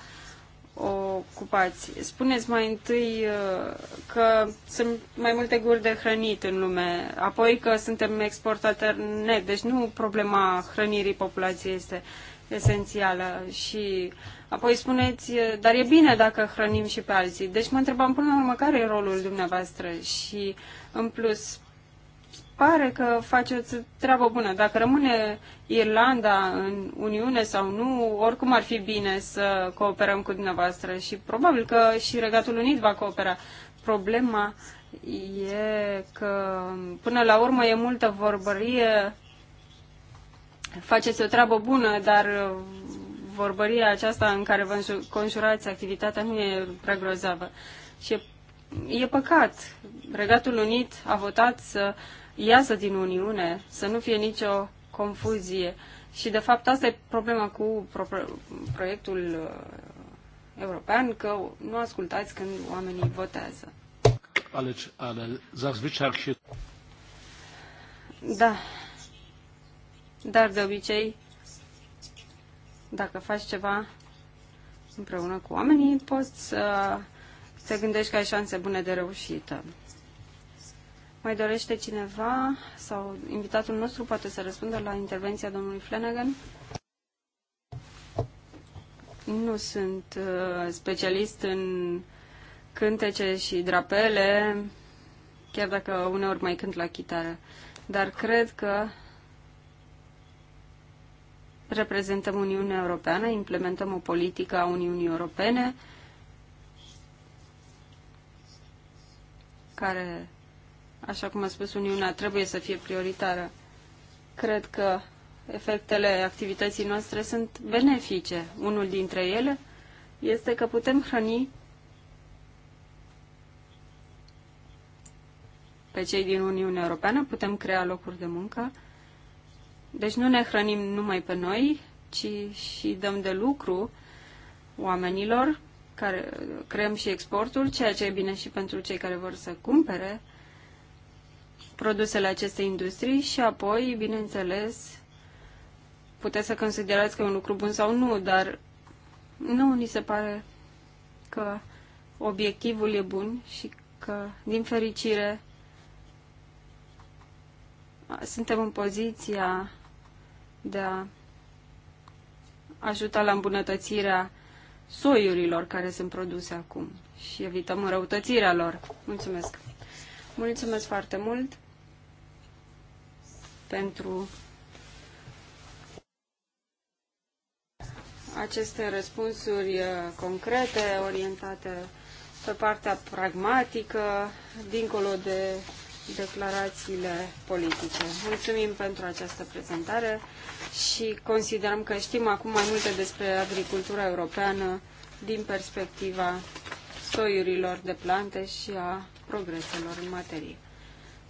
ocupați. Spuneți mai întâi uh, că sunt mai multe guri de hrănit în lume, apoi că suntem exportatori net, deci nu problema hrănirii populației este esențială și uh, Apoi spuneți, dar e bine dacă hrănim și pe alții. Deci mă întrebam până la urmă care e rolul dumneavoastră și, în plus, pare că faceți treabă bună. Dacă rămâne Irlanda în Uniune sau nu, oricum ar fi bine să cooperăm cu dumneavoastră și probabil că și Regatul Unit va coopera. Problema e că până la urmă e multă vorbărie, faceți o treabă bună, dar vorbăria aceasta în care vă conjurați activitatea nu e prea grozavă. Și e, e păcat. Regatul Unit a votat să iasă din Uniune, să nu fie nicio confuzie. Și, de fapt, asta e problema cu pro proiectul uh, european, că nu ascultați când oamenii votează. ale Da. Dar de obicei dacă faci ceva împreună cu oamenii, poți uh, să te gândești că ai șanse bune de reușită. Mai dorește cineva sau invitatul nostru poate să răspundă la intervenția domnului Flanagan? Nu sunt uh, specialist în cântece și drapele, chiar dacă uneori mai cânt la chitară, dar cred că reprezentăm Uniunea Europeană, implementăm o politică a Uniunii Europene care, așa cum a spus Uniunea, trebuie să fie prioritară. Cred că efectele activității noastre sunt benefice. Unul dintre ele este că putem hrăni pe cei din Uniunea Europeană, putem crea locuri de muncă, deci nu ne hrănim numai pe noi, ci și dăm de lucru oamenilor, care creăm și exportul, ceea ce e bine și pentru cei care vor să cumpere produsele acestei industrii și apoi, bineînțeles, puteți să considerați că e un lucru bun sau nu, dar nu ni se pare că obiectivul e bun și că, din fericire, suntem în poziția de a ajuta la îmbunătățirea soiurilor care sunt produse acum și evităm răutățirea lor. Mulțumesc! Mulțumesc foarte mult pentru aceste răspunsuri uh, concrete, orientate pe partea pragmatică, dincolo de declarațiile politice. Mulțumim pentru această prezentare și considerăm că știm acum mai multe despre agricultura europeană din perspectiva soiurilor de plante și a progreselor în materie.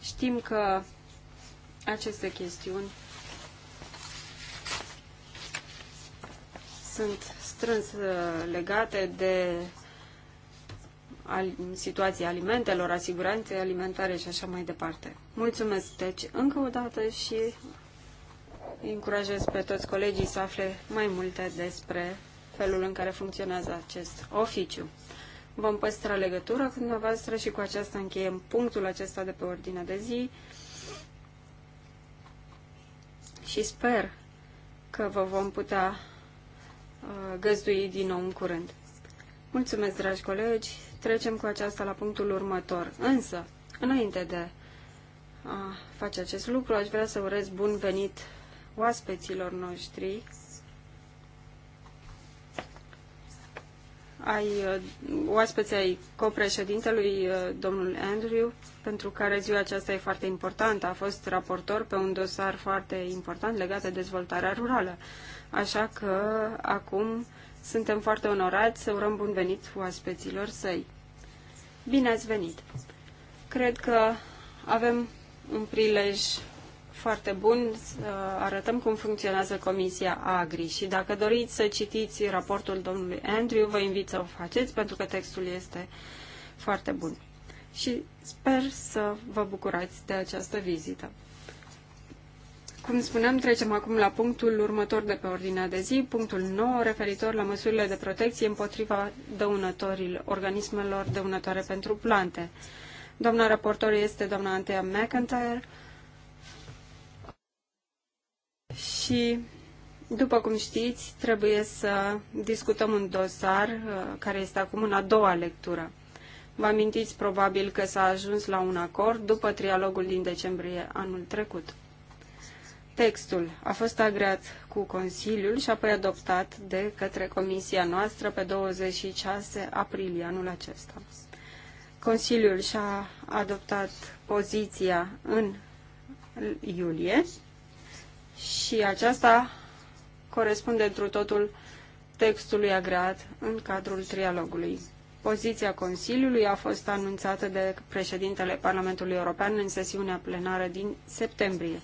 Știm că aceste chestiuni sunt strâns uh, legate de al, situației alimentelor, a alimentare și așa mai departe. Mulțumesc, deci, încă o dată și îi încurajez pe toți colegii să afle mai multe despre felul în care funcționează acest oficiu. Vom păstra legătura cu dumneavoastră și cu aceasta încheiem punctul acesta de pe ordinea de zi și sper că vă vom putea uh, găzdui din nou în curând. Mulțumesc, dragi colegi! trecem cu aceasta la punctul următor. Însă, înainte de a face acest lucru, aș vrea să urez bun venit oaspeților noștri ai uh, oaspeții ai copreședintelui uh, domnul Andrew, pentru care ziua aceasta e foarte importantă. A fost raportor pe un dosar foarte important legat de dezvoltarea rurală. Așa că acum suntem foarte onorați să urăm bun venit oaspeților săi. Bine ați venit! Cred că avem un prilej foarte bun să arătăm cum funcționează Comisia Agri și dacă doriți să citiți raportul domnului Andrew, vă invit să o faceți pentru că textul este foarte bun. Și sper să vă bucurați de această vizită. Cum spuneam, trecem acum la punctul următor de pe ordinea de zi, punctul 9, referitor la măsurile de protecție împotriva dăunătorilor, organismelor dăunătoare pentru plante. Doamna raportor este doamna Antea McIntyre și, după cum știți, trebuie să discutăm un dosar uh, care este acum în a doua lectură. Vă amintiți probabil că s-a ajuns la un acord după trialogul din decembrie anul trecut. Textul a fost agreat cu Consiliul și apoi adoptat de către Comisia noastră pe 26 aprilie anul acesta. Consiliul și-a adoptat poziția în iulie și aceasta corespunde întru totul textului agreat în cadrul trialogului. Poziția Consiliului a fost anunțată de președintele Parlamentului European în sesiunea plenară din septembrie.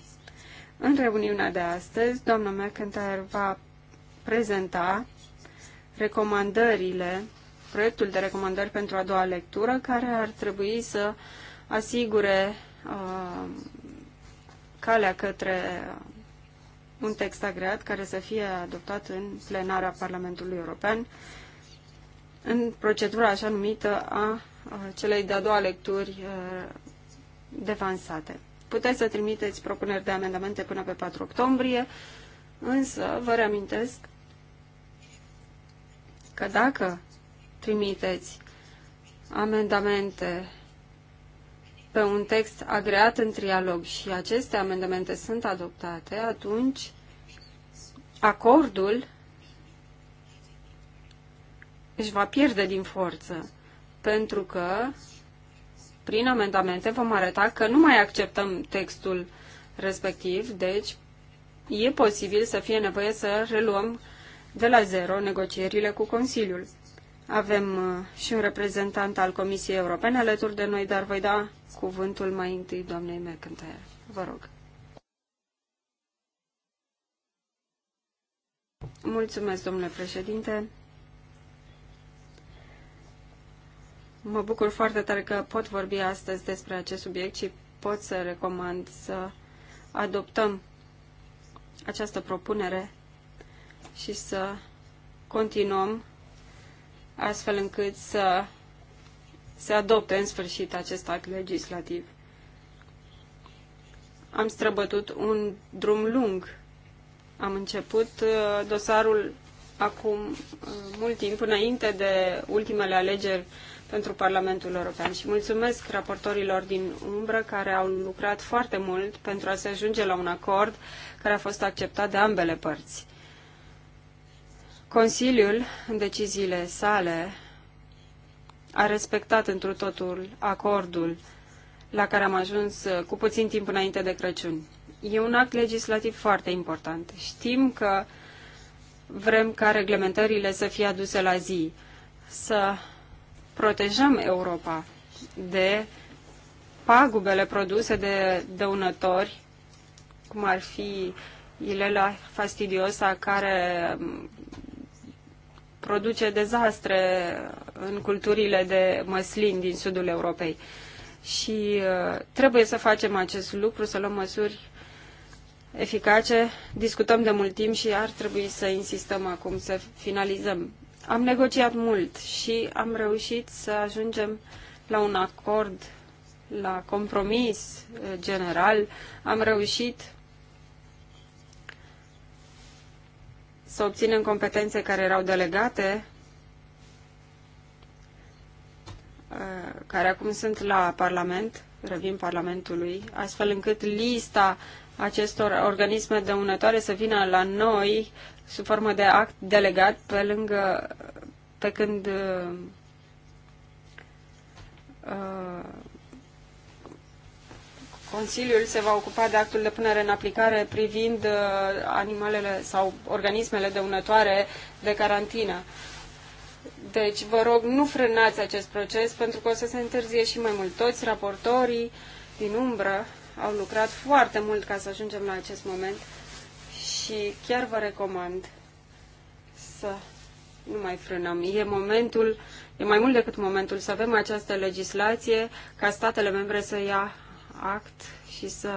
În reuniunea de astăzi, doamna McIntyre va prezenta recomandările, proiectul de recomandări pentru a doua lectură, care ar trebui să asigure uh, calea către un text agreat care să fie adoptat în plenara Parlamentului European în procedura așa numită a uh, celei de-a doua lecturi uh, devansate. Puteți să trimiteți propuneri de amendamente până pe 4 octombrie, însă vă reamintesc că dacă trimiteți amendamente pe un text agreat în trialog și aceste amendamente sunt adoptate, atunci acordul își va pierde din forță, pentru că prin amendamente vom arăta că nu mai acceptăm textul respectiv, deci e posibil să fie nevoie să reluăm de la zero negocierile cu Consiliul. Avem uh, și un reprezentant al Comisiei Europene alături de noi, dar voi da cuvântul mai întâi doamnei McIntyre. Vă rog. Mulțumesc, domnule președinte. Mă bucur foarte tare că pot vorbi astăzi despre acest subiect și pot să recomand să adoptăm această propunere și să continuăm astfel încât să se adopte în sfârșit acest act legislativ. Am străbătut un drum lung. Am început uh, dosarul acum uh, mult timp, înainte de ultimele alegeri pentru Parlamentul European și mulțumesc raportorilor din umbră care au lucrat foarte mult pentru a se ajunge la un acord care a fost acceptat de ambele părți. Consiliul, în deciziile sale, a respectat întru totul acordul la care am ajuns uh, cu puțin timp înainte de Crăciun. E un act legislativ foarte important. Știm că vrem ca reglementările să fie aduse la zi, să protejăm Europa de pagubele produse de dăunători, cum ar fi ilela fastidiosa care produce dezastre în culturile de măslin din sudul Europei. Și uh, trebuie să facem acest lucru, să luăm măsuri eficace. Discutăm de mult timp și ar trebui să insistăm acum să finalizăm am negociat mult și am reușit să ajungem la un acord, la compromis eh, general. Am reușit să obținem competențe care erau delegate, eh, care acum sunt la Parlament, revin Parlamentului, astfel încât lista acestor organisme dăunătoare să vină la noi sub formă de act delegat pe lângă pe când uh, uh, Consiliul se va ocupa de actul de punere în aplicare privind uh, animalele sau organismele dăunătoare de carantină. Deci, vă rog, nu frânați acest proces, pentru că o să se întârzie și mai mult. Toți raportorii din umbră au lucrat foarte mult ca să ajungem la acest moment și chiar vă recomand să nu mai frânăm. E momentul, e mai mult decât momentul să avem această legislație ca statele membre să ia act și să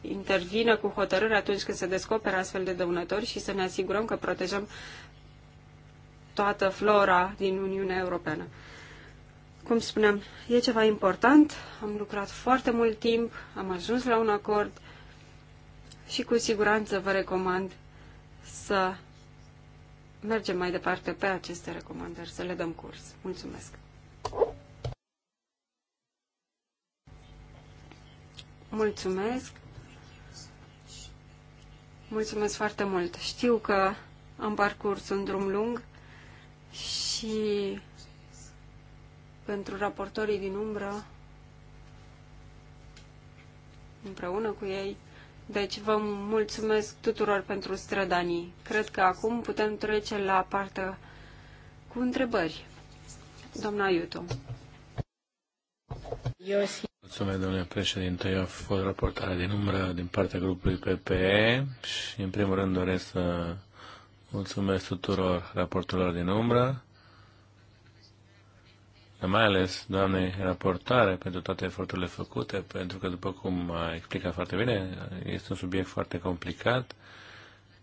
intervină cu hotărâre atunci când se descoperă astfel de dăunători și să ne asigurăm că protejăm toată flora din Uniunea Europeană. Cum spuneam, e ceva important, am lucrat foarte mult timp, am ajuns la un acord, și cu siguranță vă recomand să mergem mai departe pe aceste recomandări, să le dăm curs. Mulțumesc! Mulțumesc! Mulțumesc foarte mult! Știu că am parcurs un drum lung și pentru raportorii din umbră, împreună cu ei, deci vă mulțumesc tuturor pentru strădanii. Cred că acum putem trece la partea cu întrebări. Doamna Iuto. Mulțumesc, domnule președinte. Eu am fost raportare din umbră din partea grupului PPE și, în primul rând, doresc să mulțumesc tuturor raportorilor din umbră mai ales Doamne, raportare pentru toate eforturile făcute, pentru că, după cum a explicat foarte bine, este un subiect foarte complicat,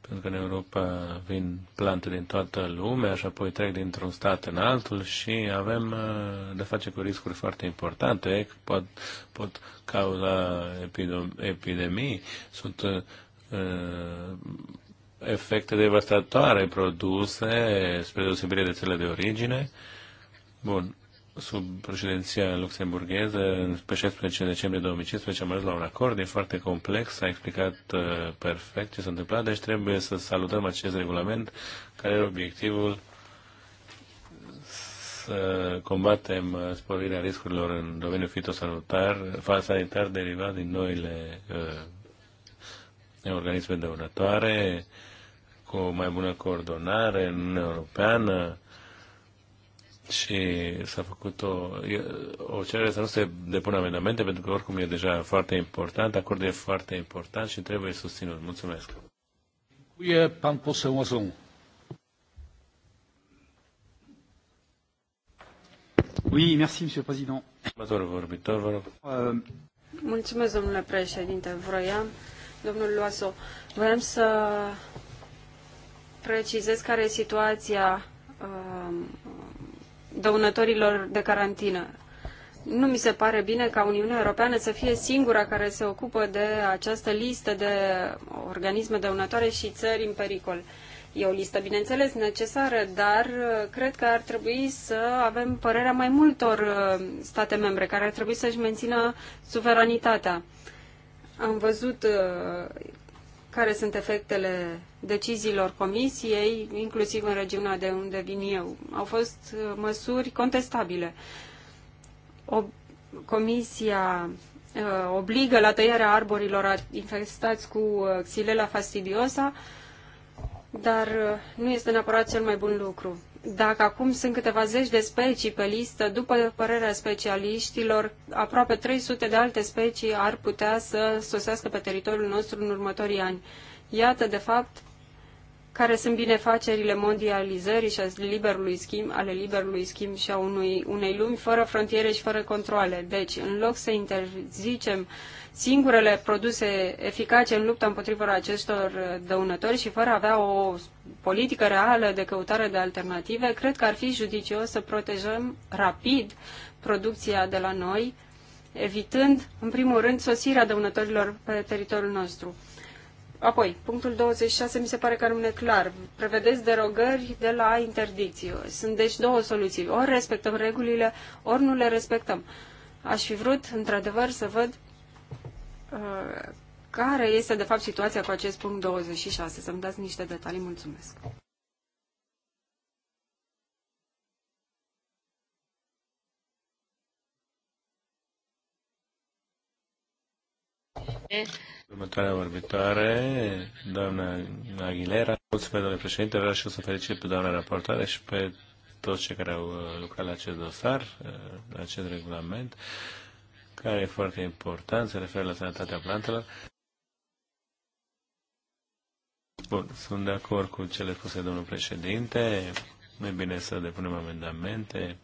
pentru că în Europa vin plante din toată lumea și apoi trec dintr-un stat în altul și avem uh, de face cu riscuri foarte importante, pot, pot cauza epidemii, sunt uh, uh, efecte devastatoare produse, spre deosebire de cele de origine. Bun, sub președinția luxemburgheză, pe 16 decembrie 2015 am ajuns la un acord, e foarte complex, a explicat uh, perfect ce s-a întâmplat, deci trebuie să salutăm acest regulament care are obiectivul să combatem uh, sporirea riscurilor în domeniul fitosanitar, sanitar derivat din noile uh, organisme dăunătoare, cu o mai bună coordonare în Uniunea Europeană, și s-a făcut o, o cerere să nu se depună amendamente, pentru că oricum e deja foarte important, acordul e foarte important și trebuie susținut. Mulțumesc. E pan poseu Oui, merci, monsieur le président. Euh, Mulțumesc, domnule președinte. Vroiam, domnul Loaso, vroiam să precizez care e situația um, dăunătorilor de carantină. Nu mi se pare bine ca Uniunea Europeană să fie singura care se ocupă de această listă de organisme dăunătoare și țări în pericol. E o listă, bineînțeles, necesară, dar uh, cred că ar trebui să avem părerea mai multor uh, state membre care ar trebui să-și mențină suveranitatea. Am văzut uh, care sunt efectele deciziilor comisiei, inclusiv în regiunea de unde vin eu. Au fost uh, măsuri contestabile. O, comisia uh, obligă la tăierea arborilor infestați cu uh, xilela fastidiosa, dar uh, nu este neapărat cel mai bun lucru dacă acum sunt câteva zeci de specii pe listă, după părerea specialiștilor, aproape 300 de alte specii ar putea să sosească pe teritoriul nostru în următorii ani. Iată, de fapt, care sunt binefacerile mondializării și a liberului schimb, ale liberului schimb și a unui, unei lumi fără frontiere și fără controle. Deci, în loc să interzicem uh, singurele produse eficace în lupta împotriva acestor dăunători și fără a avea o politică reală de căutare de alternative, cred că ar fi judicios să protejăm rapid producția de la noi, evitând, în primul rând, sosirea dăunătorilor pe teritoriul nostru. Apoi, punctul 26 mi se pare că rămâne clar. Prevedeți derogări de la interdicție. Sunt deci două soluții. Ori respectăm regulile, ori nu le respectăm. Aș fi vrut, într-adevăr, să văd Uh, care este de fapt situația cu acest punct 26. Să-mi dați niște detalii. Mulțumesc. Următoarea vorbitoare, doamna Aguilera. Mulțumesc, domnule președinte. Vreau și eu să felicit pe doamna raportoare și pe toți cei care au uh, lucrat la acest dosar, uh, la acest regulament care e foarte important, se referă la sănătatea plantelor. Bun, sunt de acord cu cele spuse domnul președinte. Nu e bine să depunem amendamente.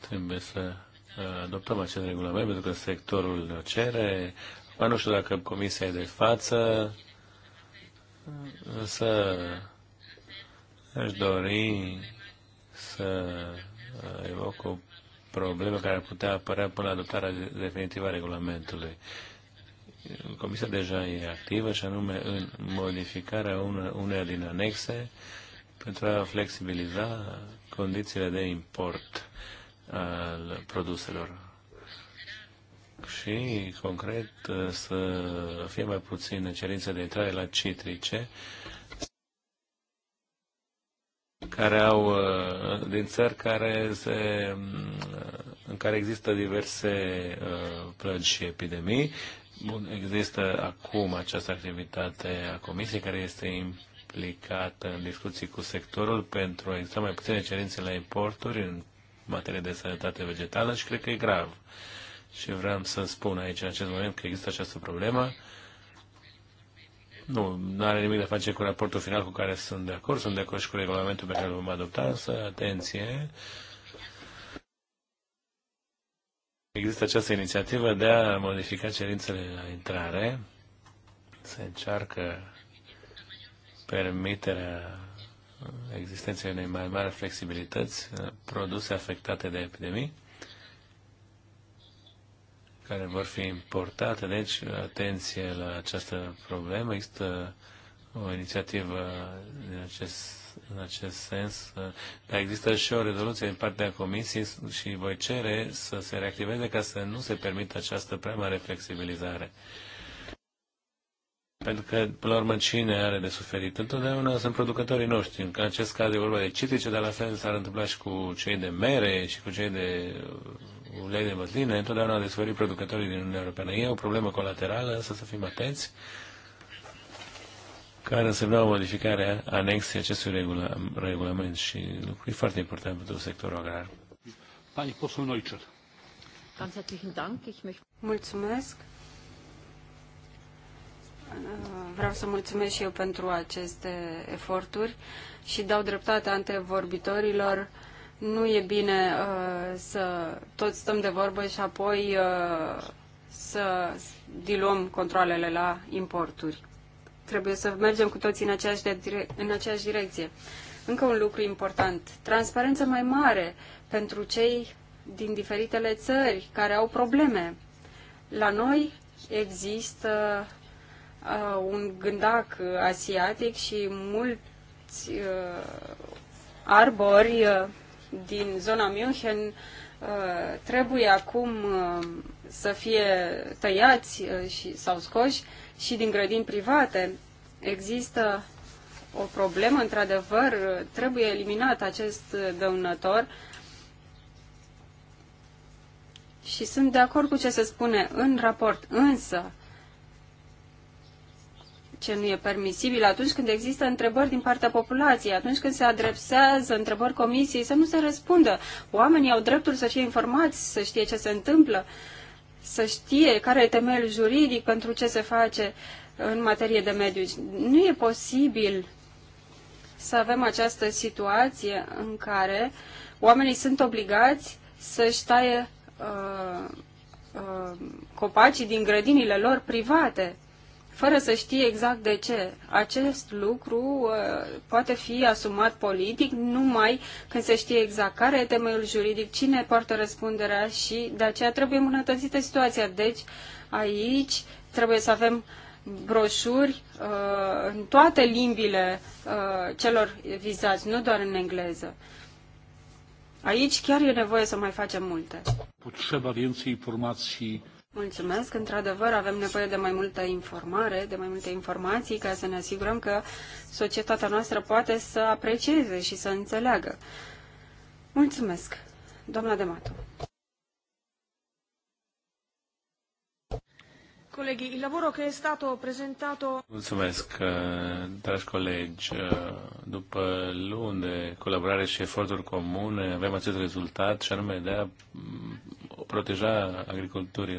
Trebuie să uh, adoptăm acest regulament pentru că sectorul ne cere. Ba nu știu dacă comisia e de față, însă aș dori să uh, evoc o probleme care ar putea apărea până la adoptarea definitivă a regulamentului. Comisia deja e activă și anume în modificarea uneia din anexe pentru a flexibiliza condițiile de import al produselor și, concret, să fie mai puține cerințe de intrare la citrice, care au, uh, din țări care se, mm, în care există diverse uh, plăgi și epidemii. Bun, există acum această activitate a Comisiei care este implicată în discuții cu sectorul pentru a exista mai puține cerințe la importuri în materie de sănătate vegetală și cred că e grav. Și vreau să spun aici în acest moment că există această problemă nu, nu are nimic de face cu raportul final cu care sunt de acord, sunt de acord și cu regulamentul pe care îl vom adopta, însă, atenție, există această inițiativă de a modifica cerințele la intrare, se încearcă permiterea existenței unei mai mari flexibilități, produse afectate de epidemii, care vor fi importate, deci atenție la această problemă. Există o inițiativă în acest, în acest sens, dar există și o rezoluție din partea Comisiei și voi cere să se reactiveze ca să nu se permită această prea mare flexibilizare. Pentru că, până la urmă, cine are de suferit? Întotdeauna sunt producătorii noștri. În acest caz e vorba de citrice, dar la fel s-ar întâmpla și cu cei de mere și cu cei de ulei de măsline, întotdeauna descoperit producătorii din Uniunea Europeană. E o problemă colaterală, să să fim atenți, care însemna o modificare a anexei acestui regula, regulament și lucru e foarte important pentru sectorul agrar. Pani posul Neutscher. Mulțumesc. Vreau să mulțumesc și eu pentru aceste eforturi și dau dreptate antevorbitorilor vorbitorilor nu e bine uh, să toți stăm de vorbă și apoi uh, să diluăm controlele la importuri. Trebuie să mergem cu toții în aceeași, de, în aceeași direcție. Încă un lucru important. Transparență mai mare pentru cei din diferitele țări care au probleme. La noi există uh, un gândac asiatic și mulți uh, arbori uh, din zona München uh, trebuie acum uh, să fie tăiați uh, și, sau scoși și din grădini private. Există o problemă, într-adevăr, trebuie eliminat acest dăunător și sunt de acord cu ce se spune în raport, însă ce nu e permisibil atunci când există întrebări din partea populației, atunci când se adresează întrebări comisiei, să nu se răspundă. Oamenii au dreptul să fie informați, să știe ce se întâmplă, să știe care e temeiul juridic pentru ce se face în materie de mediu. Nu e posibil să avem această situație în care oamenii sunt obligați să-și taie uh, uh, copacii din grădinile lor private fără să știi exact de ce. Acest lucru uh, poate fi asumat politic numai când se știe exact care e temeiul juridic, cine poartă răspunderea și de aceea trebuie îmbunătățită situația. Deci aici trebuie să avem broșuri uh, în toate limbile uh, celor vizați, nu doar în engleză. Aici chiar e nevoie să mai facem multe. więcej Mulțumesc. Într-adevăr, avem nevoie de mai multă informare, de mai multe informații, ca să ne asigurăm că societatea noastră poate să aprecieze și să înțeleagă. Mulțumesc. Doamna Demato. Colegi, il lavoro che è stato presentato... Mulțumesc, uh, dragi colegi. Uh, după luni de colaborare și eforturi comune, avem acest rezultat și anume de a proteja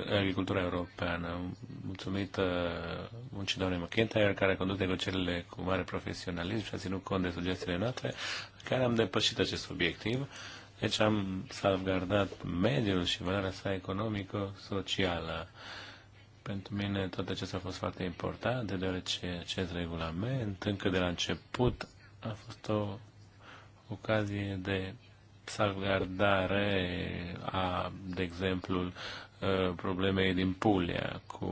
agricultura europeană. Mulțumit muncii doamnei McIntyre, care a condus negocierile cu mare profesionalism și a ținut cont de sugestiile noastre, care am depășit acest obiectiv. Deci am salvgardat mediul și valoarea sa economică-socială. Pentru mine tot acesta a fost foarte important, deoarece acest regulament, încă de la început, a fost o ocazie de salvgardare a, de exemplu, uh, problemei din Puglia cu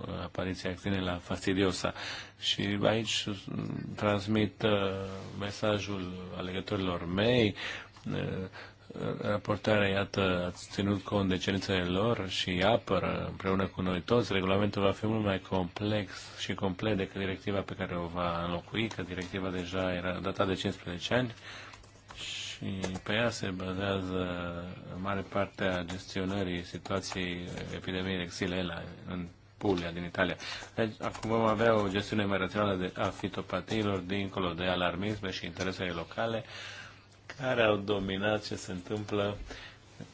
uh, apariția acțiunii la Fastidiosa. Și aici transmit uh, mesajul alegătorilor mei Raportarea, iată, ați ținut cont de cerințele lor și apără împreună cu noi toți. Regulamentul va fi mult mai complex și complet decât directiva pe care o va înlocui, că directiva deja era datată de 15 ani și pe ea se bazează în mare parte a gestionării situației epidemiei Rexilela în Puglia din Italia. Deci acum vom avea o gestiune mai rațională de, a fitopatiilor dincolo de alarmisme și interesele locale care au dominat ce se întâmplă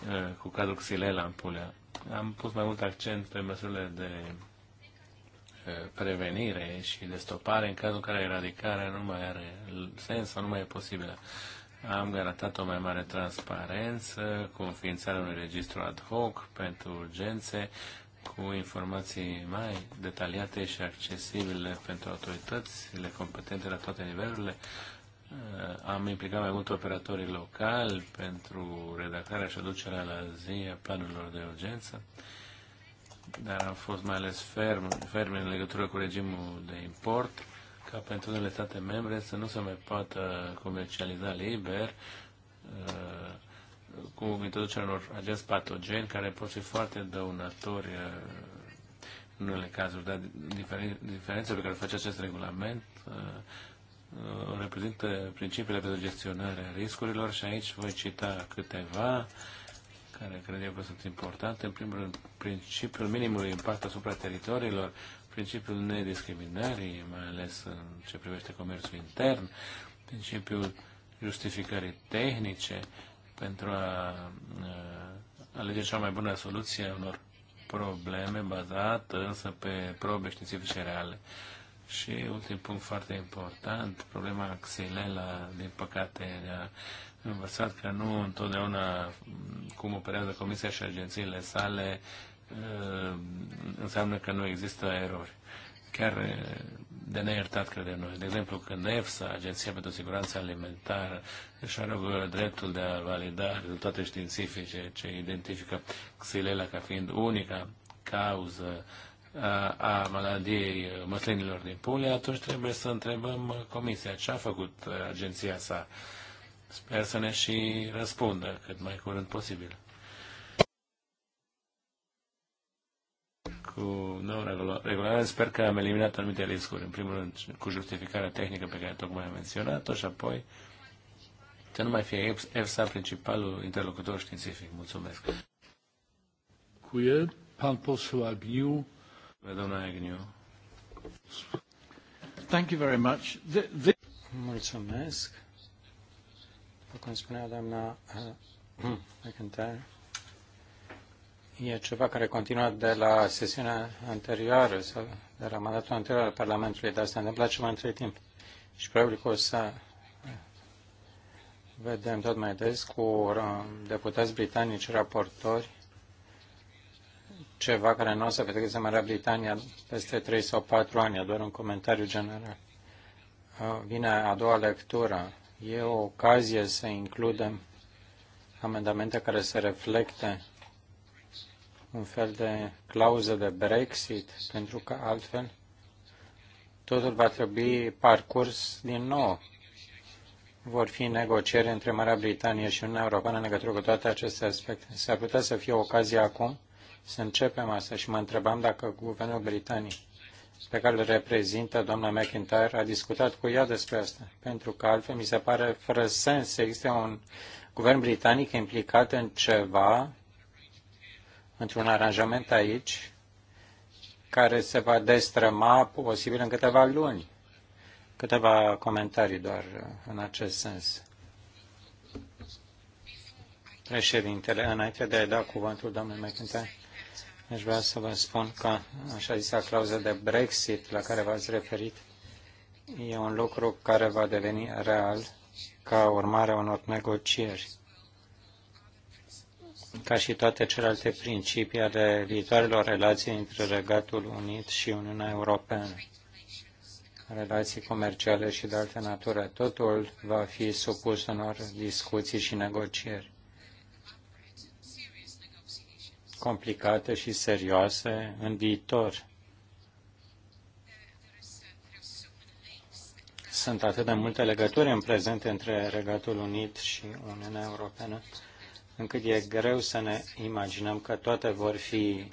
uh, cu cadrul Xilei la Ampulea. Am pus mai mult accent pe măsurile de uh, prevenire și de stopare în cazul în care eradicarea nu mai are sens sau nu mai e posibilă. Am garantat o mai mare transparență cu înființarea unui registru ad hoc pentru urgențe, cu informații mai detaliate și accesibile pentru autoritățile competente la toate nivelurile, Eh, am implicat mai mult operatorii locali pentru redactarea și aducerea la zi a planurilor de urgență, dar am fost mai ales ferm, ferm în legătură cu regimul de import, ca pentru unele state membre să nu se mai poată comercializa liber eh, cu introducerea unor agenți patogeni care pot fi foarte dăunători eh, în unele cazuri, dar diferențele pe care face acest regulament Uh, reprezintă principiile pentru gestionarea riscurilor și aici voi cita câteva care cred eu că sunt importante. În primul rând, principiul minimului impact asupra teritoriilor, principiul nediscriminării, mai ales în ce privește comerțul intern, principiul justificării tehnice pentru a uh, alege cea mai bună soluție a unor probleme bazată însă pe probe științifice reale. Și ultim punct foarte important, problema Xilela, din păcate, ne-a învățat că nu întotdeauna cum operează Comisia și agențiile sale uh, înseamnă că nu există erori. Chiar uh, de neiertat, credem noi. De exemplu, când EFSA, Agenția pentru Siguranță Alimentară, își are dreptul de a valida rezultate științifice ce identifică Xilela ca fiind unica cauză a maladiei măslinilor din pule, atunci trebuie să întrebăm comisia ce a făcut agenția sa. Sper să ne și răspundă cât mai curând posibil. Cu nouă regulare, sper că am eliminat anumite riscuri. În primul rând, cu justificarea tehnică pe care tocmai am menționat-o și apoi să nu mai fie EFSA principalul interlocutor științific. Mulțumesc. el, pan posul Doamna Agnew. Thank you very much. The, the... Mulțumesc. După cum spunea doamna uh, McIntyre, e ceva care continuă de la sesiunea anterioară sau de la mandatul anterior al Parlamentului, dar s-a întâmplat ceva între timp. Și probabil că o să vedem tot mai des cu uh, deputați britanici raportori ceva care nu o să petreze în Marea Britanie peste 3 sau 4 ani, doar un comentariu general. Uh, vine a doua lectură. E o ocazie să includem amendamente care să reflecte un fel de clauză de Brexit, pentru că altfel totul va trebui parcurs din nou. Vor fi negocieri între Marea Britanie și Uniunea Europeană în legătură cu toate aceste aspecte. S-ar putea să fie ocazia acum să începem asta și mă întrebam dacă guvernul britanic pe care îl reprezintă doamna McIntyre a discutat cu ea despre asta, pentru că altfel mi se pare fără sens să existe un guvern britanic implicat în ceva, într-un aranjament aici, care se va destrăma posibil în câteva luni. Câteva comentarii doar în acest sens. Președintele, înainte de a da cuvântul doamnei McIntyre, Aș vrea să vă spun că așa zisa clauză de Brexit la care v-ați referit e un lucru care va deveni real ca urmare a unor negocieri. Ca și toate celelalte principii ale viitoarelor relații între Regatul Unit și Uniunea Europeană, relații comerciale și de altă natură, totul va fi supus unor discuții și negocieri. complicate și serioase în viitor. Sunt atât de multe legături în prezent între Regatul Unit și Uniunea Europeană, încât e greu să ne imaginăm că toate vor fi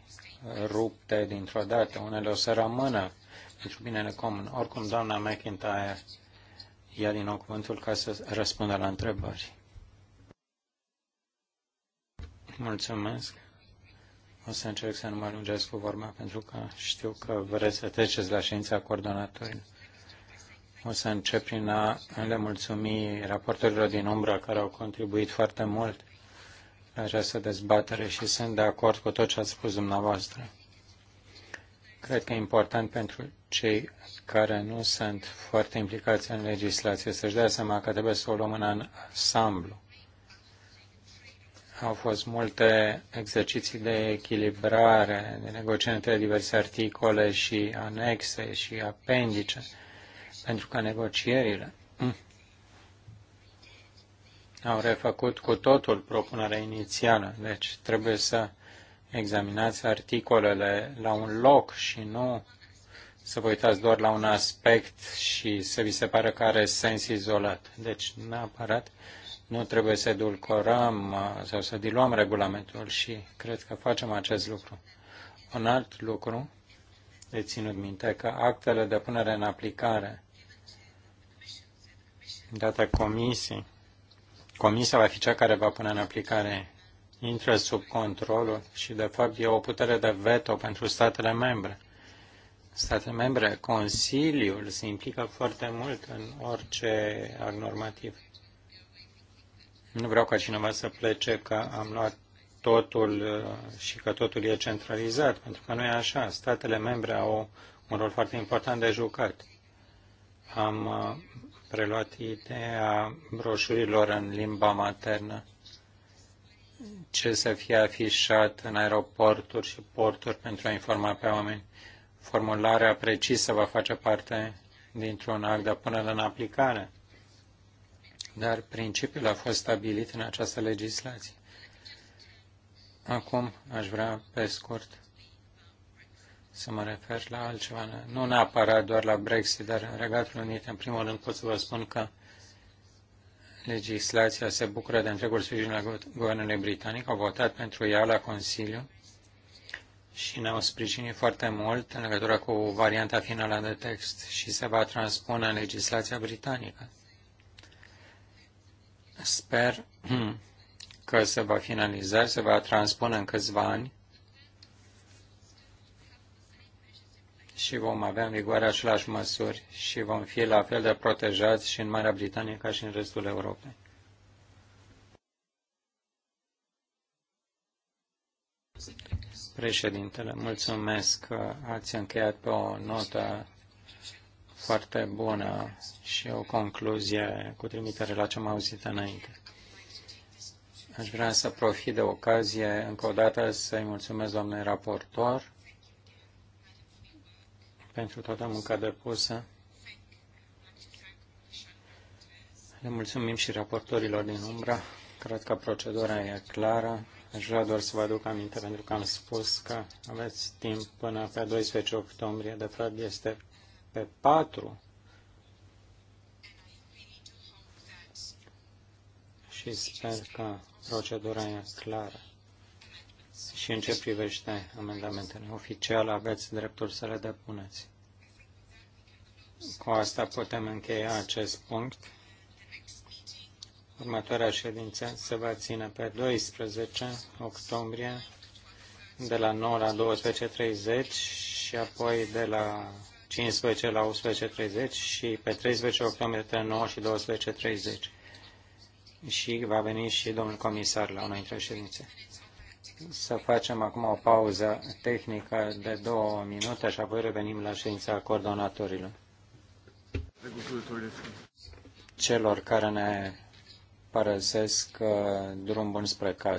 rupte dintr-o dată. Unele o să rămână pentru binele comun. Oricum, doamna McIntyre ia din nou cuvântul ca să răspundă la întrebări. Mulțumesc. O să încerc să nu mă lungesc cu vorba, pentru că știu că vreți să treceți la ședința coordonatorilor. O să încep prin a le mulțumi raportorilor din umbră care au contribuit foarte mult la această dezbatere și sunt de acord cu tot ce ați spus dumneavoastră. Cred că e important pentru cei care nu sunt foarte implicați în legislație să-și dea seama că trebuie să o luăm în ansamblu. Au fost multe exerciții de echilibrare, de negociere între diverse articole și anexe și apendice, pentru că negocierile mm, au refăcut cu totul propunerea inițială. Deci trebuie să examinați articolele la un loc și nu să vă uitați doar la un aspect și să vi se pare că are sens izolat. Deci, neapărat, nu trebuie să edulcorăm uh, sau să diluăm regulamentul și cred că facem acest lucru. Un alt lucru de ținut minte că actele de punere în aplicare date comisii, comisia va fi cea care va pune în aplicare, intră sub controlul și de fapt e o putere de veto pentru statele membre. Statele membre, Consiliul se implică foarte mult în orice act normativ. Nu vreau ca cineva să plece că am luat totul uh, și că totul e centralizat, pentru că nu e așa. Statele membre au un rol foarte important de jucat. Am uh, preluat ideea broșurilor în limba maternă, ce să fie afișat în aeroporturi și porturi pentru a informa pe oameni. Formularea precisă va face parte dintr-un act de până în aplicare dar principiul a fost stabilit în această legislație. Acum aș vrea, pe scurt, să mă refer la altceva, nu neapărat doar la Brexit, dar în Regatul Unit, în primul rând, pot să vă spun că legislația se bucură de întregul sprijin al guvernului britanic, au votat pentru ea la Consiliu și ne-au sprijinit foarte mult în legătură cu varianta finală de text și se va transpune în legislația britanică. Sper că se va finaliza, se va transpune în câțiva ani și vom avea în vigoare același măsuri și vom fi la fel de protejați și în Marea Britanie ca și în restul Europei. Președintele, mulțumesc că ați încheiat pe o notă foarte bună și o concluzie cu trimitere la ce am auzit înainte. Aș vrea să profit de ocazie încă o dată să-i mulțumesc doamnei raportor pentru toată munca depusă. Le mulțumim și raportorilor din umbra. Cred că procedura e clară. Aș vrea doar să vă aduc aminte pentru că am spus că aveți timp până pe 12 octombrie. De fapt, este 4 și sper că procedura e clară. Și în ce privește amendamentele oficiale, aveți dreptul să le depuneți. Cu asta putem încheia acest punct. Următoarea ședință se va ține pe 12 octombrie de la 9 la 12.30 și apoi de la 15 la 11.30 și pe 13 octombrie între 9 și 12.30. Și va veni și domnul comisar la una dintre ședințe. Să facem acum o pauză tehnică de două minute și apoi revenim la ședința coordonatorilor. Celor care ne părăsesc uh, drumul spre casă.